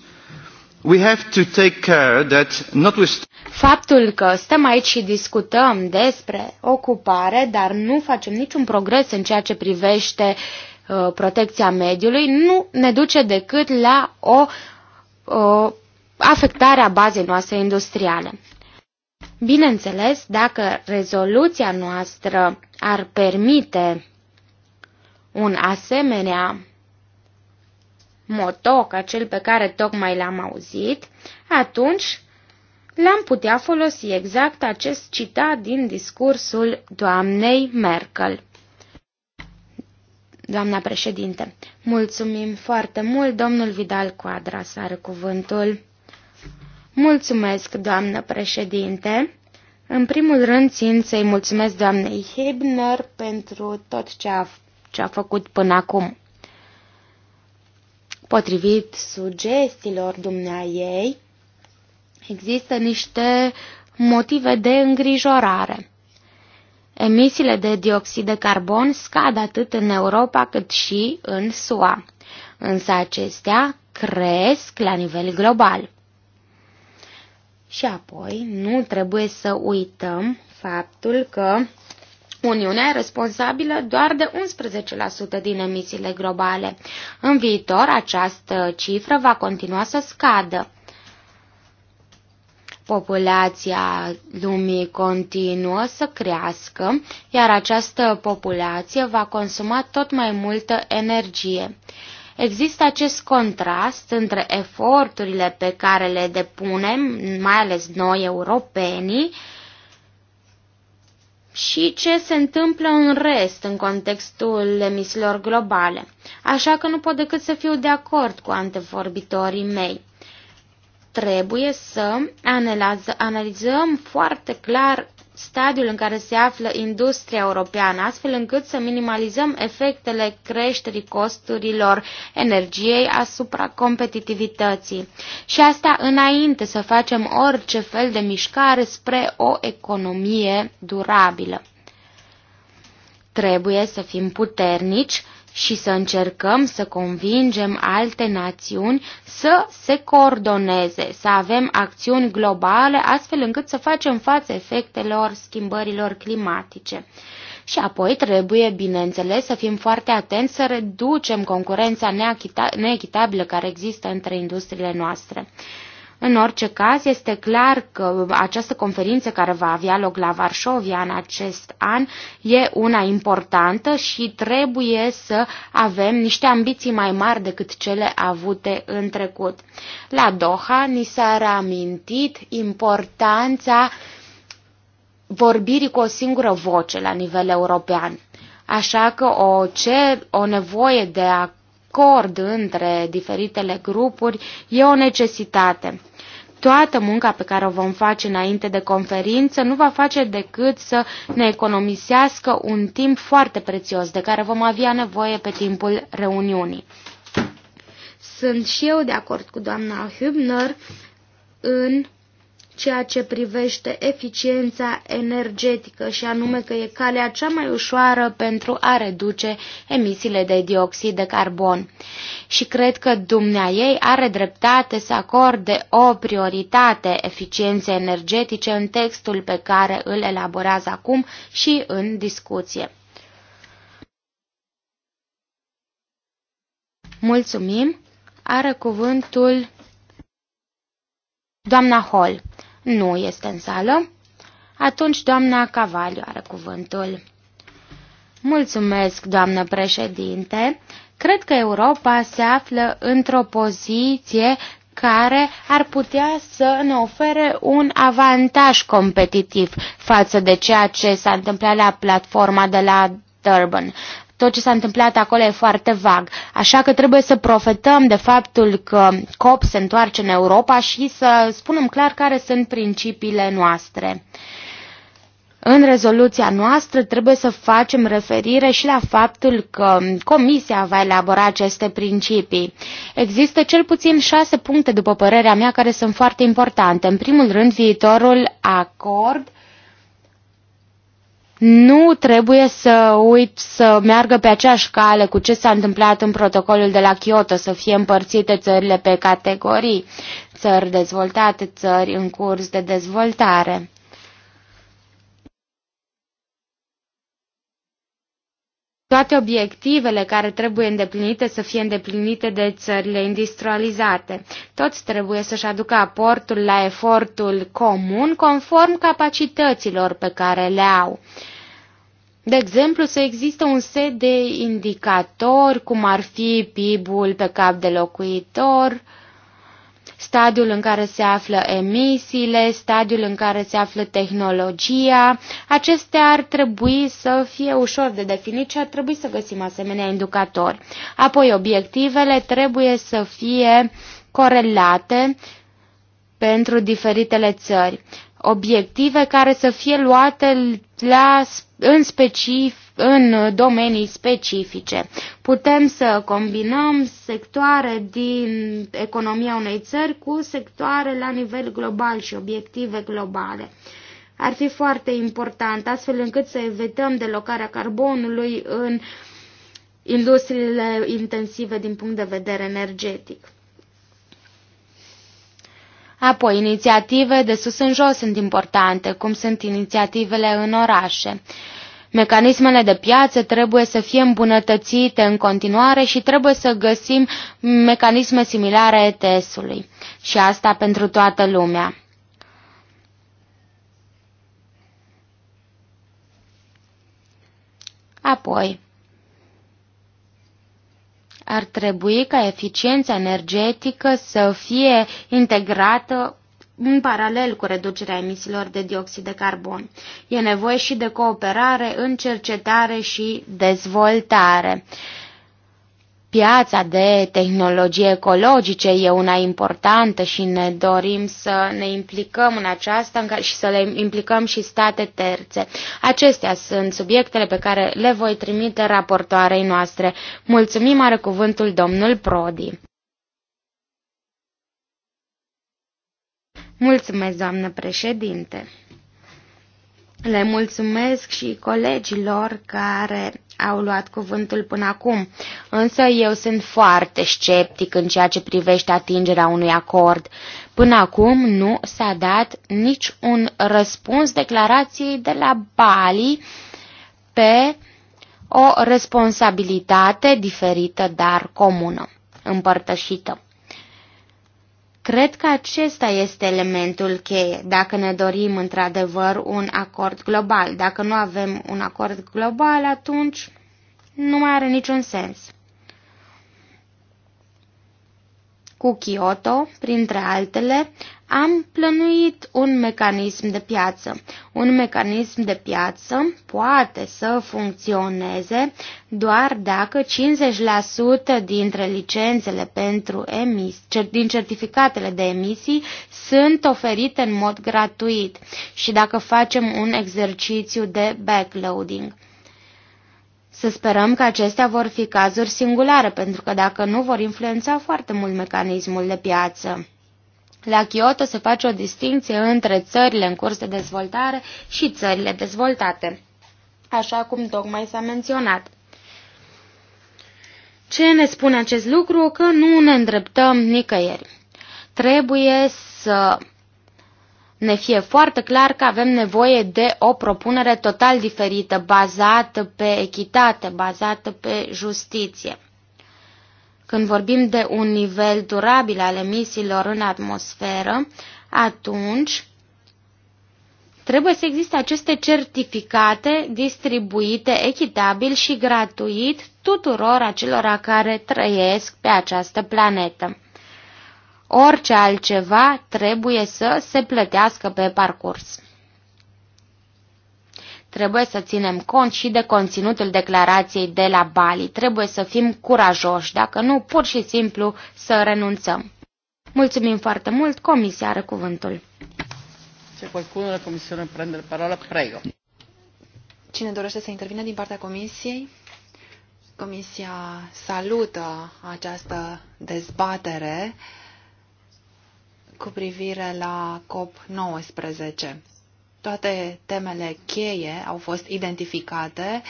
we have to take care that notwithstanding Faptul că stăm aici și discutăm despre ocupare, dar nu facem niciun progres în ceea ce privește uh, protecția mediului, nu ne duce decât la o o afectare a bazei noastre industriale. Bineînțeles, dacă rezoluția noastră ar permite un asemenea motoc, acel pe care tocmai l-am auzit, atunci l-am putea folosi exact acest citat din discursul doamnei Merkel. Doamna președinte, mulțumim foarte mult, domnul Vidal Coadras are cuvântul. Mulțumesc, doamnă președinte. În primul rând, țin să-i mulțumesc doamnei Hibner pentru tot ce a, ce a făcut până acum. Potrivit sugestiilor ei, Există niște motive de îngrijorare. Emisiile de dioxid de carbon scad atât în Europa cât și în SUA, însă acestea cresc la nivel global. Și apoi nu trebuie să uităm faptul că Uniunea e responsabilă doar de 11% din emisiile globale. În viitor, această cifră va continua să scadă populația lumii continuă să crească, iar această populație va consuma tot mai multă energie. Există acest contrast între eforturile pe care le depunem, mai ales noi europenii, și ce se întâmplă în rest în contextul emisiilor globale. Așa că nu pot decât să fiu de acord cu antevorbitorii mei trebuie să analizăm foarte clar stadiul în care se află industria europeană, astfel încât să minimalizăm efectele creșterii costurilor energiei asupra competitivității. Și asta înainte să facem orice fel de mișcare spre o economie durabilă. Trebuie să fim puternici, și să încercăm să convingem alte națiuni să se coordoneze, să avem acțiuni globale astfel încât să facem față efectelor schimbărilor climatice. Și apoi trebuie, bineînțeles, să fim foarte atenți să reducem concurența neechitabilă care există între industriile noastre. În orice caz, este clar că această conferință care va avea loc la Varșovia în acest an e una importantă și trebuie să avem niște ambiții mai mari decât cele avute în trecut. La Doha ni s-a reamintit importanța vorbirii cu o singură voce la nivel european. Așa că o, cer, o nevoie de acord între diferitele grupuri e o necesitate toată munca pe care o vom face înainte de conferință nu va face decât să ne economisească un timp foarte prețios de care vom avea nevoie pe timpul reuniunii. Sunt și eu de acord cu doamna Hübner în ceea ce privește eficiența energetică și anume că e calea cea mai ușoară pentru a reduce emisiile de dioxid de carbon. Și cred că dumnea ei are dreptate să acorde o prioritate eficiențe energetice în textul pe care îl elaborează acum și în discuție. Mulțumim! Are cuvântul doamna Hall. Nu este în sală. Atunci doamna Cavaliu are cuvântul. Mulțumesc, doamnă președinte. Cred că Europa se află într-o poziție care ar putea să ne ofere un avantaj competitiv față de ceea ce s-a întâmplat la platforma de la Durban. Tot ce s-a întâmplat acolo e foarte vag. Așa că trebuie să profităm de faptul că COP se întoarce în Europa și să spunem clar care sunt principiile noastre. În rezoluția noastră trebuie să facem referire și la faptul că Comisia va elabora aceste principii. Există cel puțin șase puncte, după părerea mea, care sunt foarte importante. În primul rând, viitorul acord nu trebuie să uit să meargă pe aceeași cale cu ce s-a întâmplat în protocolul de la Kyoto, să fie împărțite țările pe categorii, țări dezvoltate, țări în curs de dezvoltare. Toate obiectivele care trebuie îndeplinite să fie îndeplinite de țările industrializate. Toți trebuie să-și aducă aportul la efortul comun conform capacităților pe care le au. De exemplu, să există un set de indicatori, cum ar fi PIB-ul pe cap de locuitor, stadiul în care se află emisiile, stadiul în care se află tehnologia. Acestea ar trebui să fie ușor de definit și ar trebui să găsim asemenea indicatori. Apoi, obiectivele trebuie să fie corelate pentru diferitele țări. Obiective care să fie luate la în, specif, în domenii specifice. Putem să combinăm sectoare din economia unei țări cu sectoare la nivel global și obiective globale. Ar fi foarte important, astfel încât să evităm delocarea carbonului în industriile intensive din punct de vedere energetic. Apoi, inițiative de sus în jos sunt importante, cum sunt inițiativele în orașe. Mecanismele de piață trebuie să fie îmbunătățite în continuare și trebuie să găsim mecanisme similare ETS-ului. Și asta pentru toată lumea. Apoi, ar trebui ca eficiența energetică să fie integrată în paralel cu reducerea emisiilor de dioxid de carbon. E nevoie și de cooperare în cercetare și dezvoltare. Piața de tehnologie ecologice e una importantă și ne dorim să ne implicăm în aceasta și să le implicăm și state terțe. Acestea sunt subiectele pe care le voi trimite raportoarei noastre. Mulțumim, are cuvântul domnul Prodi. Mulțumesc, doamnă președinte. Le mulțumesc și colegilor care au luat cuvântul până acum, însă eu sunt foarte sceptic în ceea ce privește atingerea unui acord. Până acum nu s-a dat nici un răspuns declarației de la Bali pe o responsabilitate diferită, dar comună, împărtășită. Cred că acesta este elementul cheie, dacă ne dorim într-adevăr un acord global. Dacă nu avem un acord global, atunci nu mai are niciun sens. Cu Kyoto, printre altele, am plănuit un mecanism de piață. Un mecanism de piață poate să funcționeze doar dacă 50% dintre licențele pentru emis, din certificatele de emisii sunt oferite în mod gratuit și dacă facem un exercițiu de backloading. Să sperăm că acestea vor fi cazuri singulare, pentru că dacă nu vor influența foarte mult mecanismul de piață. La Kyoto se face o distinție între țările în curs de dezvoltare și țările dezvoltate, așa cum tocmai s-a menționat. Ce ne spune acest lucru? Că nu ne îndreptăm nicăieri. Trebuie să ne fie foarte clar că avem nevoie de o propunere total diferită, bazată pe echitate, bazată pe justiție. Când vorbim de un nivel durabil al emisiilor în atmosferă, atunci trebuie să existe aceste certificate distribuite echitabil și gratuit tuturor acelora care trăiesc pe această planetă. Orice altceva trebuie să se plătească pe parcurs. Trebuie să ținem cont și de conținutul declarației de la Bali. Trebuie să fim curajoși, dacă nu, pur și simplu să renunțăm. Mulțumim foarte mult, comisia are cuvântul. Se qualcuno la comisiune prende la parola, prego. Cine dorește să intervine din partea comisiei? Comisia salută această dezbatere cu privire la COP19. Toate temele cheie au fost identificate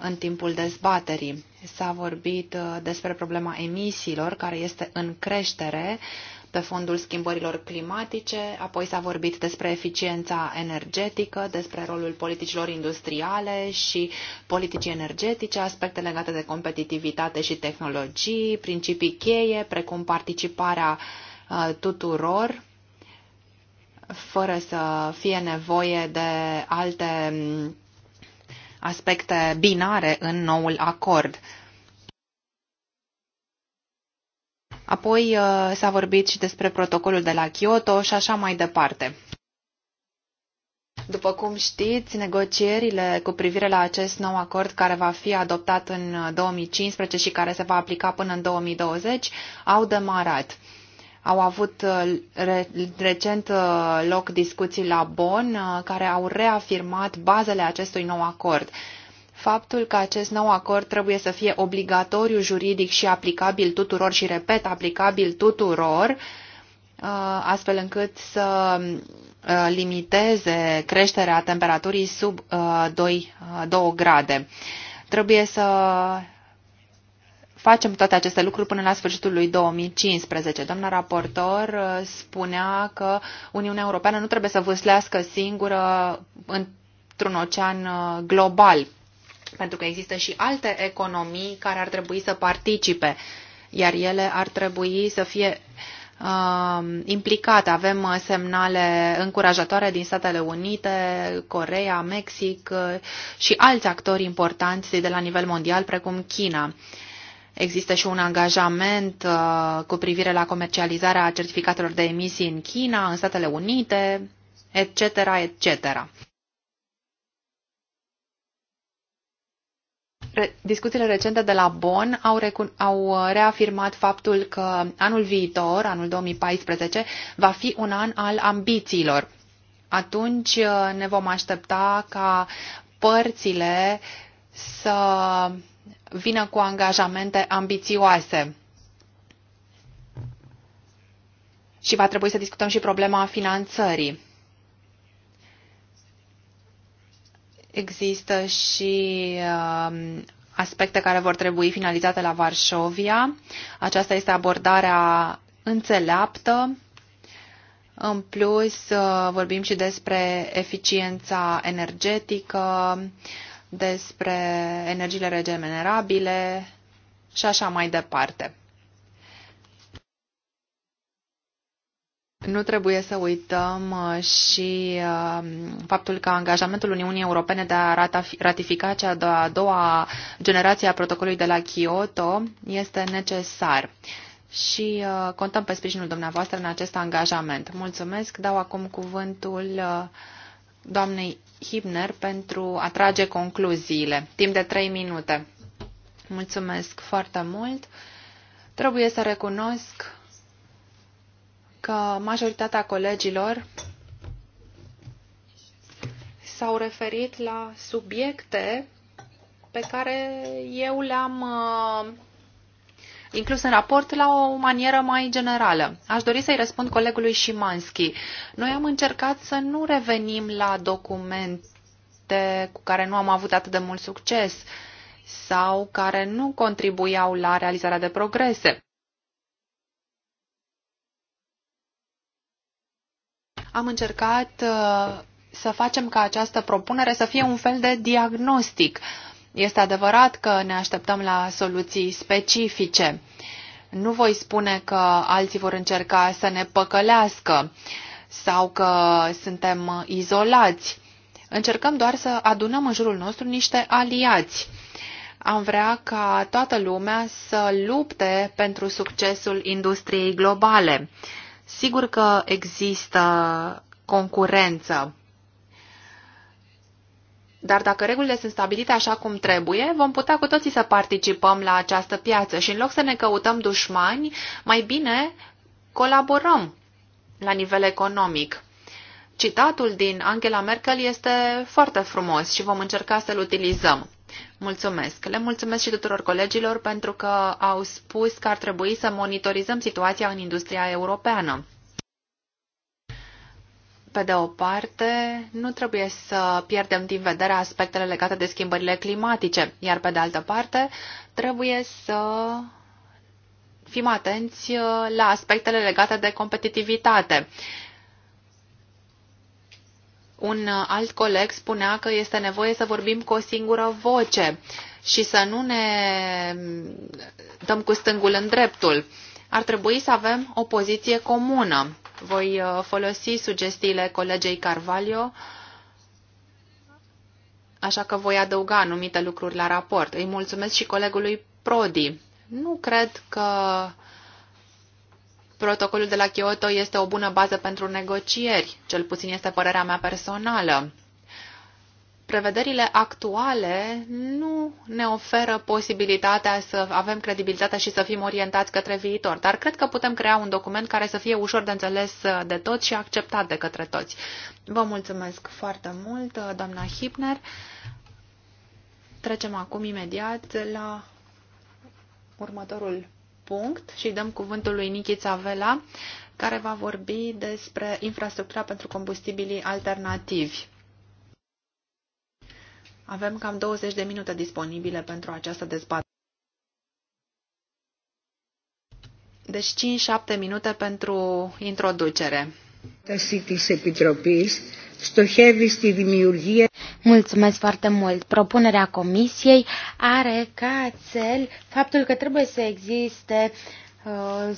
în timpul dezbaterii. S-a vorbit uh, despre problema emisiilor, care este în creștere pe fondul schimbărilor climatice, apoi s-a vorbit despre eficiența energetică, despre rolul politicilor industriale și politicii energetice, aspecte legate de competitivitate și tehnologii, principii cheie, precum participarea uh, tuturor fără să fie nevoie de alte mm, aspecte binare în noul acord. Apoi uh, s-a vorbit și despre protocolul de la Kyoto și așa mai departe. După cum știți, negocierile cu privire la acest nou acord care va fi adoptat în 2015 uh, și care se va aplica până în 2020 au demarat. Au avut uh, recent uh, loc discuții la Bonn uh, care au reafirmat bazele acestui nou acord. Faptul că acest nou acord trebuie să fie obligatoriu juridic și aplicabil tuturor și, repet, aplicabil tuturor, astfel încât să limiteze creșterea temperaturii sub 2, 2 grade. Trebuie să facem toate aceste lucruri până la sfârșitul lui 2015. Doamna raportor uh, spunea că Uniunea Europeană nu trebuie să vâslească singură într-un ocean uh, global, pentru că există și alte economii care ar trebui să participe, iar ele ar trebui să fie uh, implicate. Avem uh, semnale încurajatoare din Statele Unite, Corea, Mexic și alți actori importanți de la nivel mondial, precum China. Uh, Există și un angajament uh, cu privire la comercializarea certificatelor de emisii în China, în Statele Unite, etc., etc. Re discuțiile recente de la Bonn au, au uh, reafirmat faptul că anul viitor, anul 2014, va fi un an al ambițiilor. Atunci uh, ne vom aștepta ca părțile să vină cu angajamente ambițioase. Și va trebui să discutăm și problema finanțării. Există și um, aspecte care vor trebui finalizate la Varșovia. Aceasta este abordarea înțeleaptă. În plus, uh, vorbim și despre eficiența energetică, despre energiile regenerabile și așa mai departe. Nu trebuie să uităm uh, și uh, faptul că angajamentul Uniunii Europene de a ratifica cea de-a doua generație a protocolului de la Kyoto este necesar. Și uh, contăm pe sprijinul dumneavoastră în acest angajament. Mulțumesc. Dau acum cuvântul doamnei Hibner pentru a trage concluziile. Timp de trei minute. Mulțumesc foarte mult. Trebuie să recunosc că majoritatea colegilor s-au referit la subiecte pe care eu le-am uh, inclus în raport la o manieră mai generală. Aș dori să-i răspund colegului Șimanski. Noi am încercat să nu revenim la documente cu care nu am avut atât de mult succes sau care nu contribuiau la realizarea de progrese. Am încercat uh, să facem ca această propunere să fie un fel de diagnostic uh, este adevărat că ne așteptăm la soluții specifice. Nu voi spune că alții vor încerca să ne păcălească sau că suntem izolați. Încercăm doar să adunăm în jurul nostru niște aliați. Am vrea ca toată lumea să lupte pentru succesul industriei globale. Sigur că există concurență dar dacă regulile sunt stabilite așa cum trebuie, vom putea cu toții să participăm la această piață și în loc să ne căutăm dușmani, mai bine colaborăm la nivel economic. Citatul din Angela Merkel este foarte frumos și vom încerca să-l utilizăm. Mulțumesc. Le mulțumesc și tuturor colegilor pentru că au spus că ar trebui să monitorizăm situația în industria europeană. Pe de o parte, nu trebuie să pierdem din vedere aspectele legate de schimbările climatice, iar pe de altă parte, trebuie să fim atenți uh, la aspectele legate de competitivitate. Un alt coleg spunea că este nevoie să vorbim cu o singură voce și să nu ne dăm cu stângul în dreptul. Ar trebui să avem o poziție comună voi uh, folosi sugestiile colegei Carvalho, așa că voi adăuga anumite lucruri la raport. Îi mulțumesc și colegului Prodi. Nu cred că protocolul de la Kyoto este o bună bază pentru negocieri, cel puțin este părerea mea personală prevederile actuale nu ne oferă posibilitatea să avem credibilitatea și să fim orientați către viitor, dar cred că putem crea un document care să fie ușor de înțeles de toți și acceptat de către toți. Vă mulțumesc foarte mult, doamna Hipner. Trecem acum imediat la următorul punct și dăm cuvântul lui Nichi Vela, care va vorbi despre infrastructura pentru combustibilii alternativi. Avem cam 20 de minute disponibile pentru această dezbatere. Deci 5-7 minute pentru introducere. Mulțumesc foarte mult. Propunerea Comisiei are ca cel faptul că trebuie să existe, uh,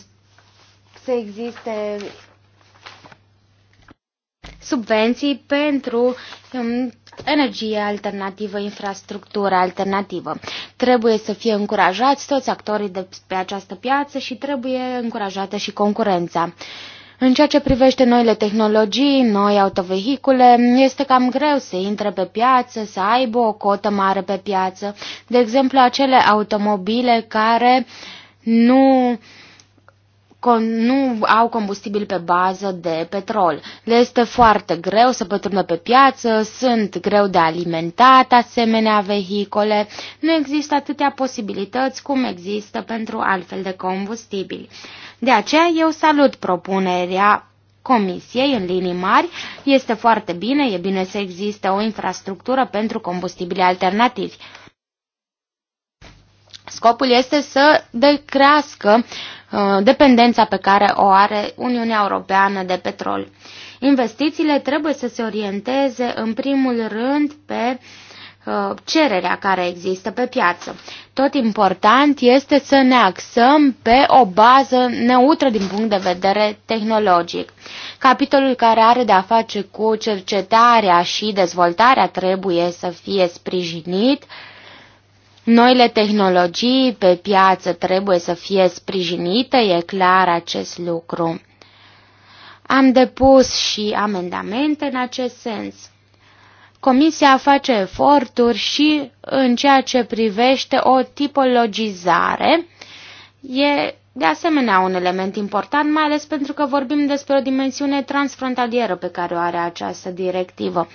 să existe subvenții pentru um, energie alternativă, infrastructură alternativă. Trebuie să fie încurajați toți actorii de pe această piață și trebuie încurajată și concurența. În ceea ce privește noile tehnologii, noi autovehicule, este cam greu să intre pe piață, să aibă o cotă mare pe piață. De exemplu, acele automobile care nu uh, nu au combustibil pe bază de petrol. Le este foarte greu să pătrundă pe piață, sunt greu de alimentat asemenea vehicole, nu există atâtea posibilități cum există pentru altfel de combustibili. De aceea eu salut propunerea Comisiei în linii mari. Este foarte bine, e bine să existe o infrastructură pentru combustibili alternativi. Scopul este să decrească uh, dependența pe care o are Uniunea Europeană de petrol. Investițiile trebuie să se orienteze în primul rând pe uh, cererea care există pe piață. Tot important este să ne axăm pe o bază neutră din punct de vedere tehnologic. Capitolul care are de a face cu cercetarea și dezvoltarea trebuie să fie sprijinit, uh, Noile tehnologii pe piață trebuie să fie sprijinite, e clar acest lucru. Am depus și amendamente în acest sens. Comisia face eforturi și în ceea ce privește o tipologizare. E de asemenea un element important, mai ales pentru că vorbim despre o dimensiune transfrontalieră pe care o are această directivă.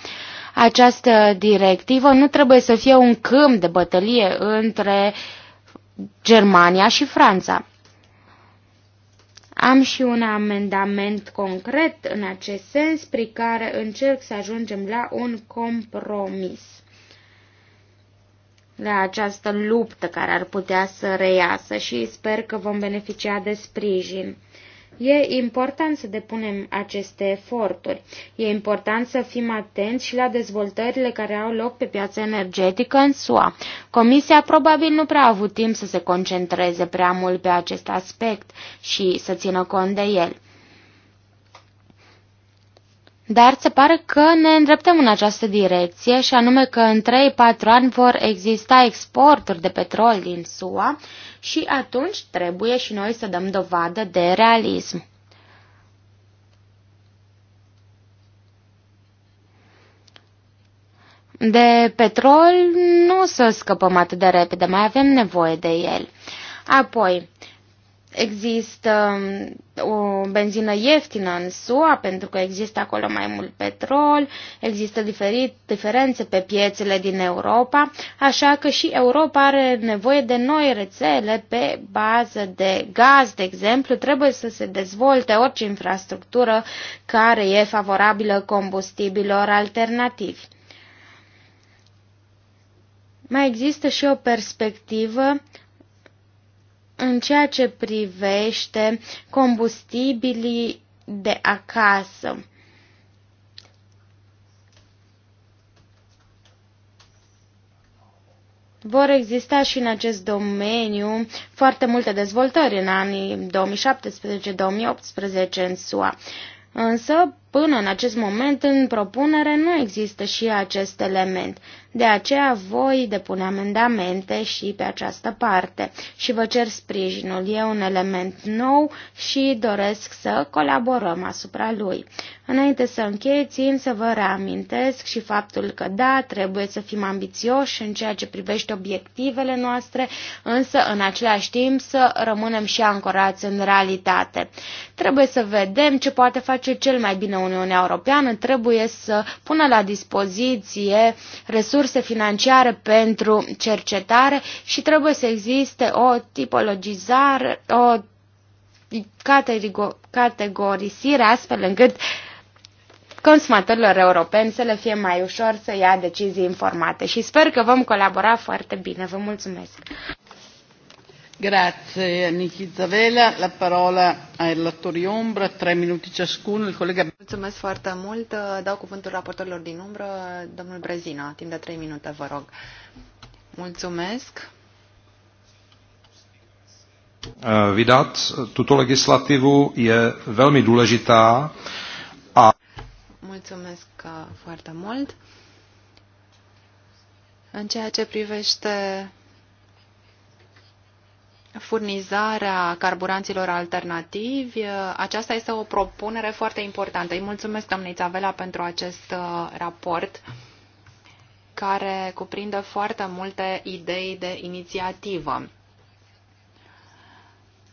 Această directivă nu trebuie să fie un câmp de bătălie între Germania și Franța. Am și un amendament concret în acest sens, prin care încerc să ajungem la un compromis la această luptă care ar putea să reiasă și sper că vom beneficia de sprijin. E important să depunem aceste eforturi. E important să fim atenți și la dezvoltările care au loc pe piața energetică în SUA. Comisia probabil nu prea a avut timp să se concentreze prea mult pe acest aspect și să țină cont de el. Dar se pare că ne îndreptăm în această direcție și anume că în 3-4 ani vor exista exporturi de petrol din SUA și atunci trebuie și noi să dăm dovadă de realism. De petrol nu o să scăpăm atât de repede, mai avem nevoie de el. Apoi, Există um, o benzină ieftină în SUA pentru că există acolo mai mult petrol, există diferit, diferențe pe piețele din Europa, așa că și Europa are nevoie de noi rețele pe bază de gaz, de exemplu, trebuie să se dezvolte orice infrastructură care e favorabilă combustibilor alternativi. Mai există și o perspectivă în ceea ce privește combustibilii de acasă, Vor exista și în acest domeniu foarte multe dezvoltări în anii 2017-2018 în SUA. Însă, Până în acest moment, în propunere, nu există și acest element. De aceea voi depune amendamente și pe această parte și vă cer sprijinul. E un element nou și doresc să colaborăm asupra lui. Înainte să închei, țin să vă reamintesc și faptul că da, trebuie să fim ambițioși în ceea ce privește obiectivele noastre, însă în același timp să rămânem și ancorați în realitate. Trebuie să vedem ce poate face cel mai bine Uniunea Europeană trebuie să pună la dispoziție resurse financiare pentru cercetare și trebuie să existe o tipologizare, o categorisire astfel încât consumatorilor europeni să le fie mai ușor să ia decizii informate și sper că vom colabora foarte bine. Vă mulțumesc! Grazie La parola ai relatori ombra, tre minuti ciascuno. Il collega... Mulțumesc foarte mult. Dau cuvântul raportorilor din umbră. Domnul Brezina, timp de trei minute, vă rog. Mulțumesc. Eh, Vidat, tuto legislativu e velmi důležitá a... Mulțumesc eh, foarte mult. În ceea ce privește furnizarea carburanților alternativi. Aceasta este o propunere foarte importantă. Îi mulțumesc, doamnei Țavela, pentru acest uh, raport care cuprinde foarte multe idei de inițiativă.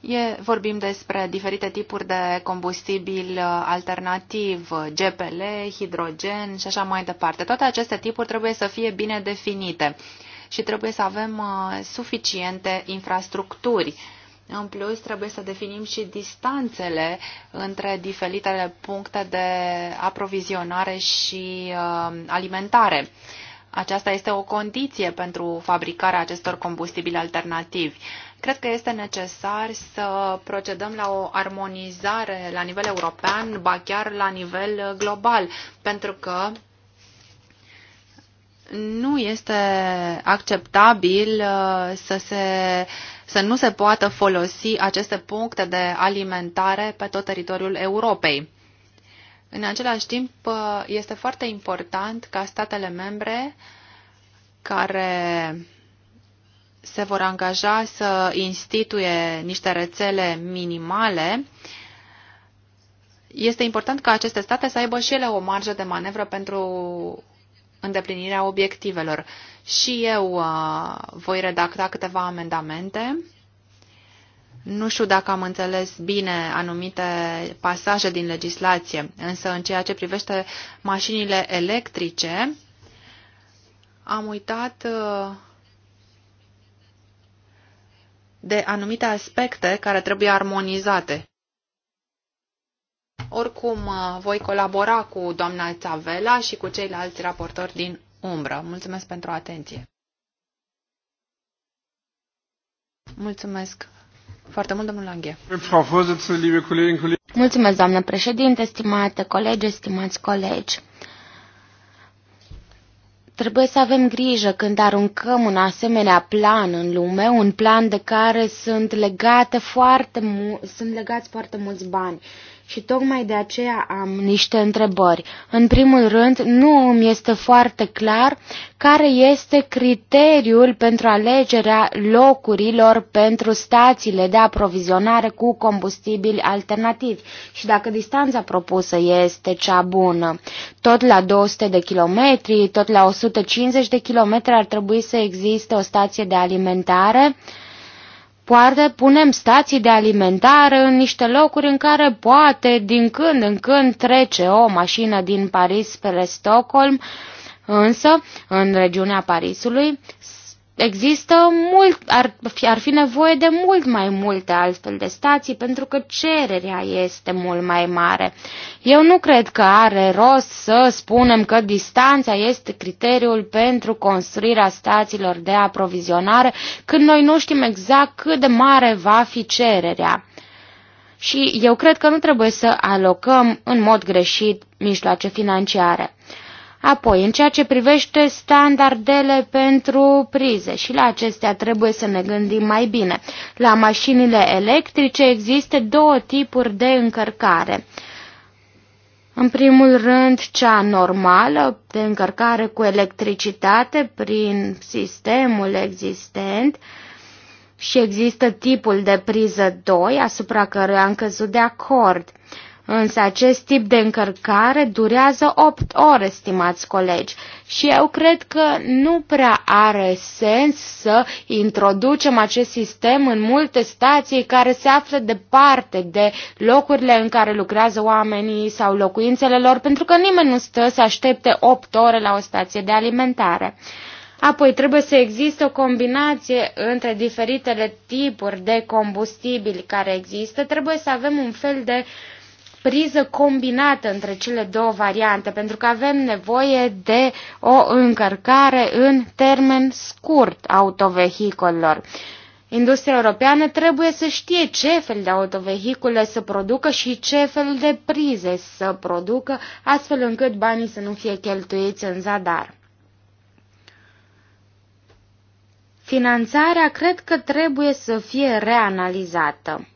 E, vorbim despre diferite tipuri de combustibil uh, alternativ, GPL, hidrogen și așa mai departe. Toate aceste tipuri trebuie să fie bine definite și trebuie să avem uh, suficiente infrastructuri. În plus, trebuie să definim și distanțele între diferitele puncte de aprovizionare și uh, alimentare. Aceasta este o condiție pentru fabricarea acestor combustibili alternativi. Cred că este necesar să procedăm la o armonizare la nivel european, ba chiar la nivel global, pentru că nu este acceptabil uh, să, se, să nu se poată folosi aceste puncte de alimentare pe tot teritoriul Europei. În același timp, uh, este foarte important ca statele membre care se vor angaja să instituie niște rețele minimale, este important ca aceste state să aibă și ele o marjă de manevră pentru îndeplinirea obiectivelor. Și eu uh, voi redacta câteva amendamente. Nu știu dacă am înțeles bine anumite pasaje din legislație, însă în ceea ce privește mașinile electrice, am uitat uh, de anumite aspecte care trebuie armonizate. Oricum, uh, voi colabora cu doamna Țavela și cu ceilalți raportori din umbră. Mulțumesc pentru atenție. Mulțumesc foarte mult, domnul Langhe. Mulțumesc, doamnă președinte, stimate colegi, stimați colegi. Trebuie să avem grijă când aruncăm un asemenea plan în lume, un plan de care sunt, legate foarte mu- sunt legați foarte mulți bani și tocmai de aceea am niște întrebări. În primul rând, nu îmi este foarte clar care este criteriul pentru alegerea locurilor pentru stațiile de aprovizionare cu combustibili alternativi și dacă distanța propusă este cea bună. Tot la 200 de kilometri, tot la 150 de kilometri ar trebui să existe o stație de alimentare. Uh, Poate punem stații de alimentare în niște locuri în care poate din când în când trece o mașină din Paris spre Stockholm, însă în regiunea Parisului Există mult, ar, ar fi nevoie de mult mai multe astfel de stații pentru că cererea este mult mai mare. Eu nu cred că are rost să spunem că distanța este criteriul pentru construirea stațiilor de aprovizionare când noi nu știm exact cât de mare va fi cererea. Și eu cred că nu trebuie să alocăm în mod greșit mijloace financiare. Apoi, în ceea ce privește standardele pentru prize și la acestea trebuie să ne gândim mai bine. La mașinile electrice există două tipuri de încărcare. În primul rând, cea normală de încărcare cu electricitate prin sistemul existent și există tipul de priză 2 asupra căruia am căzut de acord. Însă acest tip de încărcare durează 8 ore, stimați colegi, și eu cred că nu prea are sens să introducem acest sistem în multe stații care se află departe de locurile în care lucrează oamenii sau locuințele lor, pentru că nimeni nu stă să aștepte 8 ore la o stație de alimentare. Apoi trebuie să existe o combinație între diferitele tipuri de combustibili care există, trebuie să avem un fel de uh, priză combinată între cele două variante, pentru că avem nevoie de o încărcare în termen scurt autovehicolelor. Industria europeană trebuie să știe ce fel de autovehicule să producă și ce fel de prize să producă, astfel încât banii să nu fie cheltuiți în zadar. Finanțarea cred că trebuie să fie reanalizată.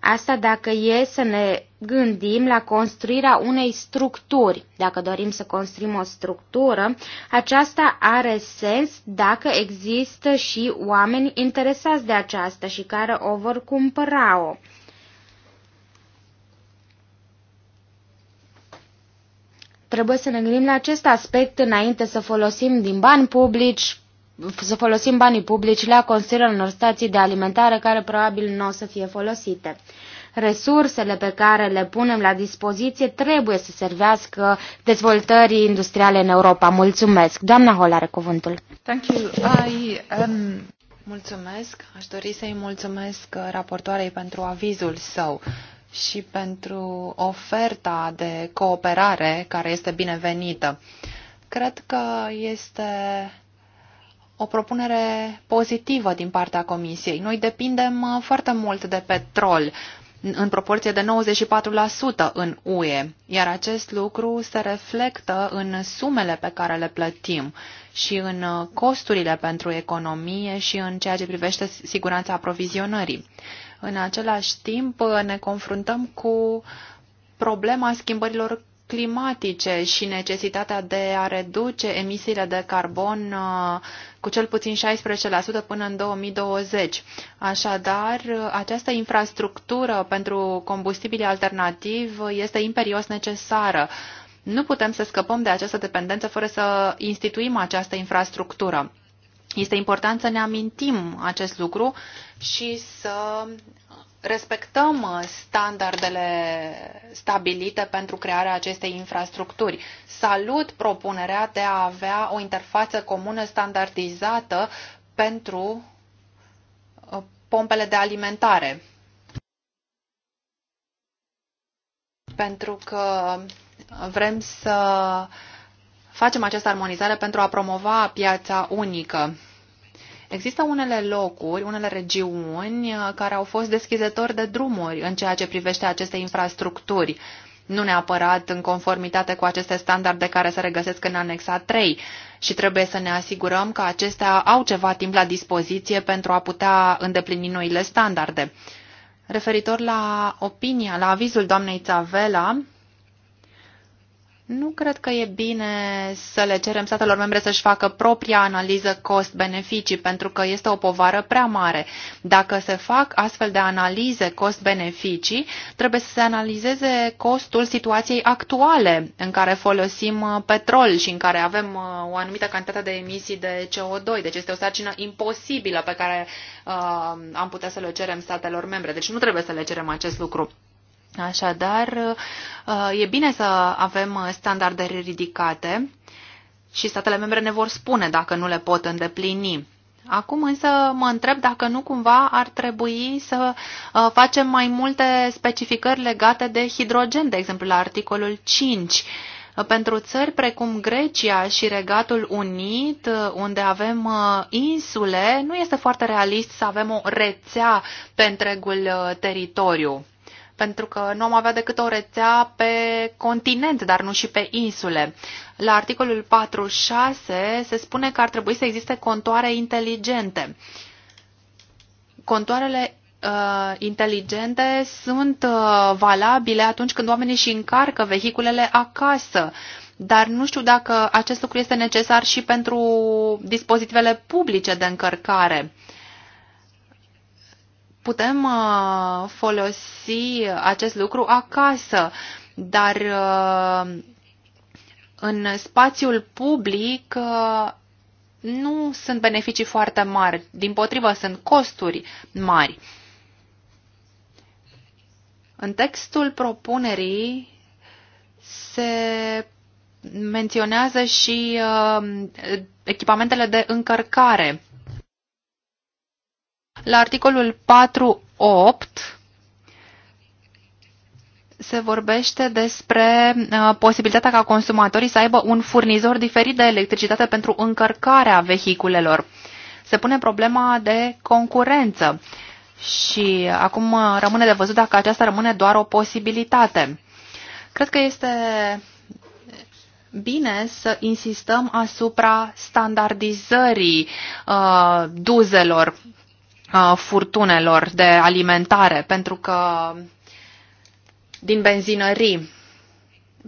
Asta dacă e să ne gândim la construirea unei structuri. Dacă dorim să construim o structură, aceasta are sens dacă există și oameni interesați de aceasta și care o vor cumpăra-o. Trebuie să ne gândim la acest aspect înainte să folosim din bani publici să folosim banii publici la construirea unor stații de alimentare care probabil nu o să fie folosite. Resursele pe care le punem la dispoziție trebuie să servească dezvoltării industriale în Europa. Mulțumesc. Doamna Hol are cuvântul. Thank you. I, um... Mulțumesc. Aș dori să-i mulțumesc raportoarei pentru avizul său și pentru oferta de cooperare care este binevenită. Cred că este o propunere pozitivă din partea Comisiei. Noi depindem uh, foarte mult de petrol, în proporție de 94% în UE, iar acest lucru se reflectă în sumele pe care le plătim și în uh, costurile pentru economie și în ceea ce privește siguranța aprovizionării. În același timp, uh, ne confruntăm cu problema schimbărilor climatice și necesitatea de a reduce emisiile de carbon uh, cu cel puțin 16% până în 2020. Așadar, această infrastructură pentru combustibili alternativ este imperios necesară. Nu putem să scăpăm de această dependență fără să instituim această infrastructură. Este important să ne amintim acest lucru și să respectăm uh, standardele stabilite pentru crearea acestei infrastructuri. Salut propunerea de a avea o interfață comună standardizată pentru uh, pompele de alimentare. Pentru că vrem să facem această armonizare pentru a promova piața unică. Există unele locuri, unele regiuni uh, care au fost deschizători de drumuri în ceea ce privește aceste infrastructuri, nu neapărat în conformitate cu aceste standarde care se regăsesc în anexa 3 și trebuie să ne asigurăm că acestea au ceva timp la dispoziție pentru a putea îndeplini noile standarde. Referitor la opinia, la avizul doamnei Țavela, nu cred că e bine să le cerem statelor membre să-și facă propria analiză cost-beneficii, pentru că este o povară prea mare. Dacă se fac astfel de analize cost-beneficii, trebuie să se analizeze costul situației actuale în care folosim uh, petrol și în care avem uh, o anumită cantitate de emisii de CO2. Deci este o sarcină imposibilă pe care uh, am putea să le cerem statelor membre. Deci nu trebuie să le cerem acest lucru. Așadar, uh, e bine să avem standarde ridicate și statele membre ne vor spune dacă nu le pot îndeplini. Acum însă mă întreb dacă nu cumva ar trebui să uh, facem mai multe specificări legate de hidrogen, de exemplu la articolul 5. Uh, pentru țări precum Grecia și Regatul Unit, unde avem insule, nu este foarte realist să avem o rețea pe întregul teritoriu pentru că nu am avea decât o rețea pe continent, dar nu și pe insule. La articolul 4.6 se spune că ar trebui să existe contoare inteligente. Contoarele uh, inteligente sunt uh, valabile atunci când oamenii își încarcă vehiculele acasă. Dar nu știu dacă acest lucru este necesar și pentru dispozitivele publice de încărcare putem uh, folosi acest lucru acasă, dar uh, în spațiul public uh, nu sunt beneficii foarte mari, din potrivă sunt costuri mari. În textul propunerii se menționează și echipamentele de încărcare la articolul 4.8 se vorbește despre uh, posibilitatea ca consumatorii să aibă un furnizor diferit de electricitate pentru încărcarea vehiculelor. Se pune problema de concurență și uh, acum uh, rămâne de văzut dacă aceasta rămâne doar o posibilitate. Cred că este bine să insistăm asupra standardizării uh, duzelor furtunelor de alimentare, pentru că din benzinării,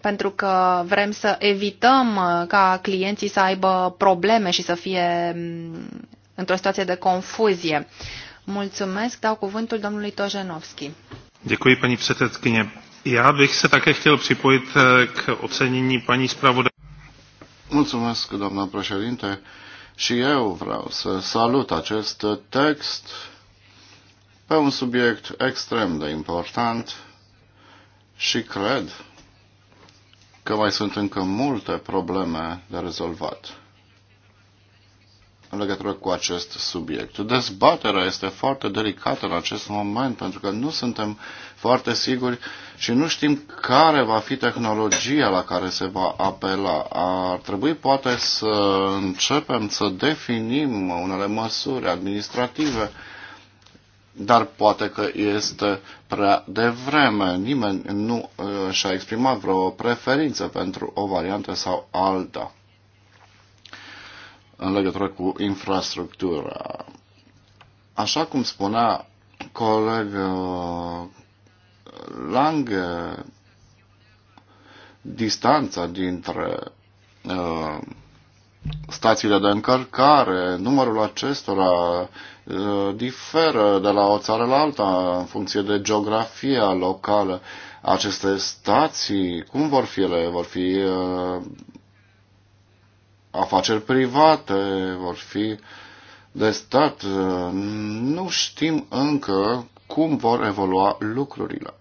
pentru că vrem să evităm uh, ca clienții să aibă probleme și să fie mm, într-o situație de confuzie. Mulțumesc, dau cuvântul domnului Tojenovski. Děkuji, paní předsedkyně. Já bych se také chtěl připojit eh, k ocenění paní zpravodaj. Mulțumesc, doamna președinte. Și eu vreau să salut acest text pe un subiect extrem de important și cred că mai sunt încă multe probleme de rezolvat în legătură cu acest subiect. Dezbaterea este foarte delicată în acest moment pentru că nu suntem foarte siguri și nu știm care va fi tehnologia la care se va apela. Ar trebui poate să începem să definim unele măsuri administrative, dar poate că este prea devreme. Nimeni nu uh, și-a exprimat vreo preferință pentru o variantă sau alta în legătură cu infrastructura. Așa cum spunea coleg Lang, distanța dintre uh, stațiile de încărcare, numărul acestora uh, diferă de la o țară la alta în funcție de geografia locală. Aceste stații, cum vor fi ele? Vor fi uh, afaceri private, vor fi de stat. Nu știm încă cum vor evolua lucrurile.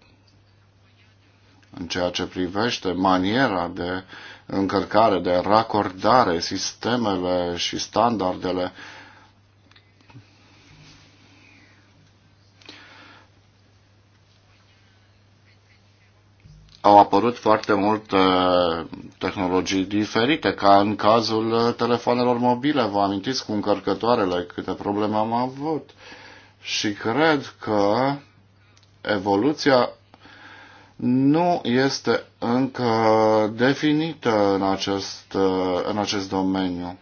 În ceea ce privește maniera de încărcare, de racordare, sistemele și standardele uh, au apărut foarte multe uh, tehnologii diferite, ca în cazul uh, telefonelor mobile. Vă amintiți cu încărcătoarele câte probleme am avut. Și cred că evoluția nu este încă definită în acest, uh, în acest domeniu.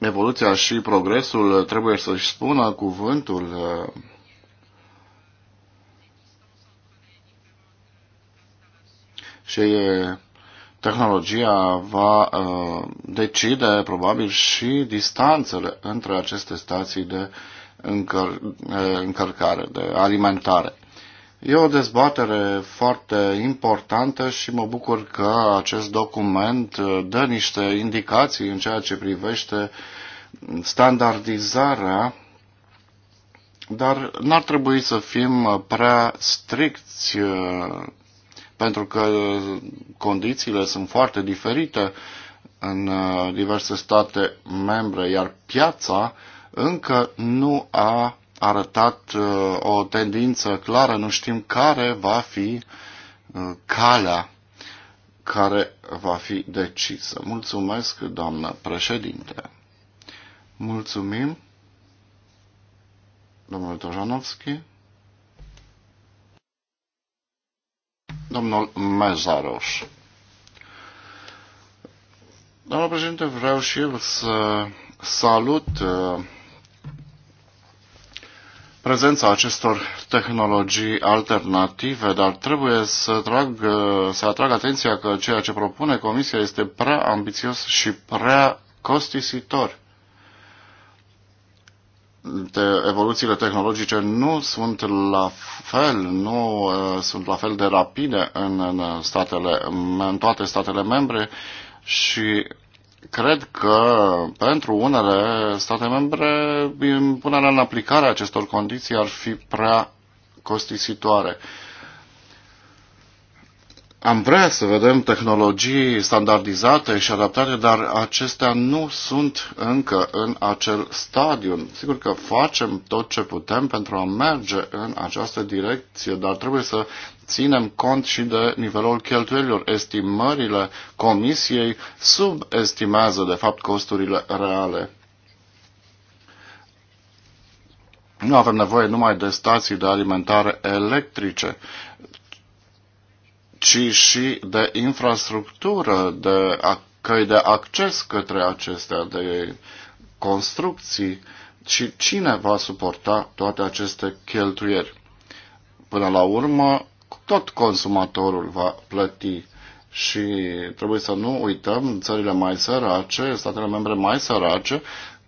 evoluția și progresul trebuie să-și spună cuvântul uh, și tehnologia va uh, decide probabil și distanțele între aceste stații de încărcare, uh, de alimentare. E o dezbatere foarte importantă și mă bucur că acest document uh, dă niște indicații în ceea ce privește standardizarea, dar n-ar trebui să fim uh, prea stricți uh, pentru că condițiile sunt foarte diferite în diverse state membre, iar piața încă nu a arătat uh, o tendință clară, nu știm care va fi uh, calea care va fi decisă. Mulțumesc, doamnă președinte. Mulțumim, domnul Tojanovski. Domnul Mezaros. Domnul președinte, vreau și eu să salut uh, prezența acestor tehnologii alternative, dar trebuie să, trag, să atrag atenția că ceea ce propune Comisia este prea ambițios și prea costisitor. De evoluțiile tehnologice nu sunt la fel, nu uh, sunt la fel de rapide în, în, statele, în toate statele membre și cred că pentru unele state membre punerea în aplicare a acestor condiții ar fi prea costisitoare. Uh, am vrea să vedem tehnologii standardizate și adaptate, dar acestea nu sunt încă în acel stadiu. Sigur că facem tot ce putem pentru a merge în această direcție, dar trebuie să ținem cont și de nivelul cheltuielilor. Estimările comisiei subestimează, de fapt, costurile reale. Nu avem nevoie numai de stații de alimentare electrice, ci și de infrastructură, de căi de acces către acestea, de construcții și cine va suporta toate aceste cheltuieri. Până la urmă, tot consumatorul va plăti și trebuie să nu uităm țările mai sărace, statele membre mai sărace,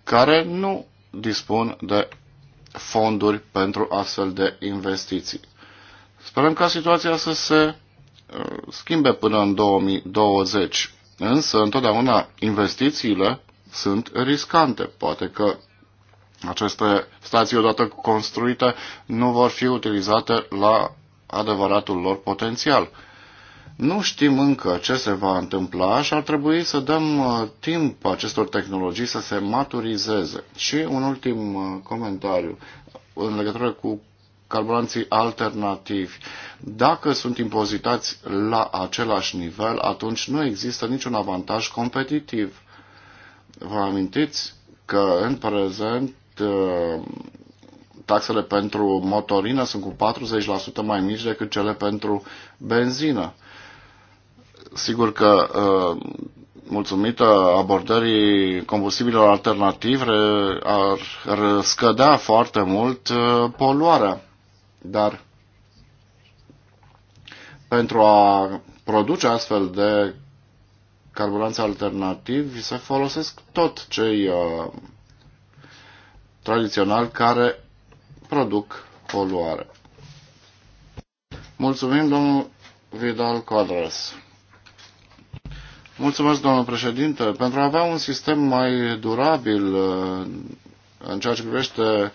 care nu dispun de fonduri pentru astfel de investiții. Sperăm ca situația să se schimbe până în 2020. Însă, întotdeauna, investițiile sunt riscante. Poate că aceste stații, odată construite, nu vor fi utilizate la adevăratul lor potențial. Nu știm încă ce se va întâmpla și ar trebui să dăm uh, timp acestor tehnologii să se maturizeze. Și un ultim uh, comentariu în legătură cu carburanții alternativi. Dacă sunt impozitați la același nivel, atunci nu există niciun avantaj competitiv. Vă amintiți că în prezent uh, taxele pentru motorină sunt cu 40% mai mici decât cele pentru benzină. Sigur că uh, mulțumită abordării combustibililor alternativi ar scădea foarte mult uh, poluarea. Dar pentru a produce astfel de carburanți alternativi se folosesc tot cei tradițional uh, tradiționali care produc poluare. Mulțumim, domnul Vidal Codres. Mulțumesc, domnul președinte. Pentru a avea un sistem mai durabil uh, în ceea ce privește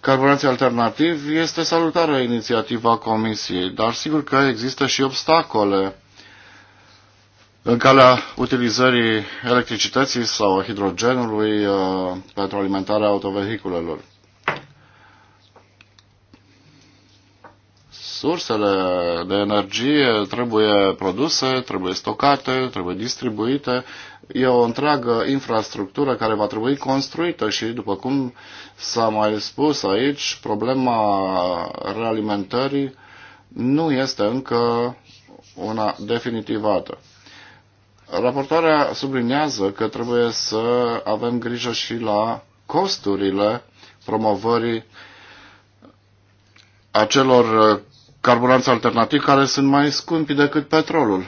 carburanții alternativi, este salutară inițiativa Comisiei, dar sigur că există și obstacole în calea utilizării electricității sau hidrogenului uh, pentru alimentarea autovehiculelor. Sursele de energie trebuie produse, trebuie stocate, trebuie distribuite, e o întreagă infrastructură care va trebui construită și, după cum s-a mai spus aici, problema realimentării nu este încă una definitivată. Raportarea sublinează că trebuie să avem grijă și la costurile promovării acelor carburanți alternativi care sunt mai scumpi decât petrolul.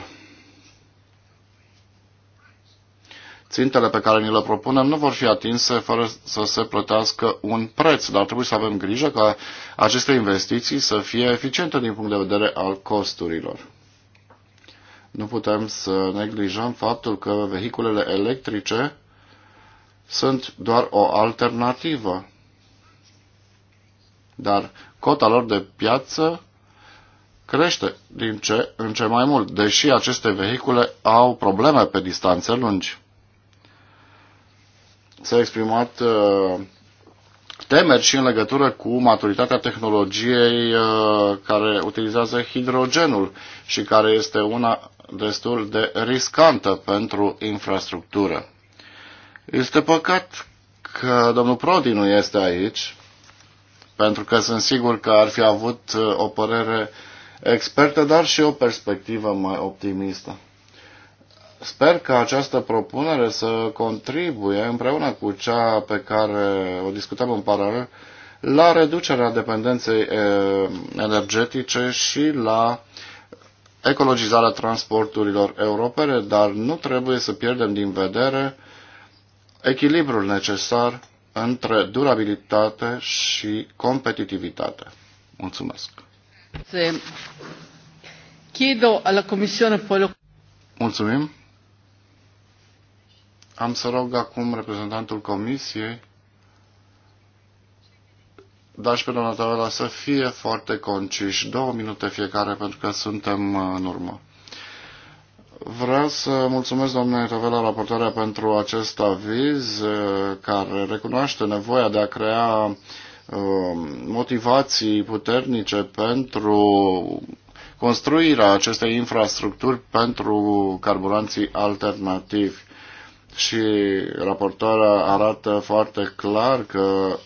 țintele pe care ni le propunem nu vor fi atinse fără să se plătească un preț, dar trebuie să avem grijă ca aceste investiții să fie eficiente din punct de vedere al costurilor. Nu putem să neglijăm faptul că vehiculele electrice sunt doar o alternativă, dar cota lor de piață crește din ce în ce mai mult, deși aceste vehicule au probleme pe distanțe lungi s-a exprimat uh, temeri și în legătură cu maturitatea tehnologiei uh, care utilizează hidrogenul și care este una destul de riscantă pentru infrastructură. Este păcat că domnul Prodi nu este aici, pentru că sunt sigur că ar fi avut uh, o părere expertă, dar și o perspectivă mai optimistă. Sper că această propunere să contribuie, împreună cu cea pe care o discutăm în paralel, la reducerea dependenței energetice și la ecologizarea transporturilor europene, dar nu trebuie să pierdem din vedere echilibrul necesar între durabilitate și competitivitate. Mulțumesc. Mulțumim. Am să rog acum reprezentantul Comisiei, dar și pe doamna Tavela să fie foarte conciși, două minute fiecare, pentru că suntem în urmă. Vreau să mulțumesc doamnei Tavela raportoarea pentru acest aviz eh, care recunoaște nevoia de a crea eh, motivații puternice pentru construirea acestei infrastructuri pentru carburanții alternativi și raportoarea arată foarte clar că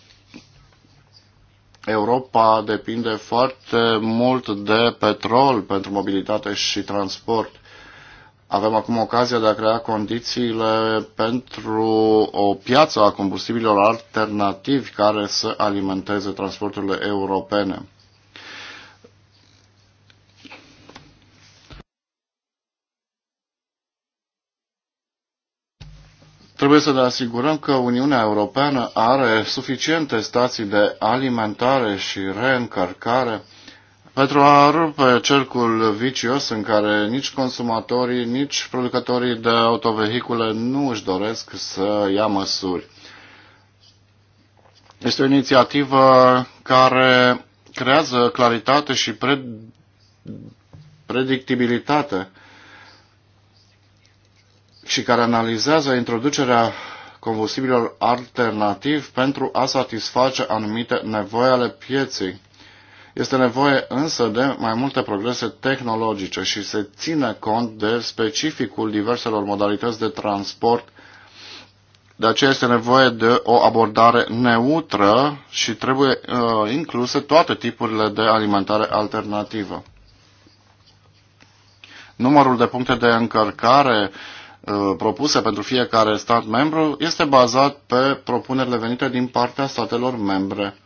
Europa depinde foarte mult de petrol pentru mobilitate și transport. Avem acum ocazia de a crea condițiile pentru o piață a combustibililor alternativi care să alimenteze transporturile europene. Trebuie să ne asigurăm că Uniunea Europeană are suficiente stații de alimentare și reîncărcare pentru a rupe cercul vicios în care nici consumatorii, nici producătorii de autovehicule nu își doresc să ia măsuri. Este o inițiativă care creează claritate și pred... predictibilitate și care analizează introducerea combustibilor alternativ pentru a satisface anumite nevoi ale pieței. Este nevoie însă de mai multe progrese tehnologice și se ține cont de specificul diverselor modalități de transport. De aceea este nevoie de o abordare neutră și trebuie uh, incluse toate tipurile de alimentare alternativă. Numărul de puncte de încărcare uh, Uh, propuse pentru fiecare stat membru este bazat pe propunerile venite din partea statelor membre.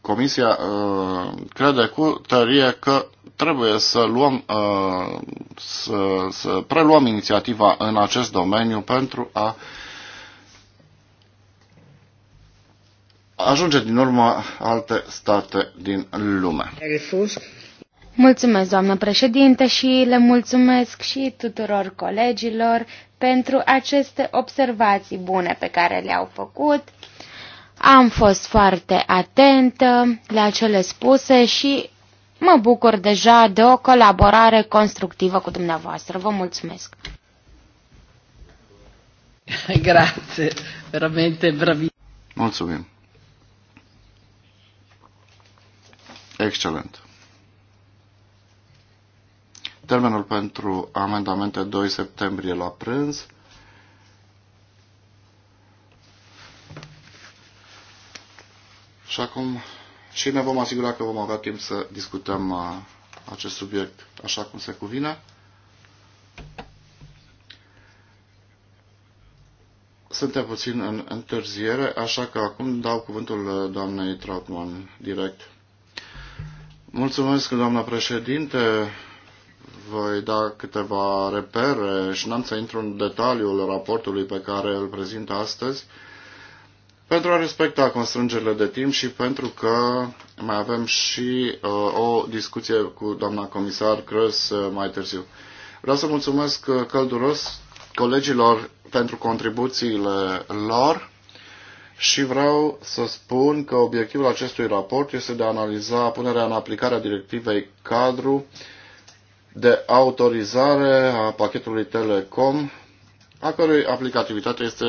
Comisia uh, crede cu tărie că trebuie să, luăm, uh, să, să preluăm inițiativa în acest domeniu pentru a ajunge din urmă alte state din lume. Mulțumesc, doamnă președinte, și le mulțumesc și tuturor colegilor pentru aceste observații bune pe care le-au făcut. Am fost foarte atentă la cele spuse și mă bucur deja de o colaborare constructivă cu dumneavoastră. Vă mulțumesc! (laughs) Grazie, veramente bravi. Mulțumim. Excelent. Termenul pentru amendamente 2 septembrie la prânz. Și acum și ne vom asigura că vom avea timp să discutăm uh, acest subiect așa cum se cuvine. Suntem puțin în întârziere, așa că acum dau cuvântul uh, doamnei Trautmann direct. Mulțumesc, doamna președinte voi da câteva repere și n-am să intru în detaliul raportului pe care îl prezint astăzi, pentru a respecta constrângerile de timp și pentru că mai avem și uh, o discuție cu doamna comisar Crăs uh, mai târziu. Vreau să mulțumesc uh, călduros colegilor pentru contribuțiile lor și vreau să spun că obiectivul acestui raport este de a analiza punerea în aplicare a directivei cadru uh, de autorizare a pachetului Telecom, a cărui aplicativitate este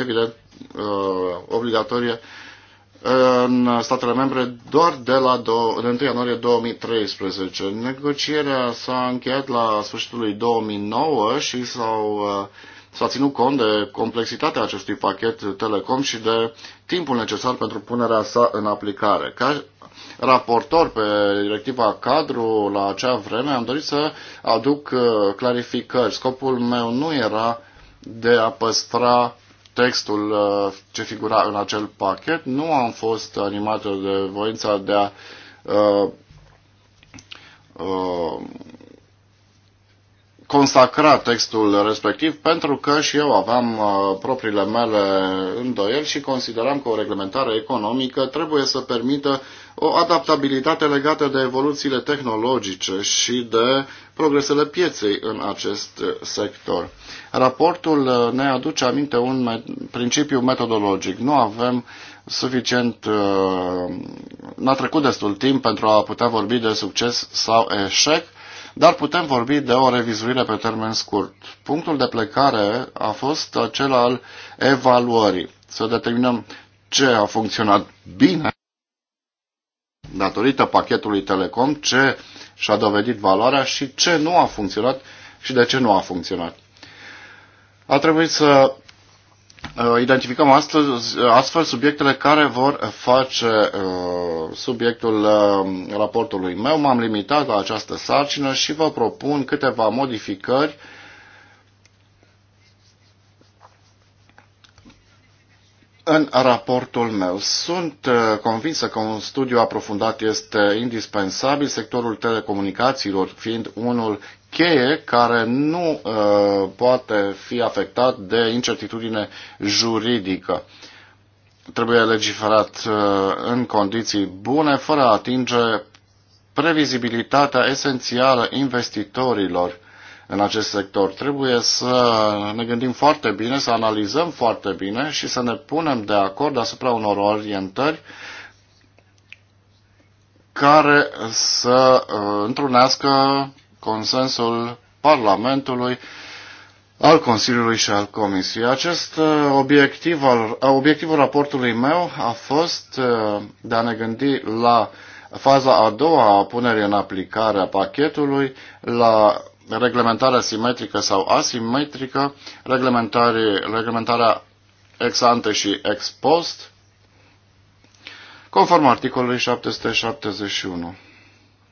evident uh, obligatorie în statele membre doar de la do- de 1 ianuarie 2013. Negocierea s-a încheiat la sfârșitul lui 2009 și s-au, uh, s-a ținut cont de complexitatea acestui pachet Telecom și de timpul necesar pentru punerea sa în aplicare. Ca raportor pe directiva cadru la acea vreme, am dorit să aduc uh, clarificări. Scopul meu nu era de a păstra textul uh, ce figura în acel pachet. Nu am fost animat de voința de a uh, uh, consacra textul respectiv pentru că și eu aveam uh, propriile mele îndoieli și consideram că o reglementare economică trebuie să permită o adaptabilitate legată de evoluțiile tehnologice și de progresele pieței în acest uh, sector. Raportul uh, ne aduce aminte un principiu metodologic. Nu avem suficient, uh, n-a trecut destul timp pentru a putea vorbi de succes sau eșec, dar putem vorbi de o revizuire pe termen scurt. Punctul de plecare a fost acela al evaluării. Să determinăm ce a funcționat bine datorită pachetului Telecom, ce și-a dovedit valoarea și ce nu a funcționat și de ce nu a funcționat. A trebuit să uh, identificăm astăzi, astfel subiectele care vor face uh, subiectul uh, raportului meu. M-am limitat la această sarcină și vă propun câteva modificări în raportul meu. Sunt uh, convinsă că un studiu aprofundat este indispensabil, sectorul telecomunicațiilor fiind unul cheie care nu uh, poate fi afectat de incertitudine juridică. Trebuie legiferat uh, în condiții bune, fără a atinge previzibilitatea esențială investitorilor în acest sector. Trebuie să ne gândim foarte bine, să analizăm foarte bine și să ne punem de acord asupra unor orientări care să uh, întrunească consensul Parlamentului, al Consiliului și al Comisiei. Acest uh, obiectiv al, uh, obiectivul raportului meu a fost de a ne gândi la faza a doua a punerii în aplicare a pachetului, la reglementarea simetrică sau asimetrică, reglementarea ex ante și ex post, conform articolului 771.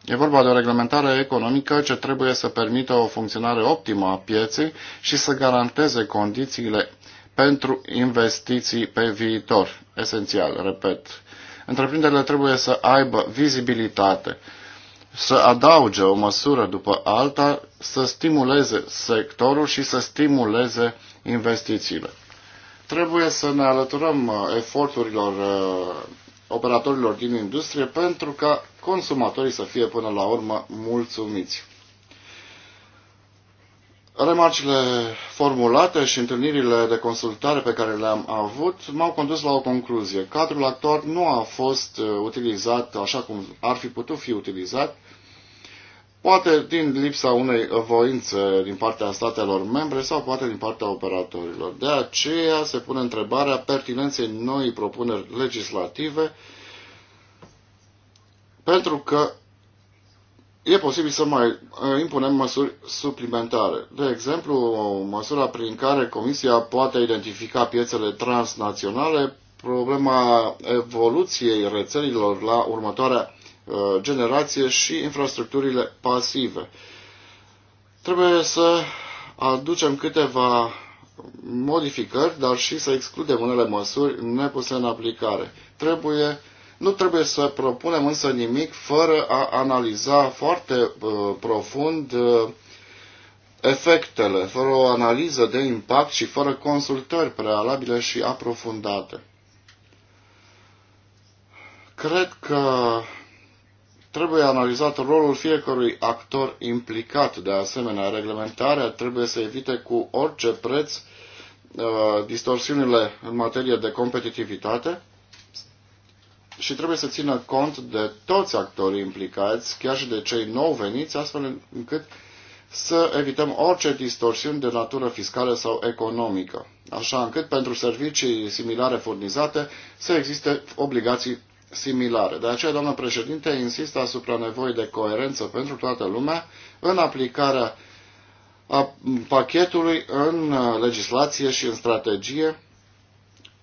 E vorba de o reglementare economică ce trebuie să permită o funcționare optimă a pieței și să garanteze condițiile pentru investiții pe viitor. Esențial, repet, întreprinderile trebuie să aibă vizibilitate să adauge o măsură după alta, să stimuleze sectorul și să stimuleze investițiile. Trebuie să ne alăturăm uh, eforturilor uh, operatorilor din industrie pentru ca consumatorii să fie până la urmă mulțumiți. Remarcile formulate și întâlnirile de consultare pe care le-am avut m-au condus la o concluzie. Cadrul actual nu a fost uh, utilizat așa cum ar fi putut fi utilizat poate din lipsa unei voințe din partea statelor membre sau poate din partea operatorilor. De aceea se pune întrebarea pertinenței noii propuneri legislative pentru că e posibil să mai eh, impunem măsuri suplimentare. De exemplu, măsura prin care Comisia poate identifica piețele transnaționale, problema evoluției rețelilor la următoarea Uh, generație și infrastructurile pasive. Trebuie să aducem câteva modificări, dar și să excludem unele măsuri nepuse în aplicare. Trebuie, nu trebuie să propunem însă nimic fără a analiza foarte uh, profund uh, efectele, fără o analiză de impact și fără consultări prealabile și aprofundate. Cred că Trebuie analizat rolul fiecărui actor implicat. De asemenea, reglementarea trebuie să evite cu orice preț uh, distorsiunile în materie de competitivitate și trebuie să țină cont de toți actorii implicați, chiar și de cei nou veniți, astfel încât să evităm orice distorsiuni de natură fiscală sau economică, așa încât pentru servicii similare furnizate să existe obligații similare. De aceea, doamnă președinte, insist asupra nevoii de coerență pentru toată lumea în aplicarea a pachetului în uh, legislație și în strategie,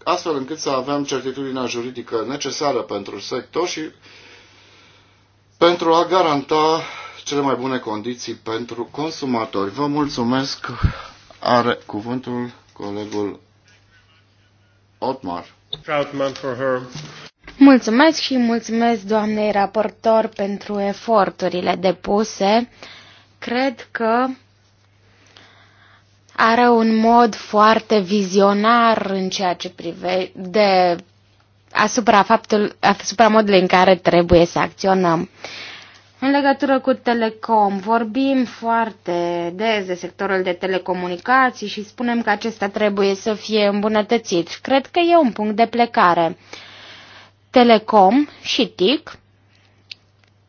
astfel încât să avem certitudinea juridică necesară pentru sector și pentru a garanta cele mai bune condiții pentru consumatori. Vă mulțumesc. Are cuvântul colegul Otmar. for her. Mulțumesc și mulțumesc doamnei raportor pentru eforturile depuse. Cred că are un mod foarte vizionar în ceea ce privește asupra, faptul, asupra modului în care trebuie să acționăm. În legătură cu telecom, vorbim foarte des de sectorul de telecomunicații și spunem că acesta trebuie să fie îmbunătățit. Cred că e un punct de plecare. Uh, Telecom și TIC,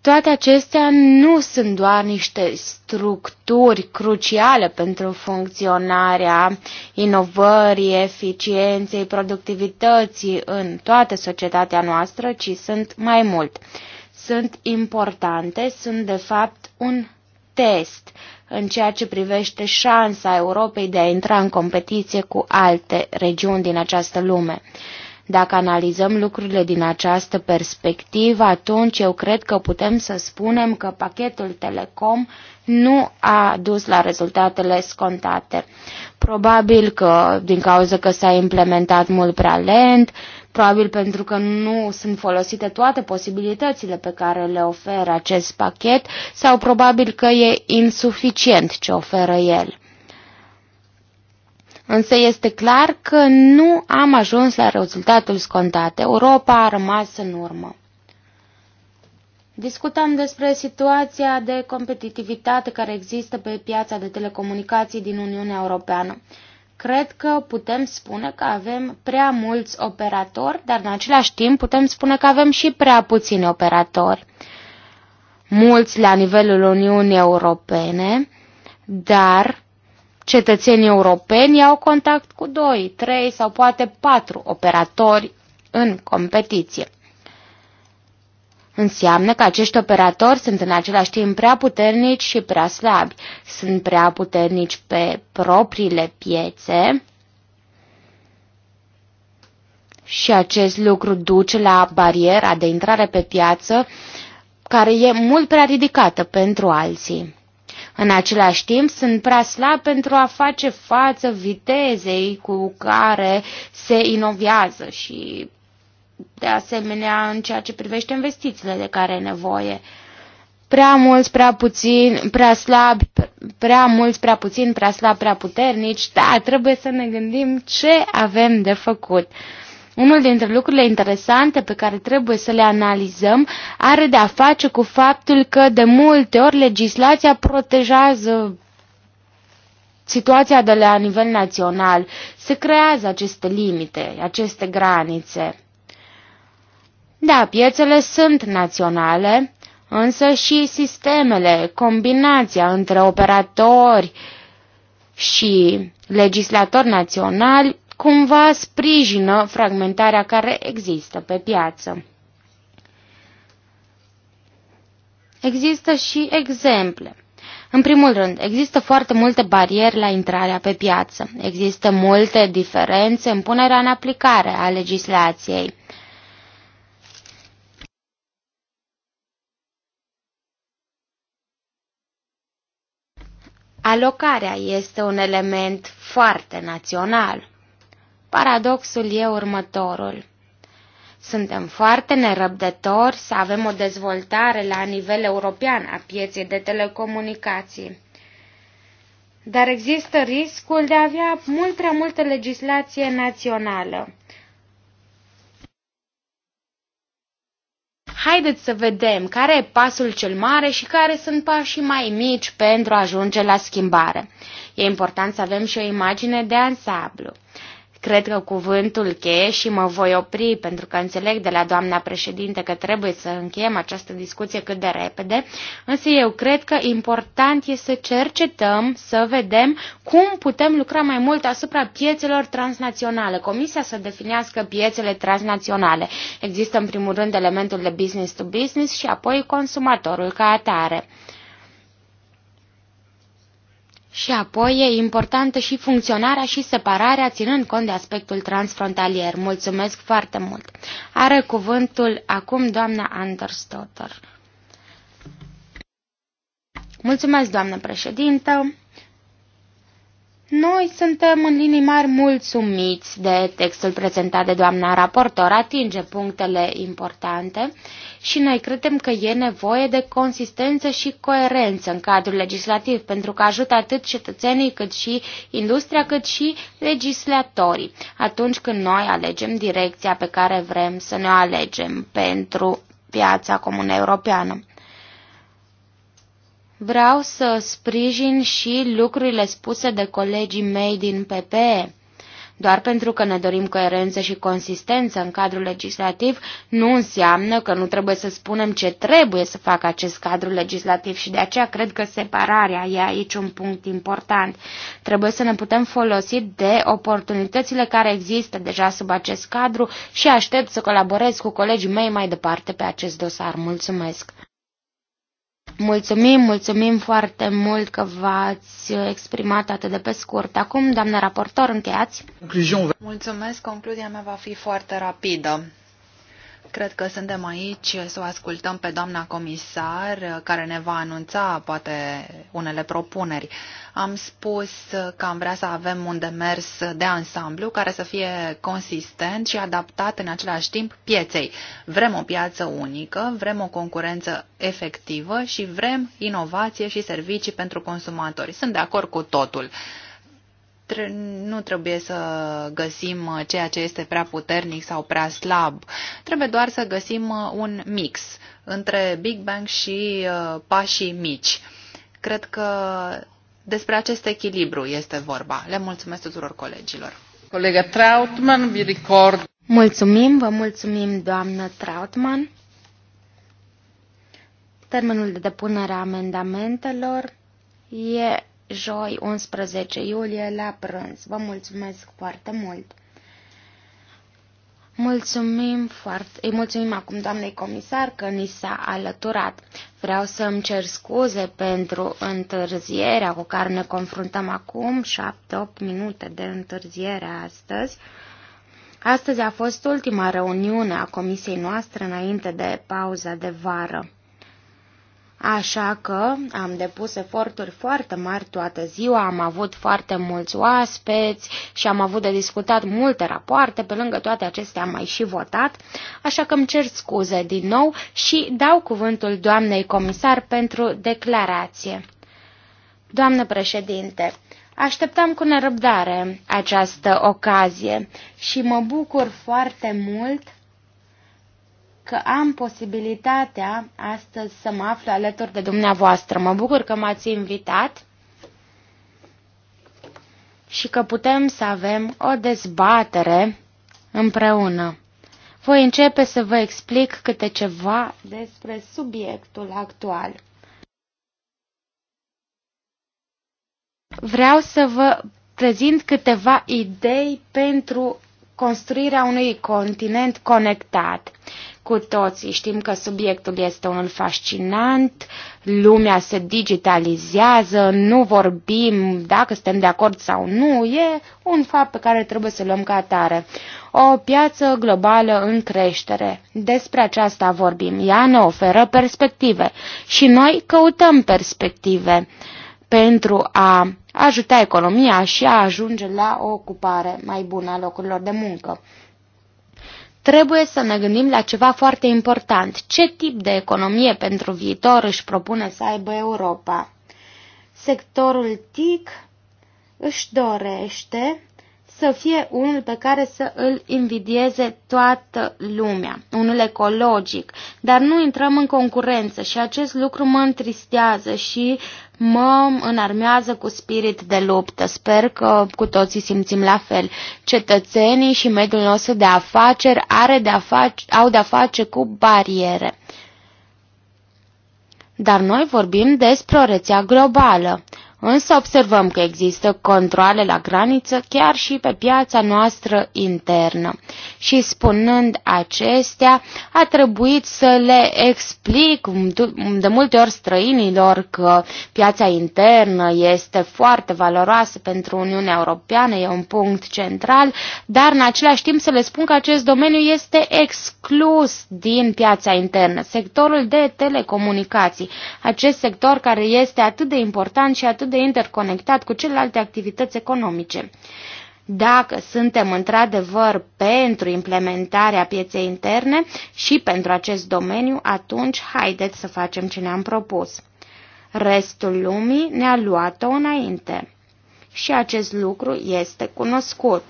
toate acestea nu sunt doar niște structuri cruciale pentru funcționarea inovării, eficienței, productivității în toată societatea noastră, ci sunt mai mult. Sunt importante, sunt de fapt un test în ceea ce privește șansa Europei de a intra în competiție cu alte regiuni din această lume. Dacă analizăm lucrurile din această perspectivă, atunci eu cred că putem să spunem că pachetul Telecom nu a dus la rezultatele scontate. Probabil că din cauza că s-a implementat mult prea lent, probabil pentru că nu sunt folosite toate posibilitățile pe care le oferă acest pachet sau probabil că e insuficient ce oferă el. Însă este clar că nu am ajuns la rezultatul scontat. Europa a rămas în urmă. Discutăm despre situația de competitivitate care există pe piața de telecomunicații din Uniunea Europeană. Cred că putem spune că avem prea mulți operatori, dar în același timp putem spune că avem și prea puțini operatori. Mulți la nivelul Uniunii Europene, dar cetățenii europeni au contact cu 2, 3 sau poate 4 operatori în competiție. Înseamnă că acești operatori sunt în același timp prea puternici și prea slabi. Sunt prea puternici pe propriile piețe și acest lucru duce la bariera de intrare pe piață care e mult prea ridicată pentru alții. În același timp, sunt prea slab pentru a face față vitezei cu care se inovează și, de asemenea, în ceea ce privește investițiile de care e nevoie prea mulți, prea puțin, prea slab, prea mulți, prea puțin, prea slab, prea puternici. Da, trebuie să ne gândim ce avem de făcut. Unul dintre lucrurile interesante pe care trebuie să le analizăm are de a face cu faptul că de multe ori legislația protejează situația de la nivel național. Se creează aceste limite, aceste granițe. Da, piețele sunt naționale, însă și sistemele, combinația între operatori și legislatori naționali cumva sprijină fragmentarea care există pe piață. Există și exemple. În primul rând, există foarte multe bariere la intrarea pe piață. Există multe diferențe în punerea în aplicare a legislației. Alocarea este un element foarte național. Paradoxul e următorul. Suntem foarte nerăbdători să avem o dezvoltare la nivel european a pieței de telecomunicații. Dar există riscul de a avea mult prea multă legislație națională. Haideți să vedem care e pasul cel mare și care sunt pașii mai mici pentru a ajunge la schimbare. E important să avem și o imagine de ansamblu. Cred că cuvântul cheie și mă voi opri pentru că înțeleg de la doamna președinte că trebuie să încheiem această discuție cât de repede, însă eu cred că important este să cercetăm, să vedem cum putem lucra mai mult asupra piețelor transnaționale. Comisia să definească piețele transnaționale. Există în primul rând elementul de business to business și apoi consumatorul ca atare. Și apoi e importantă și funcționarea și separarea, ținând cont de aspectul transfrontalier. Mulțumesc foarte mult. Are cuvântul acum doamna Anderstotter. Mulțumesc, doamnă președintă. Noi suntem în linii mari mulțumiți de textul prezentat de doamna raportor, atinge punctele importante și noi credem că e nevoie de consistență și coerență în cadrul legislativ, pentru că ajută atât cetățenii cât și industria, cât și legislatorii, atunci când noi alegem direcția pe care vrem să ne o alegem pentru piața comună europeană. Vreau să sprijin și lucrurile spuse de colegii mei din PPE. Doar pentru că ne dorim coerență și consistență în cadrul legislativ, nu înseamnă că nu trebuie să spunem ce trebuie să facă acest cadru legislativ și de aceea cred că separarea e aici un punct important. Trebuie să ne putem folosi de oportunitățile care există deja sub acest cadru și aștept să colaborez cu colegii mei mai departe pe acest dosar. Mulțumesc! Mulțumim, mulțumim foarte mult că v-ați exprimat atât de pe scurt. Acum, doamnă raportor, încheiați. Mulțumesc, concluzia mea va fi foarte rapidă. Cred că suntem aici să o ascultăm pe doamna comisar, care ne va anunța poate unele propuneri. Am spus că am vrea să avem un demers de ansamblu care să fie consistent și adaptat în același timp pieței. Vrem o piață unică, vrem o concurență efectivă și vrem inovație și servicii pentru consumatori. Sunt de acord cu totul nu trebuie să găsim uh, ceea ce este prea puternic sau prea slab. Trebuie doar să găsim uh, un mix între Big Bang și uh, pașii mici. Cred că despre acest echilibru este vorba. Le mulțumesc tuturor colegilor. Colega Trautmann, vi record. Mulțumim, vă mulțumim, doamnă Trautmann. Termenul de depunere a amendamentelor e joi 11 iulie la prânz. Vă mulțumesc foarte mult! Mulțumim foarte, îi mulțumim acum doamnei comisar că ni s-a alăturat. Vreau să îmi cer scuze pentru întârzierea cu care ne confruntăm acum, 7-8 minute de întârziere astăzi. Astăzi a fost ultima reuniune a comisiei noastre înainte de pauza de vară. Așa că am depus eforturi foarte mari toată ziua, am avut foarte mulți oaspeți și am avut de discutat multe rapoarte, pe lângă toate acestea am mai și votat, așa că îmi cer scuze din nou și dau cuvântul doamnei comisar pentru declarație. Doamnă președinte, așteptam cu nerăbdare această ocazie și mă bucur foarte mult că am posibilitatea astăzi să mă aflu alături de dumneavoastră. Mă bucur că m-ați invitat și că putem să avem o dezbatere împreună. Voi începe să vă explic câte ceva despre subiectul actual. Vreau să vă prezint câteva idei pentru construirea unui continent conectat. Cu toții știm că subiectul este unul fascinant, lumea se digitalizează, nu vorbim dacă suntem de acord sau nu, e un fapt pe care trebuie să luăm ca atare. O piață globală în creștere. Despre aceasta vorbim. Ea ne oferă perspective și noi căutăm perspective pentru a ajuta economia și a ajunge la o ocupare mai bună a locurilor de muncă. Trebuie să ne gândim la ceva foarte important. Ce tip de economie pentru viitor își propune să aibă Europa? Sectorul TIC își dorește să fie unul pe care să îl invidieze toată lumea, unul ecologic, dar nu intrăm în concurență și acest lucru mă întristează și mă înarmează cu spirit de luptă. Sper că cu toții simțim la fel. Cetățenii și mediul nostru de afaceri are de afac- au de-a face cu bariere. Dar noi vorbim despre o rețea globală. Însă observăm că există controle la graniță chiar și pe piața noastră internă. Și spunând acestea, a trebuit să le explic de multe ori străinilor că piața internă este foarte valoroasă pentru Uniunea Europeană, e un punct central, dar în același timp să le spun că acest domeniu este exclus exclus din piața internă, sectorul de telecomunicații, acest sector care este atât de important și atât de interconectat cu celelalte activități economice. Dacă suntem într-adevăr pentru implementarea pieței interne și pentru acest domeniu, atunci haideți să facem ce ne-am propus. Restul lumii ne-a luat-o înainte. Și acest lucru este cunoscut.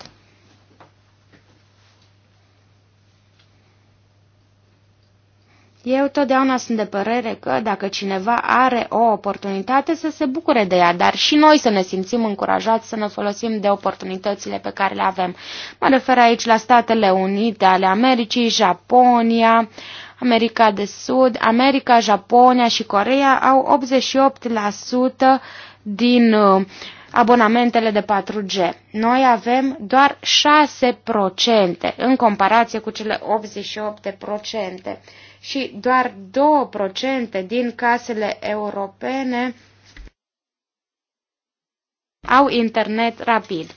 Eu totdeauna sunt de părere că dacă cineva are o oportunitate să se bucure de ea, dar și noi să ne simțim încurajați să ne folosim de oportunitățile pe care le avem. Mă refer aici la Statele Unite ale Americii, Japonia, America de Sud, America, Japonia și Corea au 88% din uh, abonamentele de 4G. Noi avem doar 6% în comparație cu cele 88% și doar 2% din casele europene au internet rapid.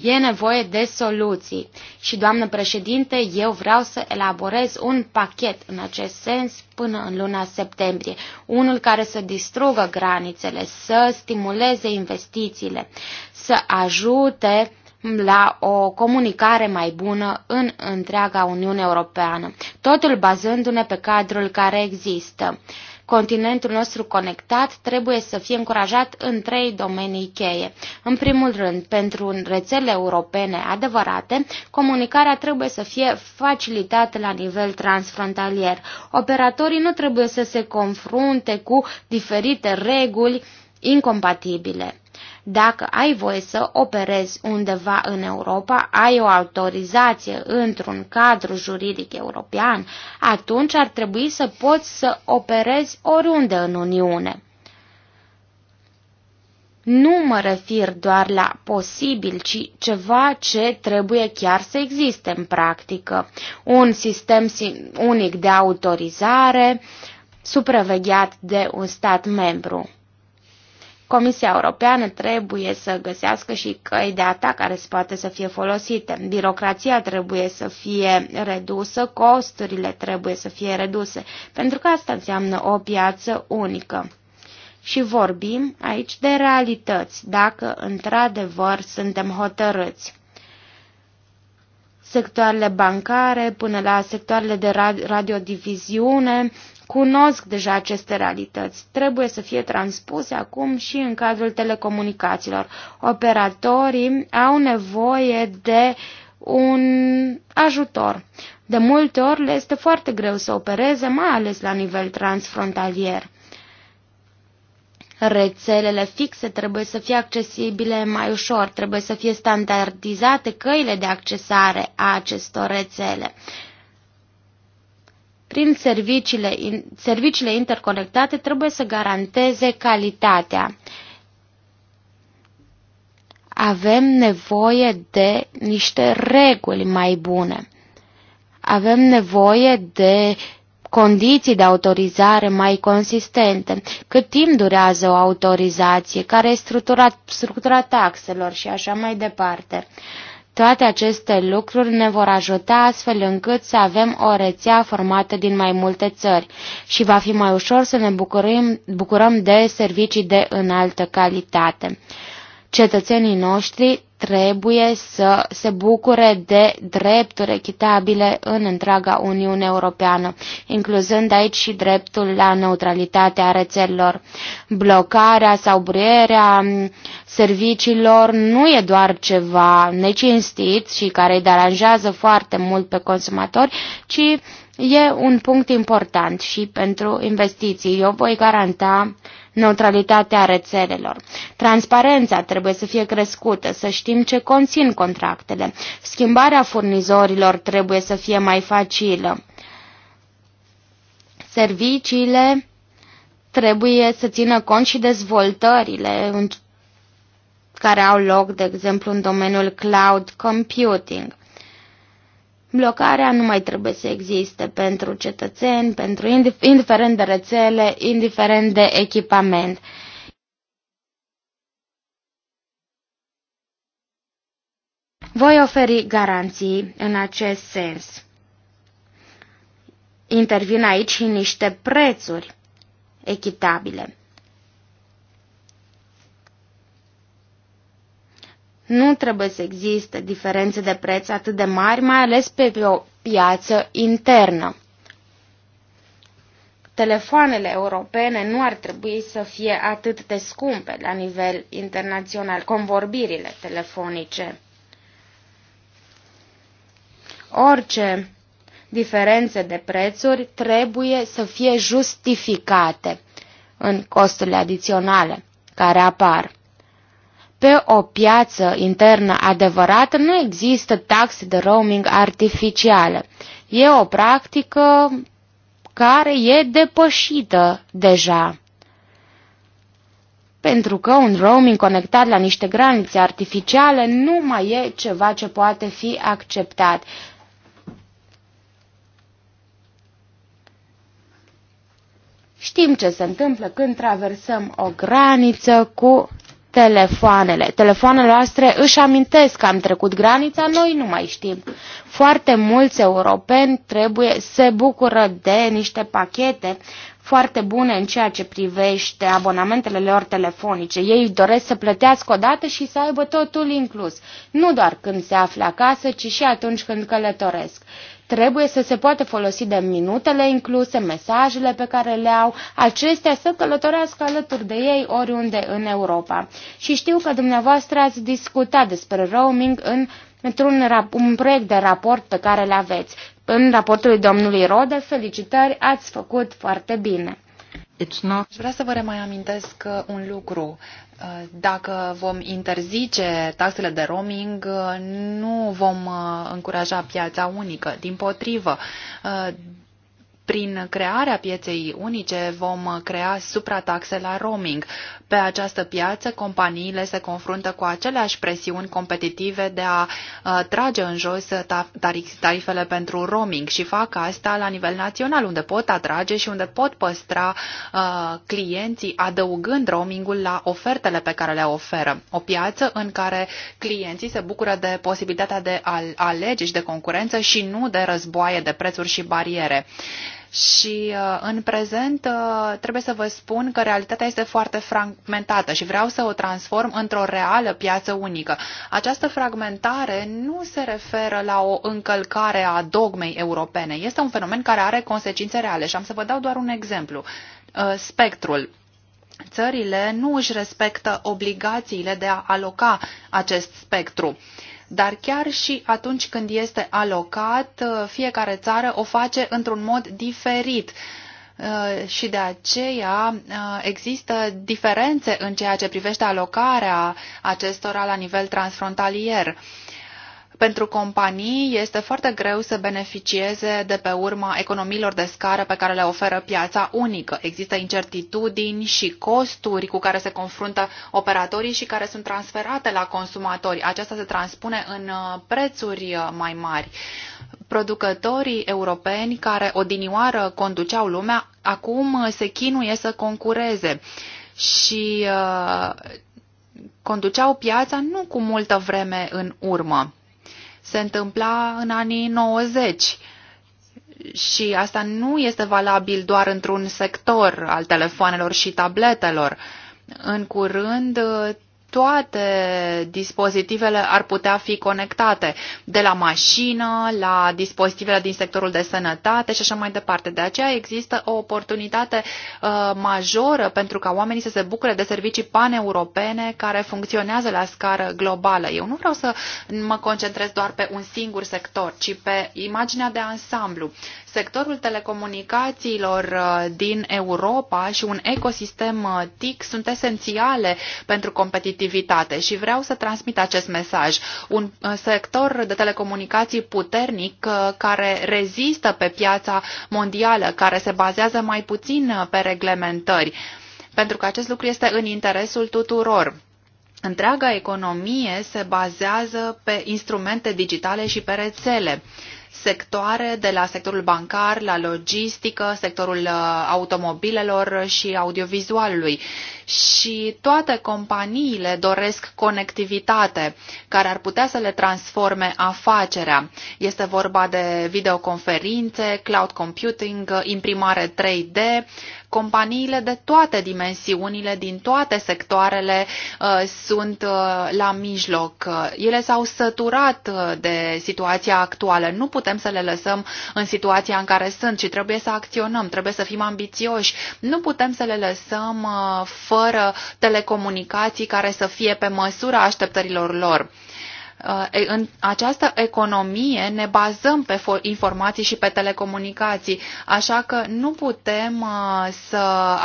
E nevoie de soluții și, doamnă președinte, eu vreau să elaborez un pachet în acest sens până în luna septembrie, unul care să distrugă granițele, să stimuleze investițiile, să ajute la o comunicare mai bună în întreaga Uniune Europeană, totul bazându-ne pe cadrul care există. Continentul nostru conectat trebuie să fie încurajat în trei domenii cheie. În primul rând, pentru rețele europene adevărate, comunicarea trebuie să fie facilitată la nivel transfrontalier. Operatorii nu trebuie să se confrunte cu diferite reguli incompatibile. Dacă ai voie să operezi undeva în Europa, ai o autorizație într-un cadru juridic european, atunci ar trebui să poți să operezi oriunde în Uniune. Nu mă refer doar la posibil, ci ceva ce trebuie chiar să existe în practică. Un sistem unic de autorizare, supravegheat de un stat membru. Comisia Europeană trebuie să găsească și căi de atac care se poate să fie folosite. Birocrația trebuie să fie redusă, costurile trebuie să fie reduse, pentru că asta înseamnă o piață unică. Și vorbim aici de realități, dacă într-adevăr suntem hotărâți sectoarele bancare până la sectoarele de radiodiviziune, cunosc deja aceste realități. Trebuie să fie transpuse acum și în cadrul telecomunicațiilor. Operatorii au nevoie de un ajutor. De multe ori le este foarte greu să opereze, mai ales la nivel transfrontalier. Rețelele fixe trebuie să fie accesibile mai ușor, trebuie să fie standardizate căile de accesare a acestor rețele prin serviciile, serviciile interconectate trebuie să garanteze calitatea. Avem nevoie de niște reguli mai bune. Avem nevoie de condiții de autorizare mai consistente, cât timp durează o autorizație, care e structura, structura taxelor și așa mai departe. Toate aceste lucruri ne vor ajuta astfel încât să avem o rețea formată din mai multe țări și va fi mai ușor să ne bucurăm de servicii de înaltă calitate. Cetățenii noștri trebuie să se bucure de drepturi echitabile în întreaga Uniune Europeană, incluzând aici și dreptul la neutralitatea rețelelor. Blocarea sau brierea serviciilor nu e doar ceva necinstit și care îi deranjează foarte mult pe consumatori, ci e un punct important și pentru investiții. Eu voi garanta neutralitatea rețelelor. Transparența trebuie să fie crescută, să știm ce conțin contractele. Schimbarea furnizorilor trebuie să fie mai facilă. Serviciile trebuie să țină cont și dezvoltările care au loc, de exemplu, în domeniul cloud computing. Blocarea nu mai trebuie să existe pentru cetățeni, pentru indiferent de rețele, indiferent de echipament. Voi oferi garanții în acest sens. Intervin aici și niște prețuri echitabile. Nu trebuie să existe diferențe de preț atât de mari, mai ales pe o piață internă. Telefoanele europene nu ar trebui să fie atât de scumpe la nivel internațional, convorbirile telefonice. Orice diferențe de prețuri trebuie să fie justificate în costurile adiționale care apar. Pe o piață internă adevărată nu există taxe de roaming artificiale. E o practică care e depășită deja. Pentru că un roaming conectat la niște granițe artificiale nu mai e ceva ce poate fi acceptat. Știm ce se întâmplă când traversăm o graniță cu telefoanele. Telefoanele noastre își amintesc că am trecut granița, noi nu mai știm. Foarte mulți europeni trebuie se bucură de niște pachete foarte bune în ceea ce privește abonamentele lor telefonice. Ei doresc să plătească odată și să aibă totul inclus, nu doar când se află acasă, ci și atunci când călătoresc. Trebuie să se poată folosi de minutele incluse, mesajele pe care le au, acestea să călătorească alături de ei oriunde în Europa. Și știu că dumneavoastră ați discutat despre roaming în într-un un proiect de raport pe care le aveți. În raportul domnului Rode, felicitări, ați făcut foarte bine. It's not... să vă reamintesc amintesc un lucru. Dacă vom interzice taxele de roaming, nu vom uh, încuraja piața unică. Din potrivă, uh, prin crearea pieței unice vom crea suprataxe la roaming. Pe această piață, companiile se confruntă cu aceleași presiuni competitive de a trage în jos tarifele pentru roaming și fac asta la nivel național, unde pot atrage și unde pot păstra clienții adăugând roamingul la ofertele pe care le oferă. O piață în care clienții se bucură de posibilitatea de a alege și de concurență și nu de războaie de prețuri și bariere și uh, în prezent uh, trebuie să vă spun că realitatea este foarte fragmentată și vreau să o transform într-o reală piață unică. Această fragmentare nu se referă la o încălcare a dogmei europene. Este un fenomen care are consecințe reale și am să vă dau doar un exemplu. Uh, spectrul țările nu își respectă obligațiile de a aloca acest spectru dar chiar și atunci când este alocat, uh, fiecare țară o face într-un mod diferit uh, și de aceea uh, există diferențe în ceea ce privește alocarea acestora la nivel transfrontalier. Pentru companii este foarte greu să beneficieze de pe urma economiilor de scară pe care le oferă piața unică. Există incertitudini și costuri cu care se confruntă operatorii și care sunt transferate la consumatori. Aceasta se transpune în uh, prețuri uh, mai mari. Producătorii europeni care odinioară conduceau lumea, acum se chinuie să concureze. Și uh, conduceau piața nu cu multă vreme în urmă se întâmpla în anii 90 și asta nu este valabil doar într-un sector al telefoanelor și tabletelor. În curând toate dispozitivele ar putea fi conectate, de la mașină, la dispozitivele din sectorul de sănătate și așa mai departe. De aceea există o oportunitate uh, majoră pentru ca oamenii să se bucure de servicii paneuropene care funcționează la scară globală. Eu nu vreau să mă concentrez doar pe un singur sector, ci pe imaginea de ansamblu sectorul telecomunicațiilor uh, din Europa și un ecosistem uh, TIC sunt esențiale pentru competitivitate și vreau să transmit acest mesaj. Un uh, sector de telecomunicații puternic care rezistă pe piața mondială, care se bazează mai puțin pe reglementări pentru că acest lucru este în interesul tuturor. Întreaga economie se bazează pe instrumente digitale și pe rețele sectoare, de la sectorul bancar, la logistică, sectorul uh, automobilelor și audiovizualului. Și toate companiile doresc conectivitate care ar putea să le transforme afacerea. Este vorba de videoconferințe, cloud computing, imprimare 3D, Companiile de toate dimensiunile, din toate sectoarele uh, sunt uh, la mijloc. Uh, ele s-au săturat de situația actuală. Nu putem să le lăsăm în situația în care sunt, ci trebuie să acționăm, trebuie să fim ambițioși. Nu putem să le lăsăm fără telecomunicații care să fie pe măsura așteptărilor lor. Uh, în această economie ne bazăm pe informații și pe telecomunicații, așa că nu putem uh, să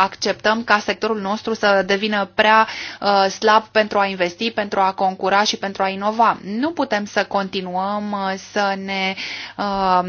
acceptăm ca sectorul nostru să devină prea uh, slab pentru a investi, pentru a concura și pentru a inova. Nu putem să continuăm să ne um,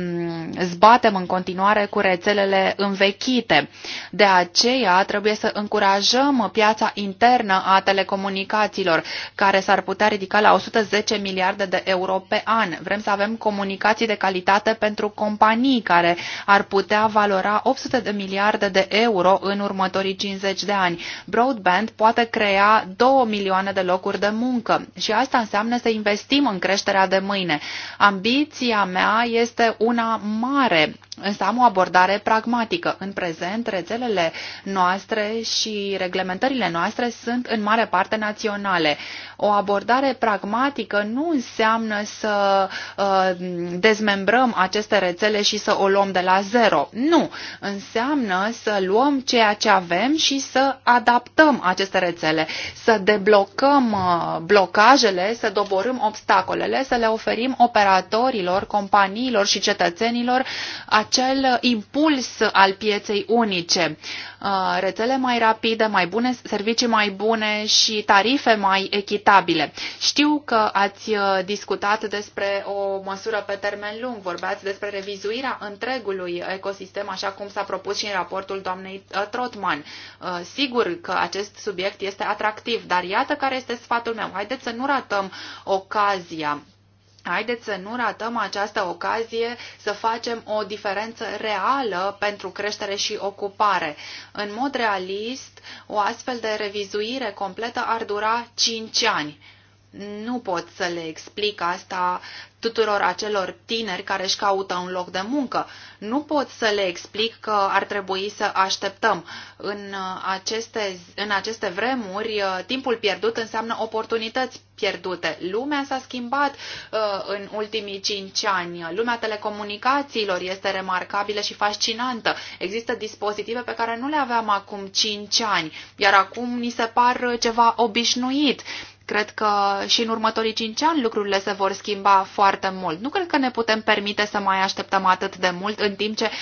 zbatem în continuare cu rețelele învechite. De aceea trebuie să încurajăm piața internă a telecomunicațiilor, care s-ar putea ridica la 110 milioane miliarde de euro pe an. Vrem să avem comunicații de calitate pentru companii care ar putea valora 800 de miliarde de euro în următorii 50 de ani. Broadband poate crea 2 milioane de locuri de muncă și asta înseamnă să investim în creșterea de mâine. Ambiția mea este una mare, însă am o abordare pragmatică. În prezent, rețelele noastre și reglementările noastre sunt în mare parte naționale. O abordare pragmatică nu nu înseamnă să uh, dezmembrăm aceste rețele și să o luăm de la zero. Nu, înseamnă să luăm ceea ce avem și să adaptăm aceste rețele, să deblocăm uh, blocajele, să doborâm obstacolele, să le oferim operatorilor, companiilor și cetățenilor acel impuls al pieței unice. Uh, rețele mai rapide, mai bune, servicii mai bune și tarife mai echitabile. Știu că ați uh, discutat despre o măsură pe termen lung, vorbeați despre revizuirea întregului ecosistem, așa cum s-a propus și în raportul doamnei uh, Trotman. Sigur că acest subiect este atractiv, dar iată care este sfatul meu. Haideți să nu ratăm ocazia Haideți să nu ratăm această ocazie să facem o diferență reală pentru creștere și ocupare. În mod realist, o astfel de revizuire completă ar dura 5 ani nu pot să le explic asta tuturor acelor tineri care își caută un loc de muncă. Nu pot să le explic că ar trebui să așteptăm. În uh, aceste, în aceste vremuri, uh, timpul pierdut înseamnă oportunități pierdute. Lumea s-a schimbat uh, în ultimii cinci ani. Lumea telecomunicațiilor este remarcabilă și fascinantă. Există dispozitive pe care nu le aveam acum cinci ani, iar acum ni se par ceva obișnuit. Cred că și în următorii cinci ani lucrurile se vor schimba foarte mult. Nu cred că ne putem permite să mai așteptăm atât de mult în timp ce uh,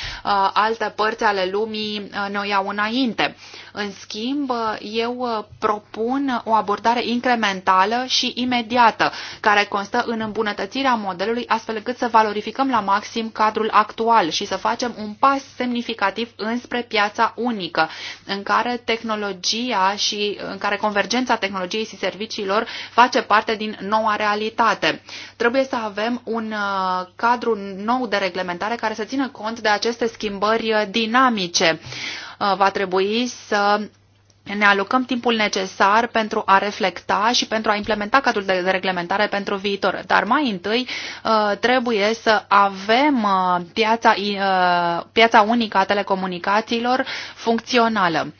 alte părți ale lumii uh, ne iau înainte. În schimb, uh, eu uh, propun o abordare incrementală și imediată, care constă în îmbunătățirea modelului astfel încât să valorificăm la maxim cadrul actual și să facem un pas semnificativ înspre piața unică, în care tehnologia și în care convergența tehnologiei și serviciilor copiilor face parte din noua realitate. Trebuie să avem un uh, cadru nou de reglementare care să țină cont de aceste schimbări uh, dinamice. Uh, va trebui să ne alocăm timpul necesar pentru a reflecta și pentru a implementa cadrul de reglementare pentru viitor. Dar mai întâi trebuie să avem piața, piața unică a telecomunicațiilor funcțională.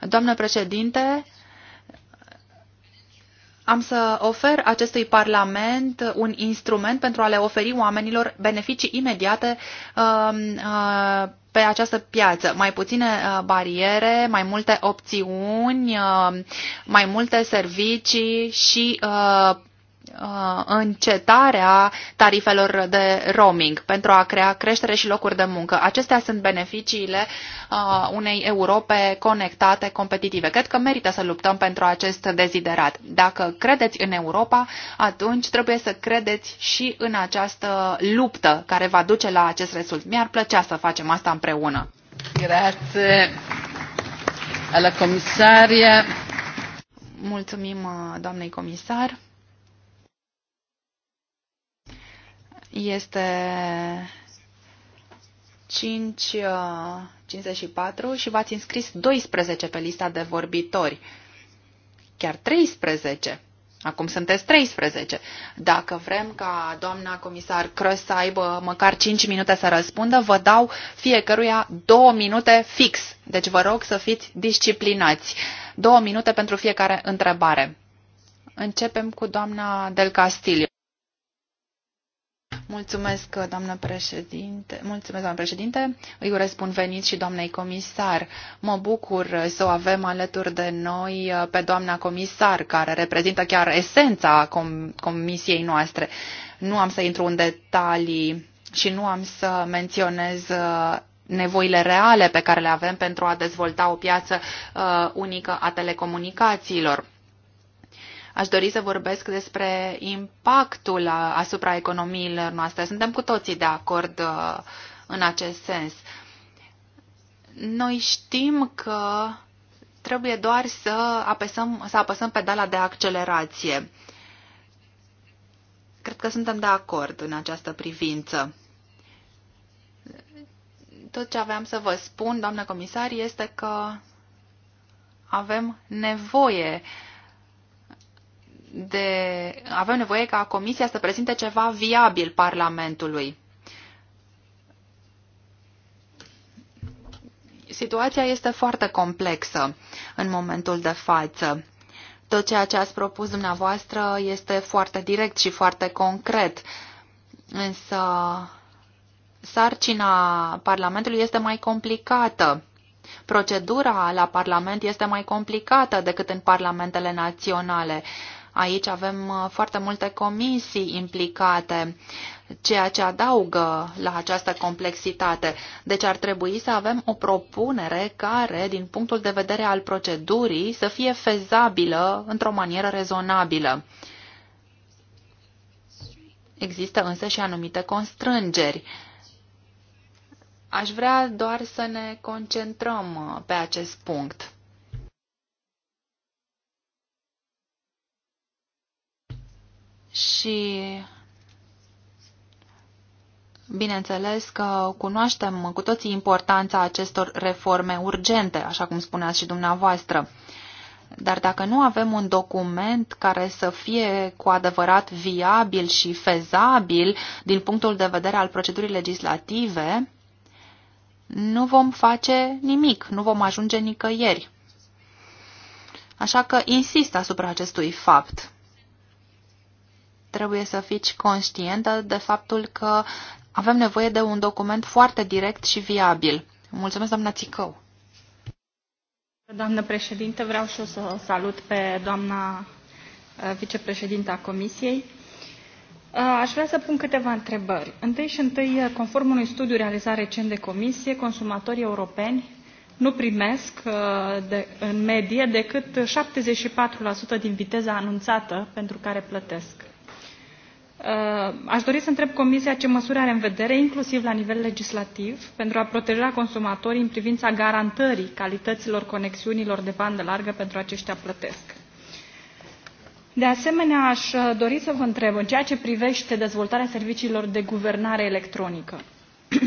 Doamnă președinte, am să ofer acestui Parlament un instrument pentru a le oferi oamenilor beneficii imediate um, uh, pe această piață. Mai puține uh, bariere, mai multe opțiuni, uh, mai multe servicii și Uh, încetarea tarifelor de roaming pentru a crea creștere și locuri de muncă. Acestea sunt beneficiile uh, unei Europe conectate, competitive. Cred că merită să luptăm pentru acest deziderat. Dacă credeți în Europa, atunci trebuie să credeți și în această luptă care va duce la acest rezultat. Mi-ar plăcea să facem asta împreună. Grazie alla commissaria. Mulțumim uh, doamnei comisar. este 5, 54 uh, și v-ați înscris 12 pe lista de vorbitori. Chiar 13. Acum sunteți 13. Dacă vrem ca doamna comisar Cross să aibă măcar 5 minute să răspundă, vă dau fiecăruia 2 minute fix. Deci vă rog să fiți disciplinați. 2 minute pentru fiecare întrebare. Începem cu doamna Del Castillo. Mulțumesc, doamnă președinte. Mulțumesc, doamnă președinte. Îi urez bun venit și doamnei comisar. Mă bucur să o avem alături de noi uh, pe doamna comisar, care reprezintă chiar esența com comisiei noastre. Nu am să intru în detalii și nu am să menționez uh, nevoile reale pe care le avem pentru a dezvolta o piață uh, unică a telecomunicațiilor Aș dori să vorbesc despre impactul asupra economiilor noastre. Suntem cu toții de acord uh, în acest sens. Noi știm că trebuie doar să apăsăm, să apăsăm pedala de accelerație. Cred că suntem de acord în această privință. Tot ce aveam să vă spun, doamnă comisar, este că avem nevoie uh, de... avem nevoie ca Comisia să prezinte ceva viabil Parlamentului. Situația este foarte complexă în momentul de față. Tot ceea ce ați propus dumneavoastră este foarte direct și foarte concret, însă sarcina Parlamentului este mai complicată. Procedura la Parlament este mai complicată decât în parlamentele naționale Aici avem uh, foarte multe comisii implicate, ceea ce adaugă la această complexitate. Deci ar trebui să avem o propunere care, din punctul de vedere al procedurii, să fie fezabilă într-o manieră rezonabilă. Există însă și anumite constrângeri. Aș vrea doar să ne concentrăm uh, pe acest punct. și bineînțeles că cunoaștem cu toții importanța acestor reforme urgente, așa cum spuneați și dumneavoastră. Dar dacă nu avem un document care să fie cu adevărat viabil și fezabil din punctul de vedere al procedurii legislative, nu vom face nimic, nu vom ajunge nicăieri. Așa că insist asupra acestui fapt trebuie să fiți conștientă de faptul că avem nevoie de un document foarte direct și viabil. Mulțumesc, doamna Țicău. Doamnă președinte, vreau și eu să salut pe doamna uh, vicepreședinta Comisiei. Uh, aș vrea să pun câteva întrebări. Întâi și întâi, uh, conform unui studiu realizat recent de Comisie, consumatorii europeni nu primesc de, în medie decât 74% din viteza anunțată pentru care plătesc. Uh, aș dori să întreb Comisia ce măsuri are în vedere, inclusiv la nivel legislativ, pentru a proteja consumatorii în privința garantării calităților conexiunilor de bandă largă pentru aceștia plătesc. De asemenea, aș uh, dori să vă întreb în ceea ce privește dezvoltarea serviciilor de guvernare electronică. (clears throat)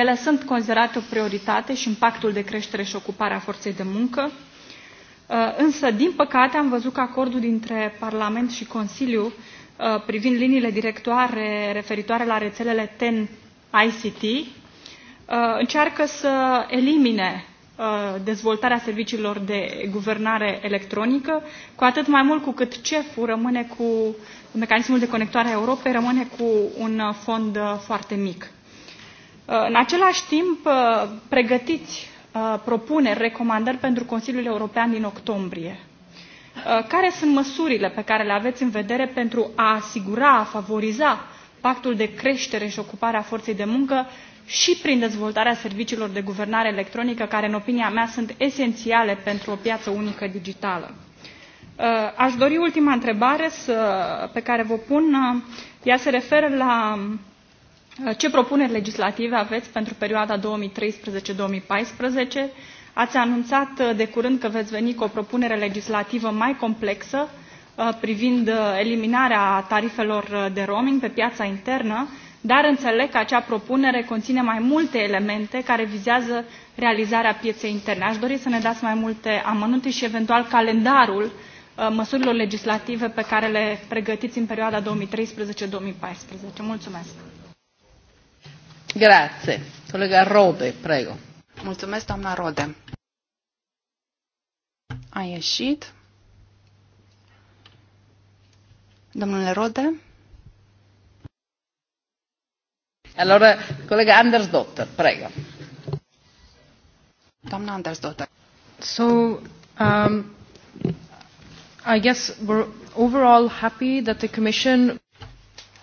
Ele sunt considerate o prioritate și în pactul de creștere și ocupare a forței de muncă, uh, însă, din păcate, am văzut că acordul dintre Parlament și Consiliu Uh, privind liniile directoare referitoare la rețelele TEN ICT uh, încearcă să elimine uh, dezvoltarea serviciilor de guvernare electronică, cu atât mai mult cu cât CEF-ul rămâne cu mecanismul de conectare a Europei rămâne cu un fond foarte mic. În același timp, pregătiți propuneri, recomandări pentru Consiliul European din octombrie Uh, care sunt măsurile pe care le aveți în vedere pentru a asigura, a favoriza pactul de creștere și ocupare a forței de muncă și prin dezvoltarea serviciilor de guvernare electronică, care, în opinia mea, sunt esențiale pentru o piață unică digitală. Uh, aș dori ultima întrebare pe care vă pun. Uh, ea se referă la ce propuneri legislative aveți pentru perioada 2013-2014 Ați anunțat uh, de curând că veți veni cu o propunere legislativă mai complexă uh, privind uh, eliminarea tarifelor de roaming pe piața internă, dar înțeleg că acea propunere conține mai multe elemente care vizează realizarea pieței interne. Aș dori să ne dați mai multe amănunte și eventual calendarul măsurilor legislative pe care le pregătiți în perioada 2013-2014. Mulțumesc. Grazie. Colega Rode, prego. Mulțumesc, doamna Rode. A ieșit. Domnule Rode. Allora, colega Anders Dotter, prego. Doamna Anders Dotter. So, um, I guess we're overall happy that the Commission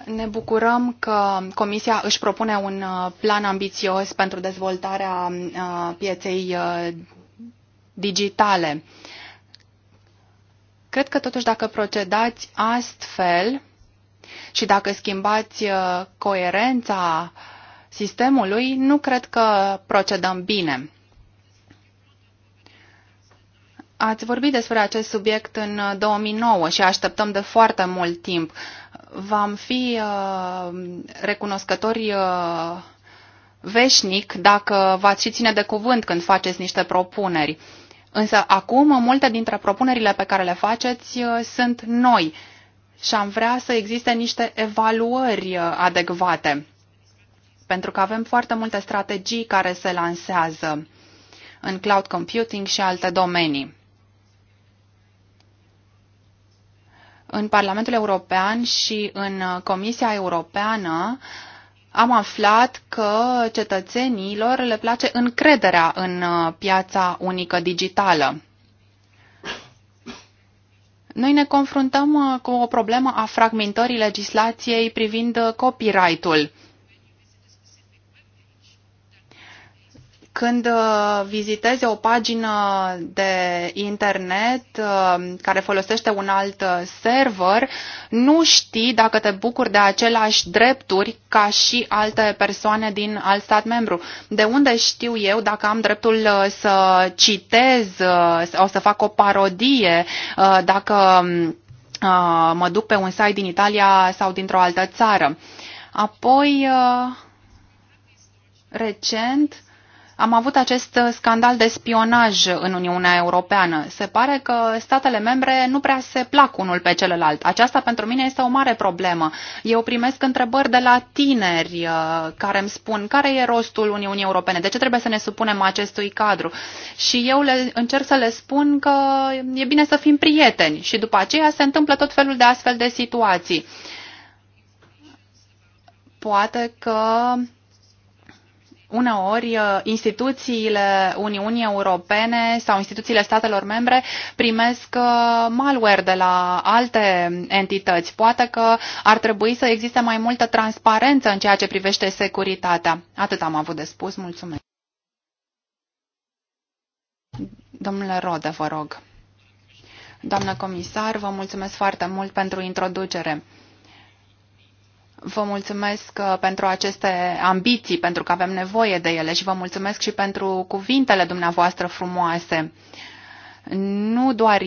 ne bucurăm că Comisia își propune un uh, plan ambițios pentru dezvoltarea uh, pieței uh, digitale. Cred că totuși dacă procedați astfel și dacă schimbați coerența sistemului, nu cred că procedăm bine. Ați vorbit despre acest subiect în 2009 și așteptăm de foarte mult timp vom fi uh, recunoscători uh, veșnic dacă v-ați și ține de cuvânt când faceți niște propuneri. Însă acum multe dintre propunerile pe care le faceți uh, sunt noi și am vrea să existe niște evaluări adecvate, pentru că avem foarte multe strategii care se lansează în cloud computing și alte domenii. în Parlamentul European și în uh, Comisia Europeană am aflat că cetățenilor le place încrederea în uh, piața unică digitală. Noi ne confruntăm uh, cu o problemă a fragmentării legislației privind copyright-ul Când uh, vizitezi o pagină de internet uh, care folosește un alt uh, server, nu știi dacă te bucuri de aceleași drepturi ca și alte persoane din alt stat membru. De unde știu eu dacă am dreptul să citez sau să fac o parodie, dacă um, mă duc pe un site din Italia sau dintr-o altă țară. Apoi, recent, am avut acest scandal de spionaj în Uniunea Europeană. Se pare că statele membre nu prea se plac unul pe celălalt. Aceasta pentru mine este o mare problemă. Eu primesc întrebări de la tineri uh, care îmi spun care e rostul Uniunii Europene, de ce trebuie să ne supunem acestui cadru. Și eu le, încerc să le spun că e bine să fim prieteni și după aceea se întâmplă tot felul de astfel de situații. Poate că uneori uh, instituțiile Uniunii Europene sau instituțiile statelor membre primesc uh, malware de la alte entități. Poate că ar trebui să existe mai multă transparență în ceea ce privește securitatea. Atât am avut de spus. Mulțumesc. Domnule Rode, vă rog. Doamnă comisar, vă mulțumesc foarte mult pentru introducere. Vă mulțumesc uh, pentru aceste ambiții, pentru că avem nevoie de ele și vă mulțumesc și pentru cuvintele dumneavoastră frumoase. Nu doar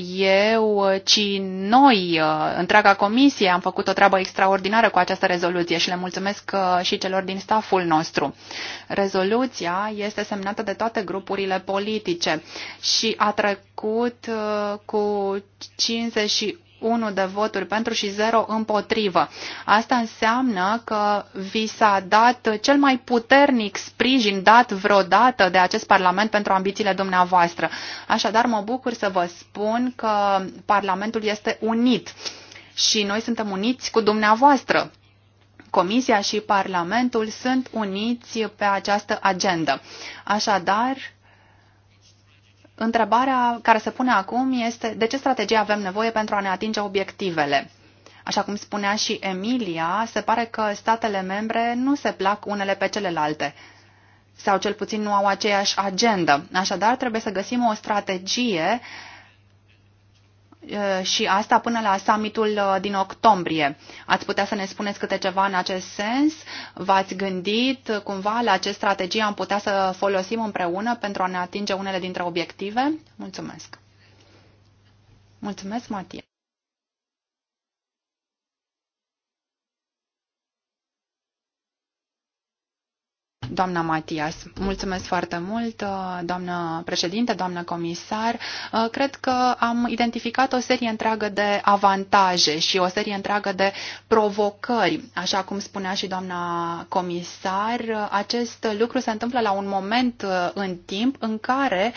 eu, ci noi, uh, întreaga comisie, am făcut o treabă extraordinară cu această rezoluție și le mulțumesc uh, și celor din staful nostru. Rezoluția este semnată de toate grupurile politice și a trecut cu 51 1 de voturi pentru și 0 împotrivă. Asta înseamnă că vi s-a dat cel mai puternic sprijin dat vreodată de acest Parlament pentru ambițiile dumneavoastră. Așadar, mă bucur să vă spun că Parlamentul este unit și noi suntem uniți cu dumneavoastră. Comisia și Parlamentul sunt uniți pe această agendă. Așadar, Întrebarea care se pune acum este de ce strategie avem nevoie pentru a ne atinge obiectivele? Așa cum spunea și Emilia, se pare că statele membre nu se plac unele pe celelalte sau cel puțin nu au aceeași agendă. Așadar, trebuie să găsim o strategie uh, Eh, și asta până la summitul eh, din octombrie. Ați putea să ne spuneți câte ceva în acest sens? V-ați gândit eh, cumva la ce strategie am putea să folosim împreună pentru a ne atinge unele dintre obiective? Mulțumesc! Mulțumesc, Matia! doamna Matias. Mulțumesc foarte mult, uh, doamnă președinte, doamnă comisar. Uh, cred că am identificat o serie întreagă de avantaje și o serie întreagă de provocări. Așa cum spunea și doamna comisar, uh, acest lucru se întâmplă la un moment în timp în care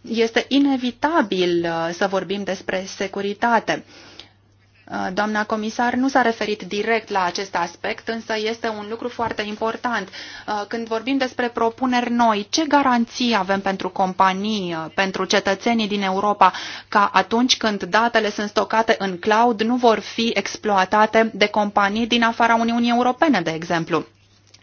este inevitabil să vorbim despre securitate Uh, doamna comisar nu s-a referit direct la acest aspect, însă este un lucru foarte important. Uh, când vorbim despre propuneri noi, ce garanții avem pentru companii, uh, pentru cetățenii din Europa, ca atunci când datele sunt stocate în cloud, nu vor fi exploatate de companii din afara Uniunii Europene, de exemplu?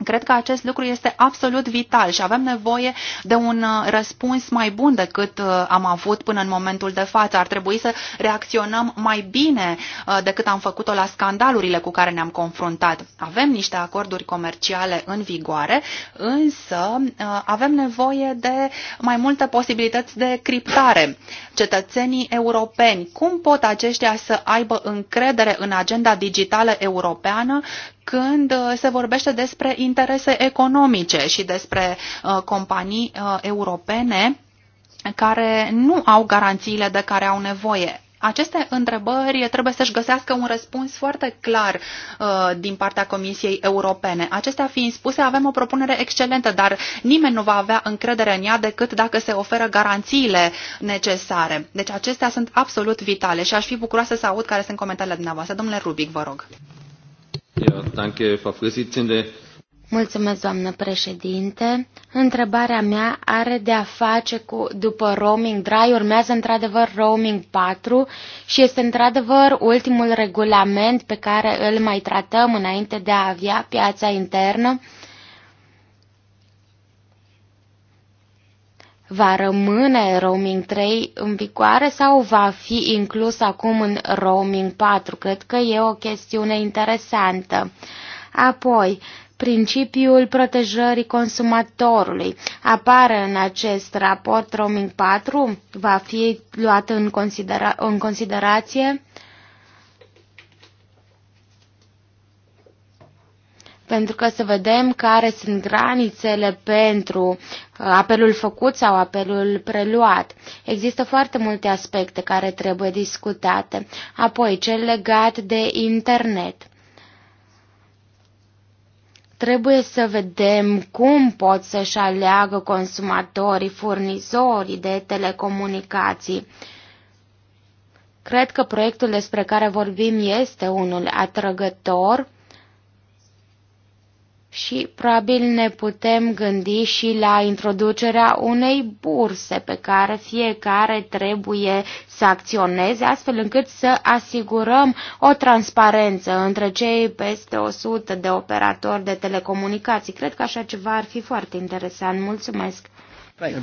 Cred că acest lucru este absolut vital și avem nevoie de un uh, răspuns mai bun decât uh, am avut până în momentul de față. Ar trebui să reacționăm mai bine uh, decât am făcut-o la scandalurile cu care ne-am confruntat. Avem niște acorduri comerciale în vigoare, însă avem nevoie de mai multe posibilități de criptare. Cetățenii europeni, cum pot aceștia să aibă încredere în agenda digitală europeană când uh, se vorbește despre interese economice și despre uh, companii uh, europene care nu au garanțiile de care au nevoie. Aceste întrebări trebuie să-și găsească un răspuns foarte clar uh, din partea Comisiei Europene. Acestea fiind spuse, avem o propunere excelentă, dar nimeni nu va avea încredere în ea decât dacă se oferă garanțiile necesare. Deci acestea sunt absolut vitale și aș fi bucuroasă să aud care sunt comentariile dumneavoastră. Domnule Rubic, vă rog. Mulțumesc, doamnă președinte. Întrebarea mea are de a face cu, după roaming 3, urmează într-adevăr roaming 4 și este într-adevăr ultimul regulament pe care îl mai tratăm înainte de a avea piața internă. Va rămâne roaming 3 în picoare sau va fi inclus acum în roaming 4? Cred că e o chestiune interesantă. Apoi, principiul protejării consumatorului apare în acest raport roaming 4? Va fi luat în, considera în considerație? pentru că să vedem care sunt granițele pentru uh, apelul făcut sau apelul preluat. Există foarte multe aspecte care trebuie discutate, apoi cel legat de internet. Trebuie să vedem cum pot să-și aleagă consumatorii, furnizorii de telecomunicații. Cred că proiectul despre care vorbim este unul atrăgător și probabil ne putem gândi și la introducerea unei burse pe care fiecare trebuie să acționeze, astfel încât să asigurăm o transparență între cei peste 100 de operatori de telecomunicații. Cred că așa ceva ar fi foarte interesant. Mulțumesc!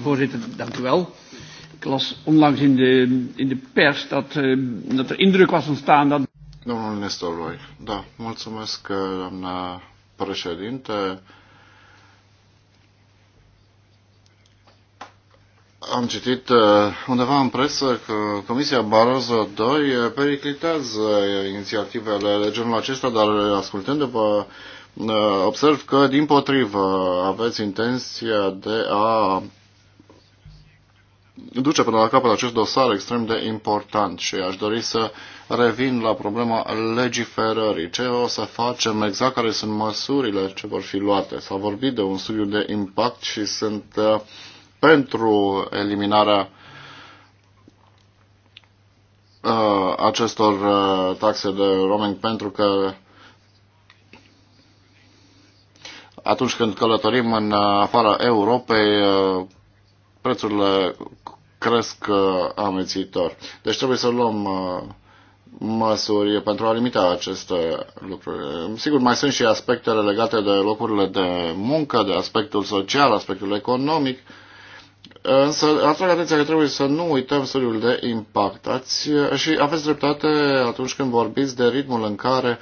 Voorzitter, dank u wel. Ik las onlangs in de, in de pers dat, uh, dat er indruk was ontstaan dat... Domnul Nestor Roy, da, mulțumesc, eh, doamna președinte. Am citit uh, undeva în presă că Comisia Barroso II periclitează inițiativele de genul acesta, dar ascultând după uh, observ că, din potrivă, aveți intenția de a duce până la capăt acest dosar extrem de important și aș dori să uh, revin la problema legiferării. Ce o să facem exact? Care sunt măsurile ce vor fi luate? S-a vorbit de un studiu de impact și sunt uh, pentru eliminarea uh, acestor uh, taxe de roaming pentru că atunci când călătorim în afara Europei, prețurile cresc amețitor. Deci trebuie să luăm măsuri pentru a limita aceste lucruri. Sigur, mai sunt și aspectele legate de locurile de muncă, de aspectul social, aspectul economic, însă atrag atenția că trebuie să nu uităm studiul de impact. Ați, și aveți dreptate atunci când vorbiți de ritmul în care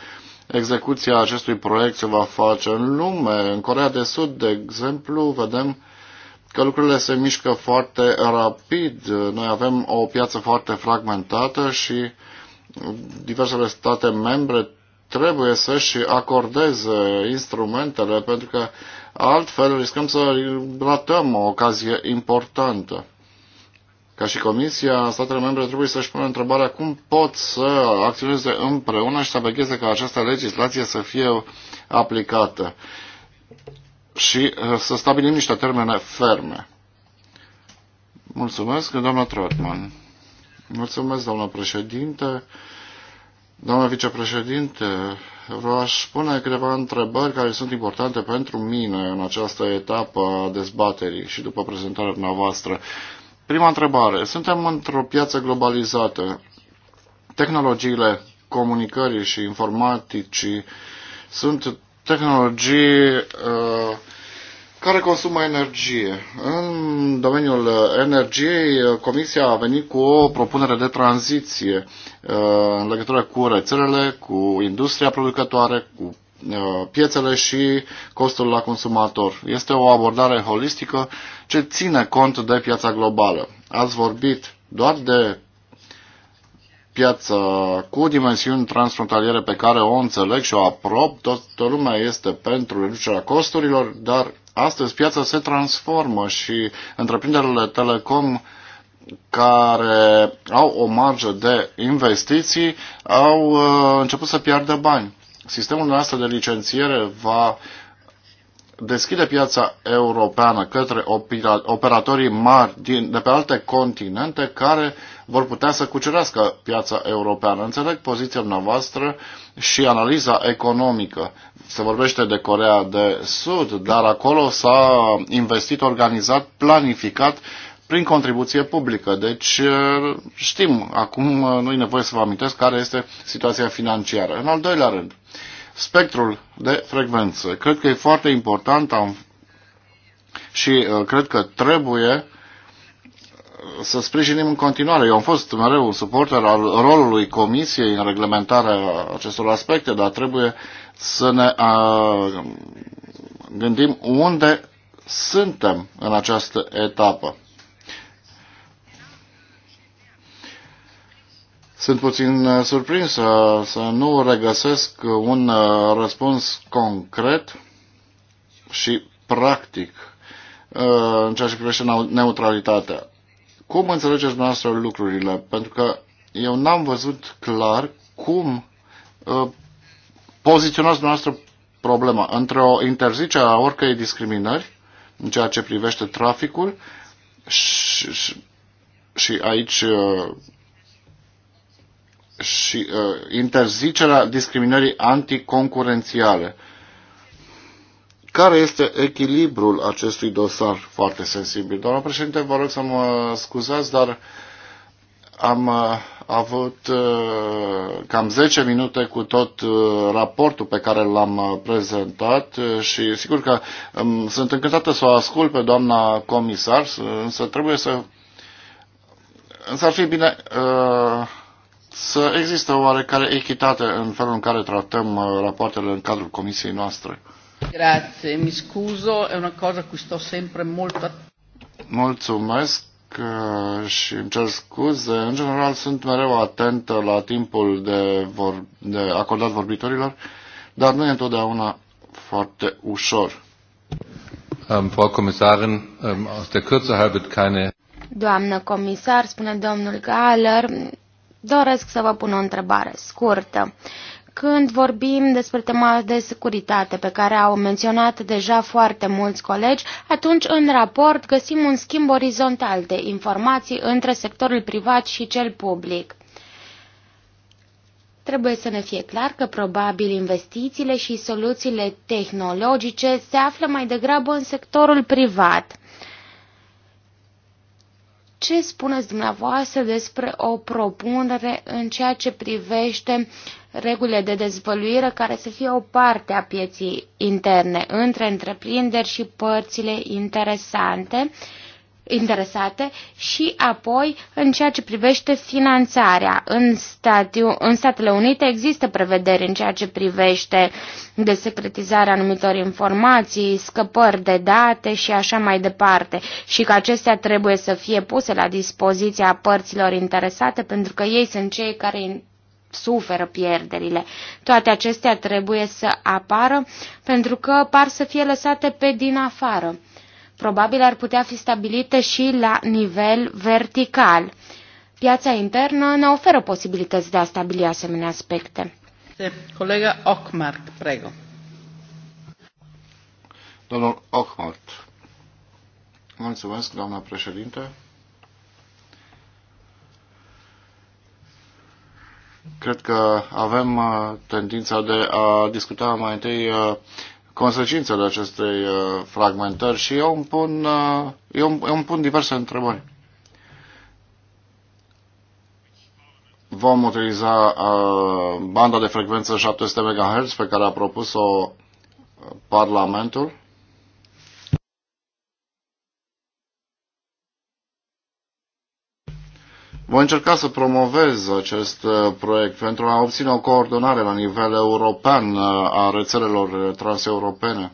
execuția acestui proiect se va face în lume. În Corea de Sud, de exemplu, vedem că lucrurile se mișcă foarte rapid. Noi avem o piață foarte fragmentată și uh, diversele state membre trebuie să-și acordeze instrumentele, pentru că altfel riscăm să ratăm o ocazie importantă. Ca și Comisia, statele membre trebuie să-și pună întrebarea cum pot să acționeze împreună și să vegheze ca această legislație să fie aplicată și uh, să stabilim niște termene ferme. Mulțumesc, doamna Trotman. Mulțumesc, doamna președinte. Doamna vicepreședinte, v-aș pune câteva întrebări care sunt importante pentru mine în această etapă a dezbaterii și după prezentarea dumneavoastră. Prima întrebare. Suntem într-o piață globalizată. Tehnologiile comunicării și informaticii sunt tehnologii uh, care consumă energie. În domeniul energiei, Comisia a venit cu o propunere de tranziție uh, în legătură cu rețelele, cu industria producătoare, cu uh, piețele și costul la consumator. Este o abordare holistică ce ține cont de piața globală. Ați vorbit doar de piață cu dimensiuni transfrontaliere pe care o înțeleg și o aprob, toată lumea este pentru reducerea costurilor, dar Astăzi piața se transformă și întreprinderile telecom care au o marjă de investiții au uh, început să piardă bani. Sistemul nostru de licențiere va deschide piața europeană către operatorii mari din, de pe alte continente care vor putea să cucerească piața europeană. Înțeleg poziția noastră și analiza economică se vorbește de Corea de Sud, dar acolo s-a investit organizat, planificat, prin contribuție publică. Deci știm, acum nu e nevoie să vă amintesc care este situația financiară. În al doilea rând, spectrul de frecvență. Cred că e foarte important am, și uh, cred că trebuie uh, să sprijinim în continuare. Eu am fost mereu un suporter al rolului Comisiei în reglementarea acestor aspecte, dar trebuie uh, să ne a, gândim unde suntem în această etapă. Sunt puțin uh, surprins să, să nu regăsesc un uh, răspuns concret și practic uh, în ceea ce privește neutralitatea. Cum înțelegeți noastră lucrurile? Pentru că eu n-am văzut clar cum poziționați dumneavoastră problema între o interzicere a oricărei discriminări în ceea ce privește traficul și, și, și aici uh, și uh, interzicerea discriminării anticoncurențiale. Care este echilibrul acestui dosar foarte sensibil? Doamna președinte, vă rog să mă scuzați, dar am uh, avut uh, cam 10 minute cu tot uh, raportul pe care l-am prezentat și sigur că um, sunt încântată să o ascult pe doamna comisar, însă trebuie să... Însă ar fi bine să există o oarecare echitate în felul în care tratăm rapoartele în cadrul comisiei noastre. Grazie, mi scuzo, è una cosa cui sto sempre molto Mulțumesc. Uh, și îmi cer scuze. În general sunt mereu atent la timpul de, vor, de acordat vorbitorilor, dar nu e întotdeauna foarte ușor. Um, Frau Kommissarin, um, aus der Kürze halbet keine... Doamnă comisar, spune domnul Galer, doresc să vă pun o întrebare scurtă. Uh, când vorbim despre tema de securitate, pe care au menționat deja foarte mulți colegi, atunci în raport găsim un schimb orizontal de informații între sectorul privat și cel public. Trebuie să ne fie clar că probabil investițiile și soluțiile tehnologice se află mai degrabă în sectorul privat. Ce spuneți dumneavoastră despre o propunere în ceea ce privește uh, regulile de dezvăluire care să fie o parte a pieții interne între întreprinderi și părțile interesante, interesate și apoi în ceea ce privește finanțarea. În, statiu, în Statele Unite există prevederi în ceea ce privește desecretizarea anumitor informații, scăpări de date și așa mai departe și că acestea trebuie să fie puse la dispoziția părților interesate pentru că ei sunt cei care suferă pierderile. Toate acestea trebuie să apară pentru că par să fie lăsate pe din afară. Probabil ar putea fi stabilite și la nivel vertical. Piața internă ne oferă posibilități de a stabili asemenea aspecte. Colega Ockmark, prego. Domnul Ockmark. Mulțumesc, doamna președinte. Cred că avem uh, tendința de a discuta mai întâi uh, consecințele acestei uh, fragmentări și eu îmi pun, eu, eu îmi pun diverse întrebări. Vom utiliza banda de frecvență 700 MHz pe care a propus-o Parlamentul Voi încerca să promovez acest uh, proiect pentru a obține o coordonare la nivel european uh, a rețelelor transeuropene.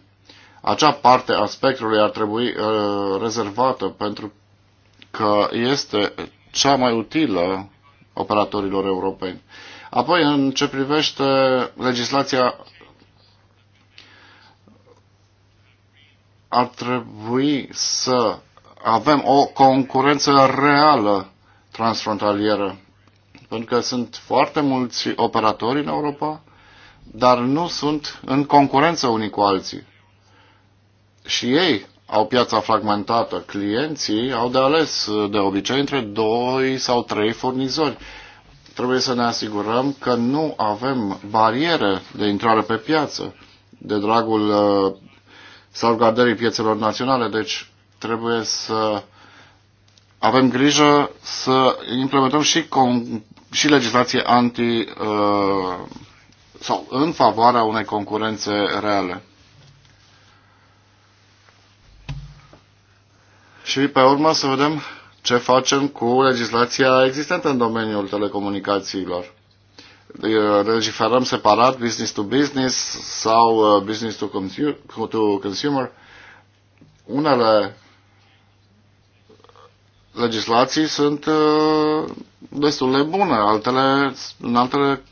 Acea parte a spectrului ar trebui uh, rezervată pentru că este cea mai utilă operatorilor europeni. Apoi, în ce privește legislația, ar trebui să avem o concurență reală transfrontalieră. Pentru că sunt foarte mulți operatori în Europa, dar nu sunt în concurență unii cu alții. Și ei au piața fragmentată. Clienții au de ales de obicei între doi sau trei furnizori. Trebuie să ne asigurăm că nu avem bariere de intrare pe piață de dragul uh, salvgarderii piețelor naționale. Deci trebuie să avem grijă să implementăm și, con, și legislație anti uh, sau în favoarea unei concurențe reale. Și pe urmă să vedem ce facem cu legislația existentă în domeniul telecomunicațiilor. Uh, legiferăm separat business to business sau uh, business to consumer. Unele legislații sunt uh, destul de bune, altele, în, altele,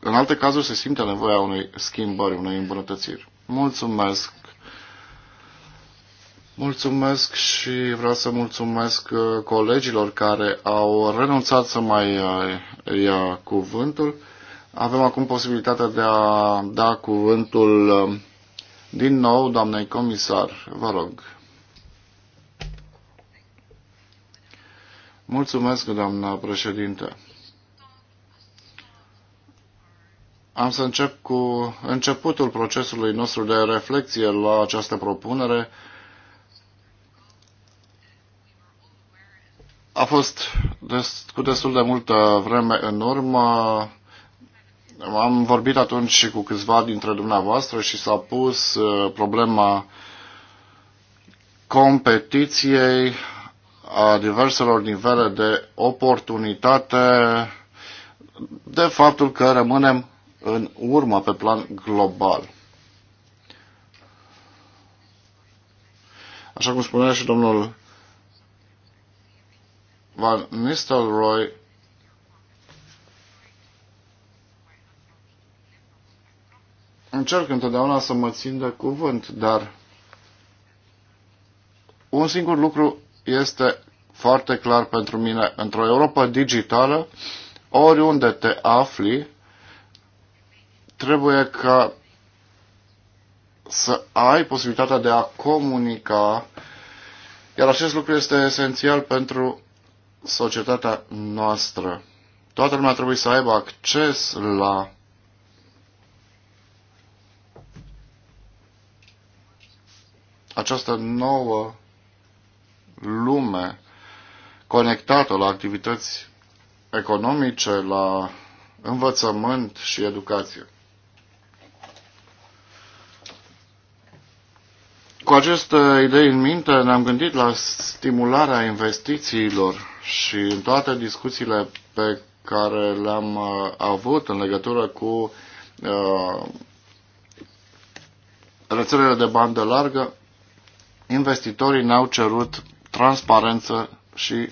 în alte cazuri se simte nevoia unei schimbări, unei îmbunătățiri. Mulțumesc! Mulțumesc și vreau să mulțumesc uh, colegilor care au renunțat să mai uh, ia cuvântul. Avem acum posibilitatea de a da cuvântul din nou doamnei comisar. Vă rog. Mulțumesc, doamna președinte. Am să încep cu începutul procesului nostru de reflexie la această propunere. A fost des, cu destul de multă vreme în urmă. Am vorbit atunci și cu câțiva dintre dumneavoastră și s-a pus uh, problema competiției a diverselor nivele de oportunitate de faptul că rămânem în urmă pe plan global. Așa cum spunea și domnul Van Nistelrooy, încerc întotdeauna să mă țin de cuvânt, dar un singur lucru este foarte clar pentru mine. Într-o Europa digitală, oriunde te afli, trebuie ca să ai posibilitatea de a comunica, iar acest lucru este esențial pentru societatea noastră. Toată lumea trebuie să aibă acces la această nouă lume conectată la activități economice, la învățământ și educație. Cu aceste idei în minte ne-am gândit la stimularea investițiilor și în toate discuțiile pe care le-am uh, avut în legătură cu uh, rețelele de bandă largă, investitorii ne-au cerut transparență și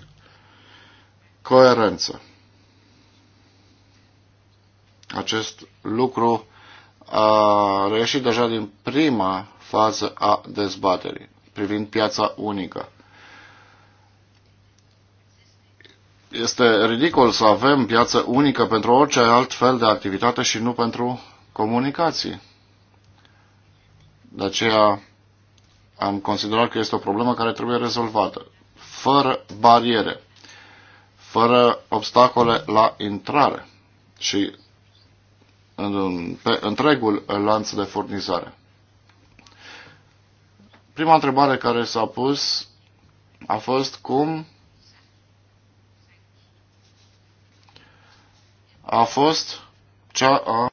coerență. Acest lucru a reieșit deja din prima fază a dezbaterii privind piața unică. Este ridicol să avem piață unică pentru orice alt fel de activitate și nu pentru comunicații. De aceea am considerat că este o problemă care trebuie rezolvată, fără bariere, fără obstacole la intrare și în, pe întregul lanț de furnizare. Prima întrebare care s-a pus a fost cum a fost cea a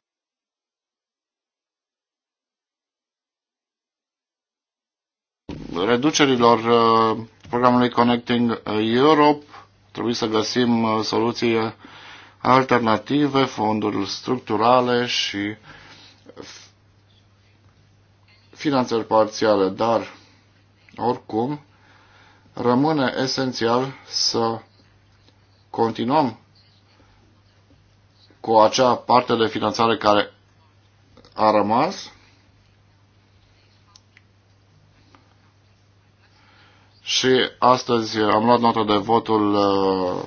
reducerilor uh, programului Connecting Europe trebuie să găsim uh, soluții uh, alternative, fonduri structurale și finanțări parțiale, dar oricum rămâne esențial să continuăm cu acea parte de finanțare care a rămas și astăzi am luat notă de votul uh,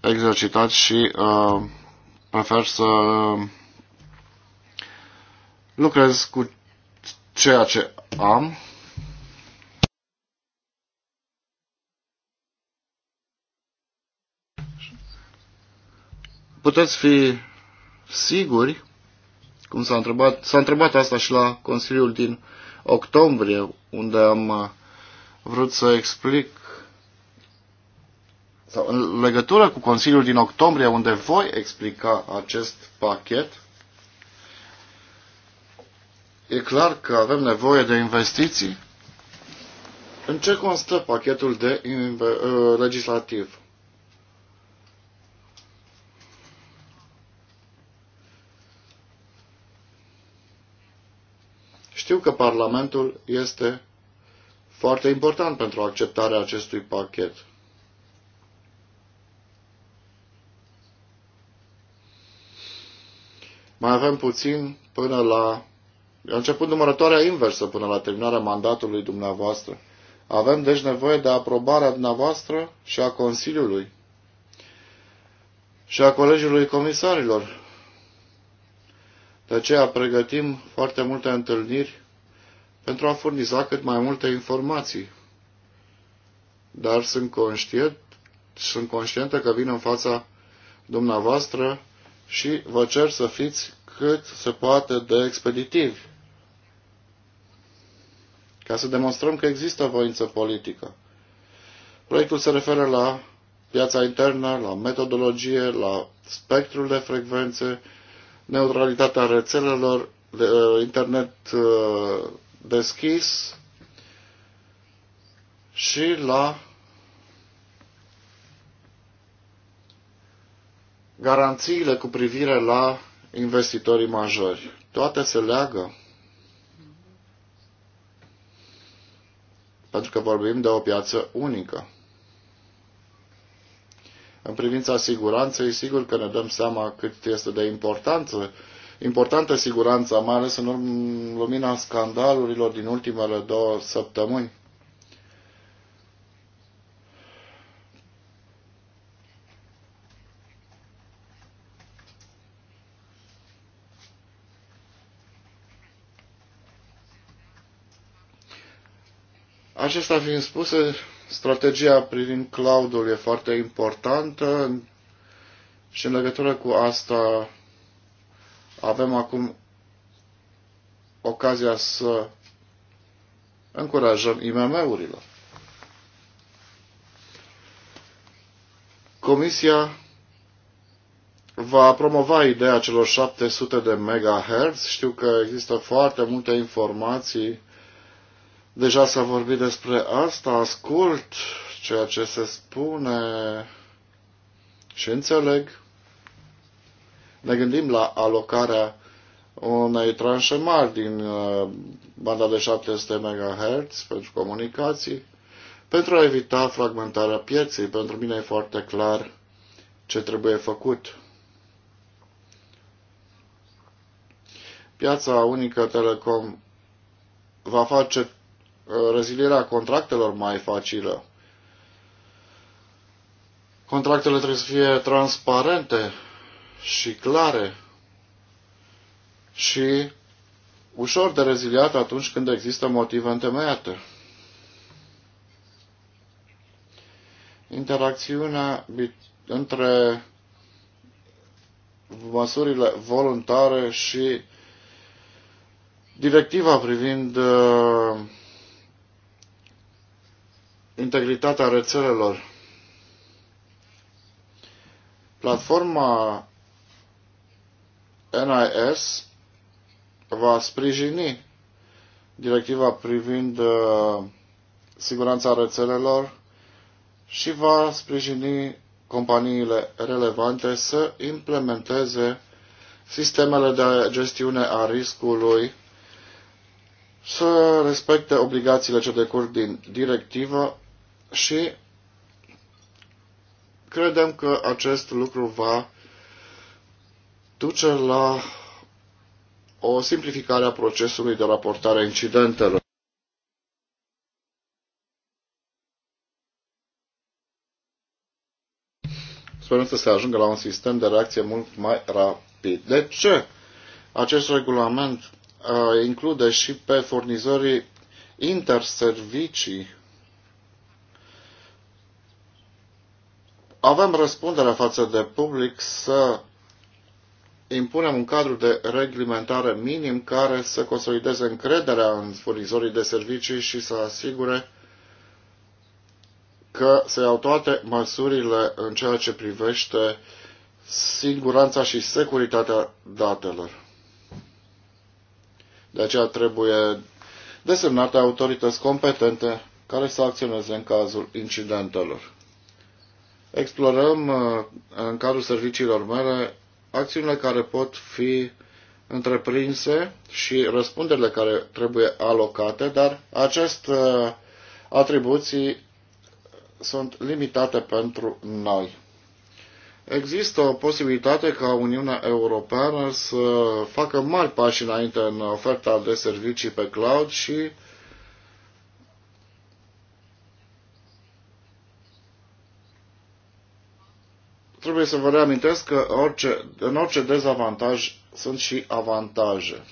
exercitat și uh, prefer să lucrez cu ceea ce am. Puteți fi siguri, cum s-a întrebat, s-a întrebat asta și la Consiliul din octombrie, unde am uh, vrut să explic sau în legătură cu Consiliul din octombrie, unde voi explica acest pachet, e clar că avem nevoie de investiții. În ce constă pachetul de uh, legislativ? că Parlamentul este foarte important pentru acceptarea acestui pachet. Mai avem puțin până la început numărătoarea inversă până la terminarea mandatului dumneavoastră. Avem deci nevoie de aprobarea dumneavoastră și a Consiliului și a Colegiului Comisarilor. De aceea pregătim foarte multe întâlniri pentru a furniza cât mai multe informații. Dar sunt conștient, sunt conștientă că vin în fața dumneavoastră și vă cer să fiți cât se poate de expeditivi ca să demonstrăm că există voință politică. Proiectul se referă la piața internă, la metodologie, la spectrul de frecvențe, neutralitatea rețelelor, uh, internet uh, deschis și la garanțiile cu privire la investitorii majori. Toate se leagă. Pentru că vorbim de o piață unică. În privința siguranței, sigur că ne dăm seama cât este de importantă importantă siguranța, mai ales în lumina scandalurilor din ultimele două săptămâni. Acesta fiind spuse, strategia privind cloudul e foarte importantă și în legătură cu asta avem acum ocazia să încurajăm IMM-urile. Comisia va promova ideea celor 700 de MHz. Știu că există foarte multe informații. Deja s-a vorbit despre asta. Ascult ceea ce se spune și înțeleg ne gândim la alocarea unei tranșe mari din uh, banda de 700 MHz pentru comunicații, pentru a evita fragmentarea pieței. Pentru mine e foarte clar ce trebuie făcut. Piața unică Telecom va face uh, rezilierea contractelor mai facilă. Contractele trebuie să fie transparente și clare și ușor de reziliat atunci când există motive întemeiate. Interacțiunea între măsurile voluntare și directiva privind uh, integritatea rețelelor. Platforma NIS va sprijini directiva privind uh, siguranța rețelelor și va sprijini companiile relevante să implementeze sistemele de gestiune a riscului, să respecte obligațiile ce decurg din directivă și credem că acest lucru va duce la o simplificare a procesului de raportare a incidentelor. Sperăm să se ajungă la un sistem de reacție mult mai rapid. De ce? Acest regulament uh, include și pe furnizorii interservicii. Avem răspunderea față de public să impunem un cadru de reglementare minim care să consolideze încrederea în furnizorii de servicii și să asigure că se iau toate măsurile în ceea ce privește siguranța și securitatea datelor. De aceea trebuie desemnate autorități competente care să acționeze în cazul incidentelor. Explorăm uh, în cadrul serviciilor mele acțiunile care pot fi întreprinse și răspunderile care trebuie alocate, dar aceste uh, atribuții sunt limitate pentru noi. Există o posibilitate ca Uniunea Europeană să facă mari pași înainte în oferta de servicii pe cloud și Trebuie să vă reamintesc că orice, în orice dezavantaj sunt și avantaje.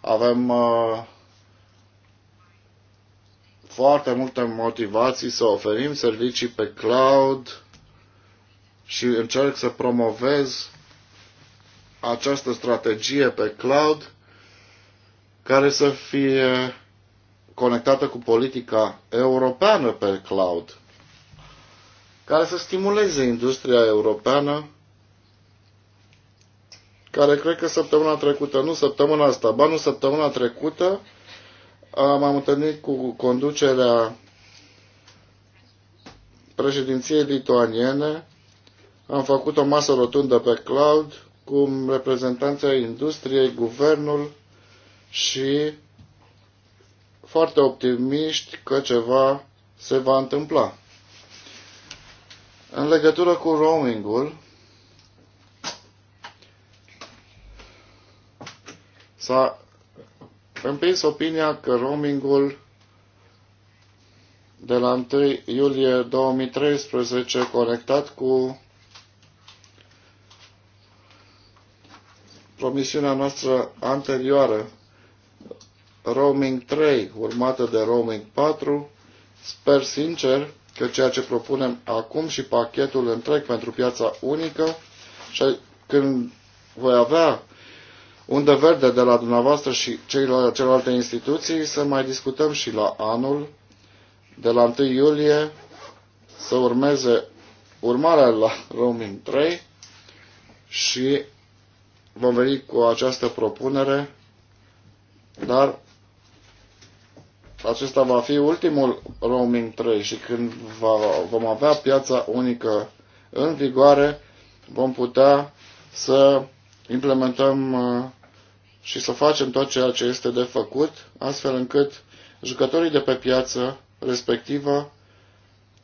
Avem uh, foarte multe motivații să oferim servicii pe cloud și încerc să promovez această strategie pe cloud care să fie conectată cu politica europeană pe cloud care să stimuleze industria europeană, care cred că săptămâna trecută, nu săptămâna asta, ba nu săptămâna trecută, m-am întâlnit cu conducerea președinției lituaniene, am făcut o masă rotundă pe cloud cu reprezentanța industriei, guvernul și foarte optimiști că ceva se va întâmpla. În legătură cu roamingul, s-a împins opinia că roamingul de la 1 iulie 2013 conectat cu promisiunea noastră anterioară roaming 3 urmată de roaming 4 sper sincer că ceea ce propunem acum și pachetul întreg pentru piața unică și când voi avea unde verde de la dumneavoastră și celelalte instituții să mai discutăm și la anul, de la 1 iulie, să urmeze urmarea la Roaming 3 și vom veni cu această propunere, dar acesta va fi ultimul roaming 3 și când va, vom avea piața unică în vigoare, vom putea să implementăm uh, și să facem tot ceea ce este de făcut, astfel încât jucătorii de pe piață respectivă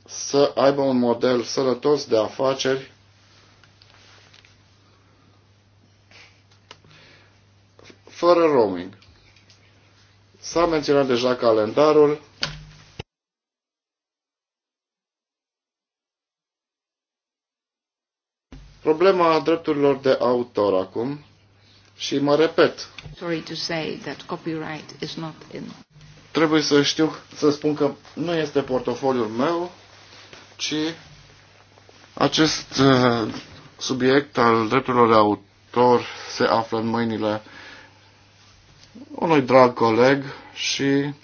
să aibă un model sănătos de afaceri fără roaming. S-a menționat deja calendarul. Problema drepturilor de autor acum. Și mă repet. Sorry to say that copyright is not in. Trebuie să știu, să spun că nu este portofoliul meu, ci acest uh, subiect al drepturilor de autor se află în mâinile unui drag coleg și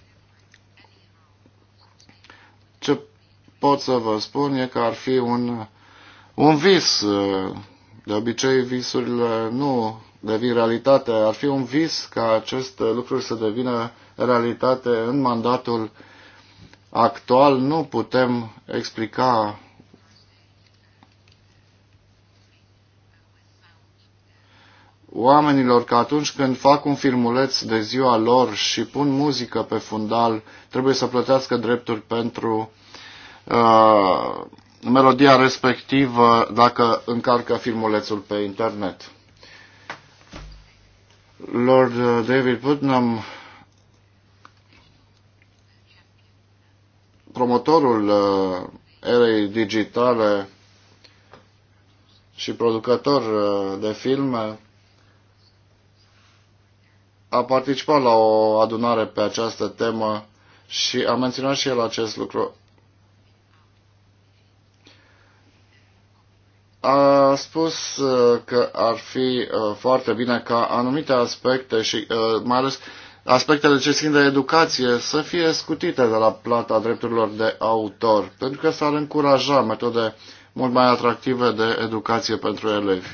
ce pot să vă spun e că ar fi un, un vis. De obicei, visurile nu devin realitate. Ar fi un vis ca aceste lucruri să devină realitate în mandatul actual. Nu putem explica oamenilor că atunci când fac un filmuleț de ziua lor și pun muzică pe fundal, trebuie să plătească drepturi pentru uh, melodia respectivă dacă încarcă filmulețul pe internet. Lord uh, David Putnam, promotorul uh, erei digitale și producător uh, de filme, a participat la o adunare pe această temă și a menționat și el acest lucru. A spus uh, că ar fi uh, foarte bine ca anumite aspecte și uh, mai ales aspectele ce țin de educație să fie scutite de la plata drepturilor de autor, pentru că s-ar încuraja metode mult mai atractive de educație pentru elevi.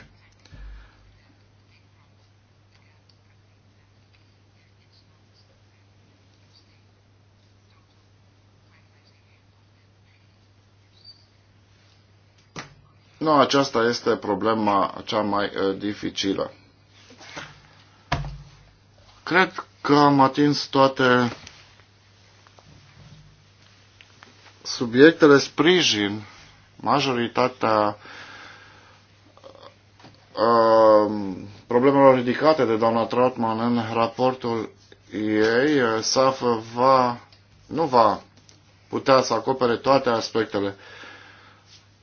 Nu, aceasta este problema cea mai uh, dificilă. Cred că am atins toate subiectele sprijin majoritatea uh, problemelor ridicate de doamna Trautmann în raportul ei. Uh, SAF va, nu va putea să acopere toate aspectele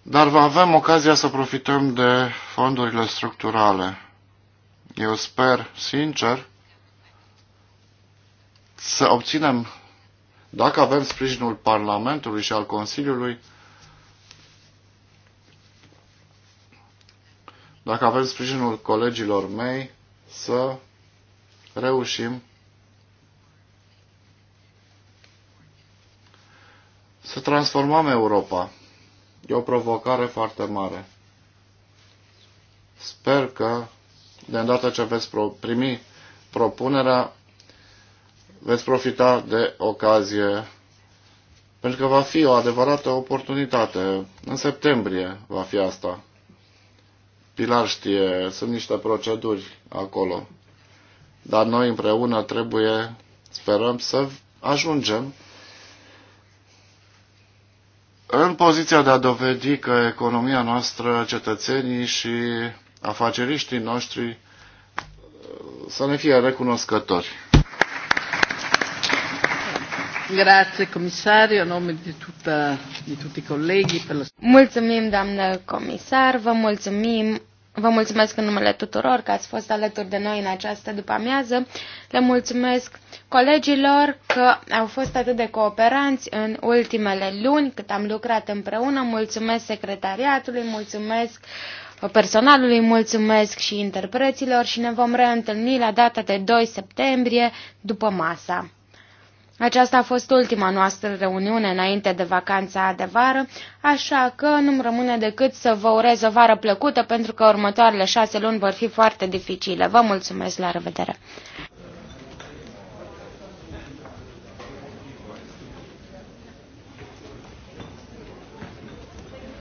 dar avea ocazia să profităm de fondurile structurale. Eu sper, sincer, să obținem, dacă avem sprijinul Parlamentului și al Consiliului, dacă avem sprijinul colegilor mei, să reușim să transformăm Europa. E o provocare foarte mare. Sper că, de îndată ce veți primi propunerea, veți profita de ocazie, pentru că va fi o adevărată oportunitate. În septembrie va fi asta. Pilar știe, sunt niște proceduri acolo. Dar noi împreună trebuie, sperăm, să ajungem în poziția de a dovedi că economia noastră, cetățenii și afaceriștii noștri uh, să ne fie recunoscători. Grazie comisario, tutti colleghi. Mulțumim, doamnă comisar, vă mulțumim Vă mulțumesc în numele tuturor că ați fost alături de noi în această după-amiază. Le mulțumesc colegilor că au fost atât de cooperanți în ultimele luni cât am lucrat împreună. Mulțumesc secretariatului, mulțumesc personalului, mulțumesc și interpreților și ne vom reîntâlni la data de 2 septembrie după masa. Aceasta a fost ultima noastră reuniune înainte de vacanța de vară, așa că nu-mi rămâne decât să vă urez o vară plăcută pentru că următoarele șase luni vor fi foarte dificile. Vă mulțumesc, la revedere!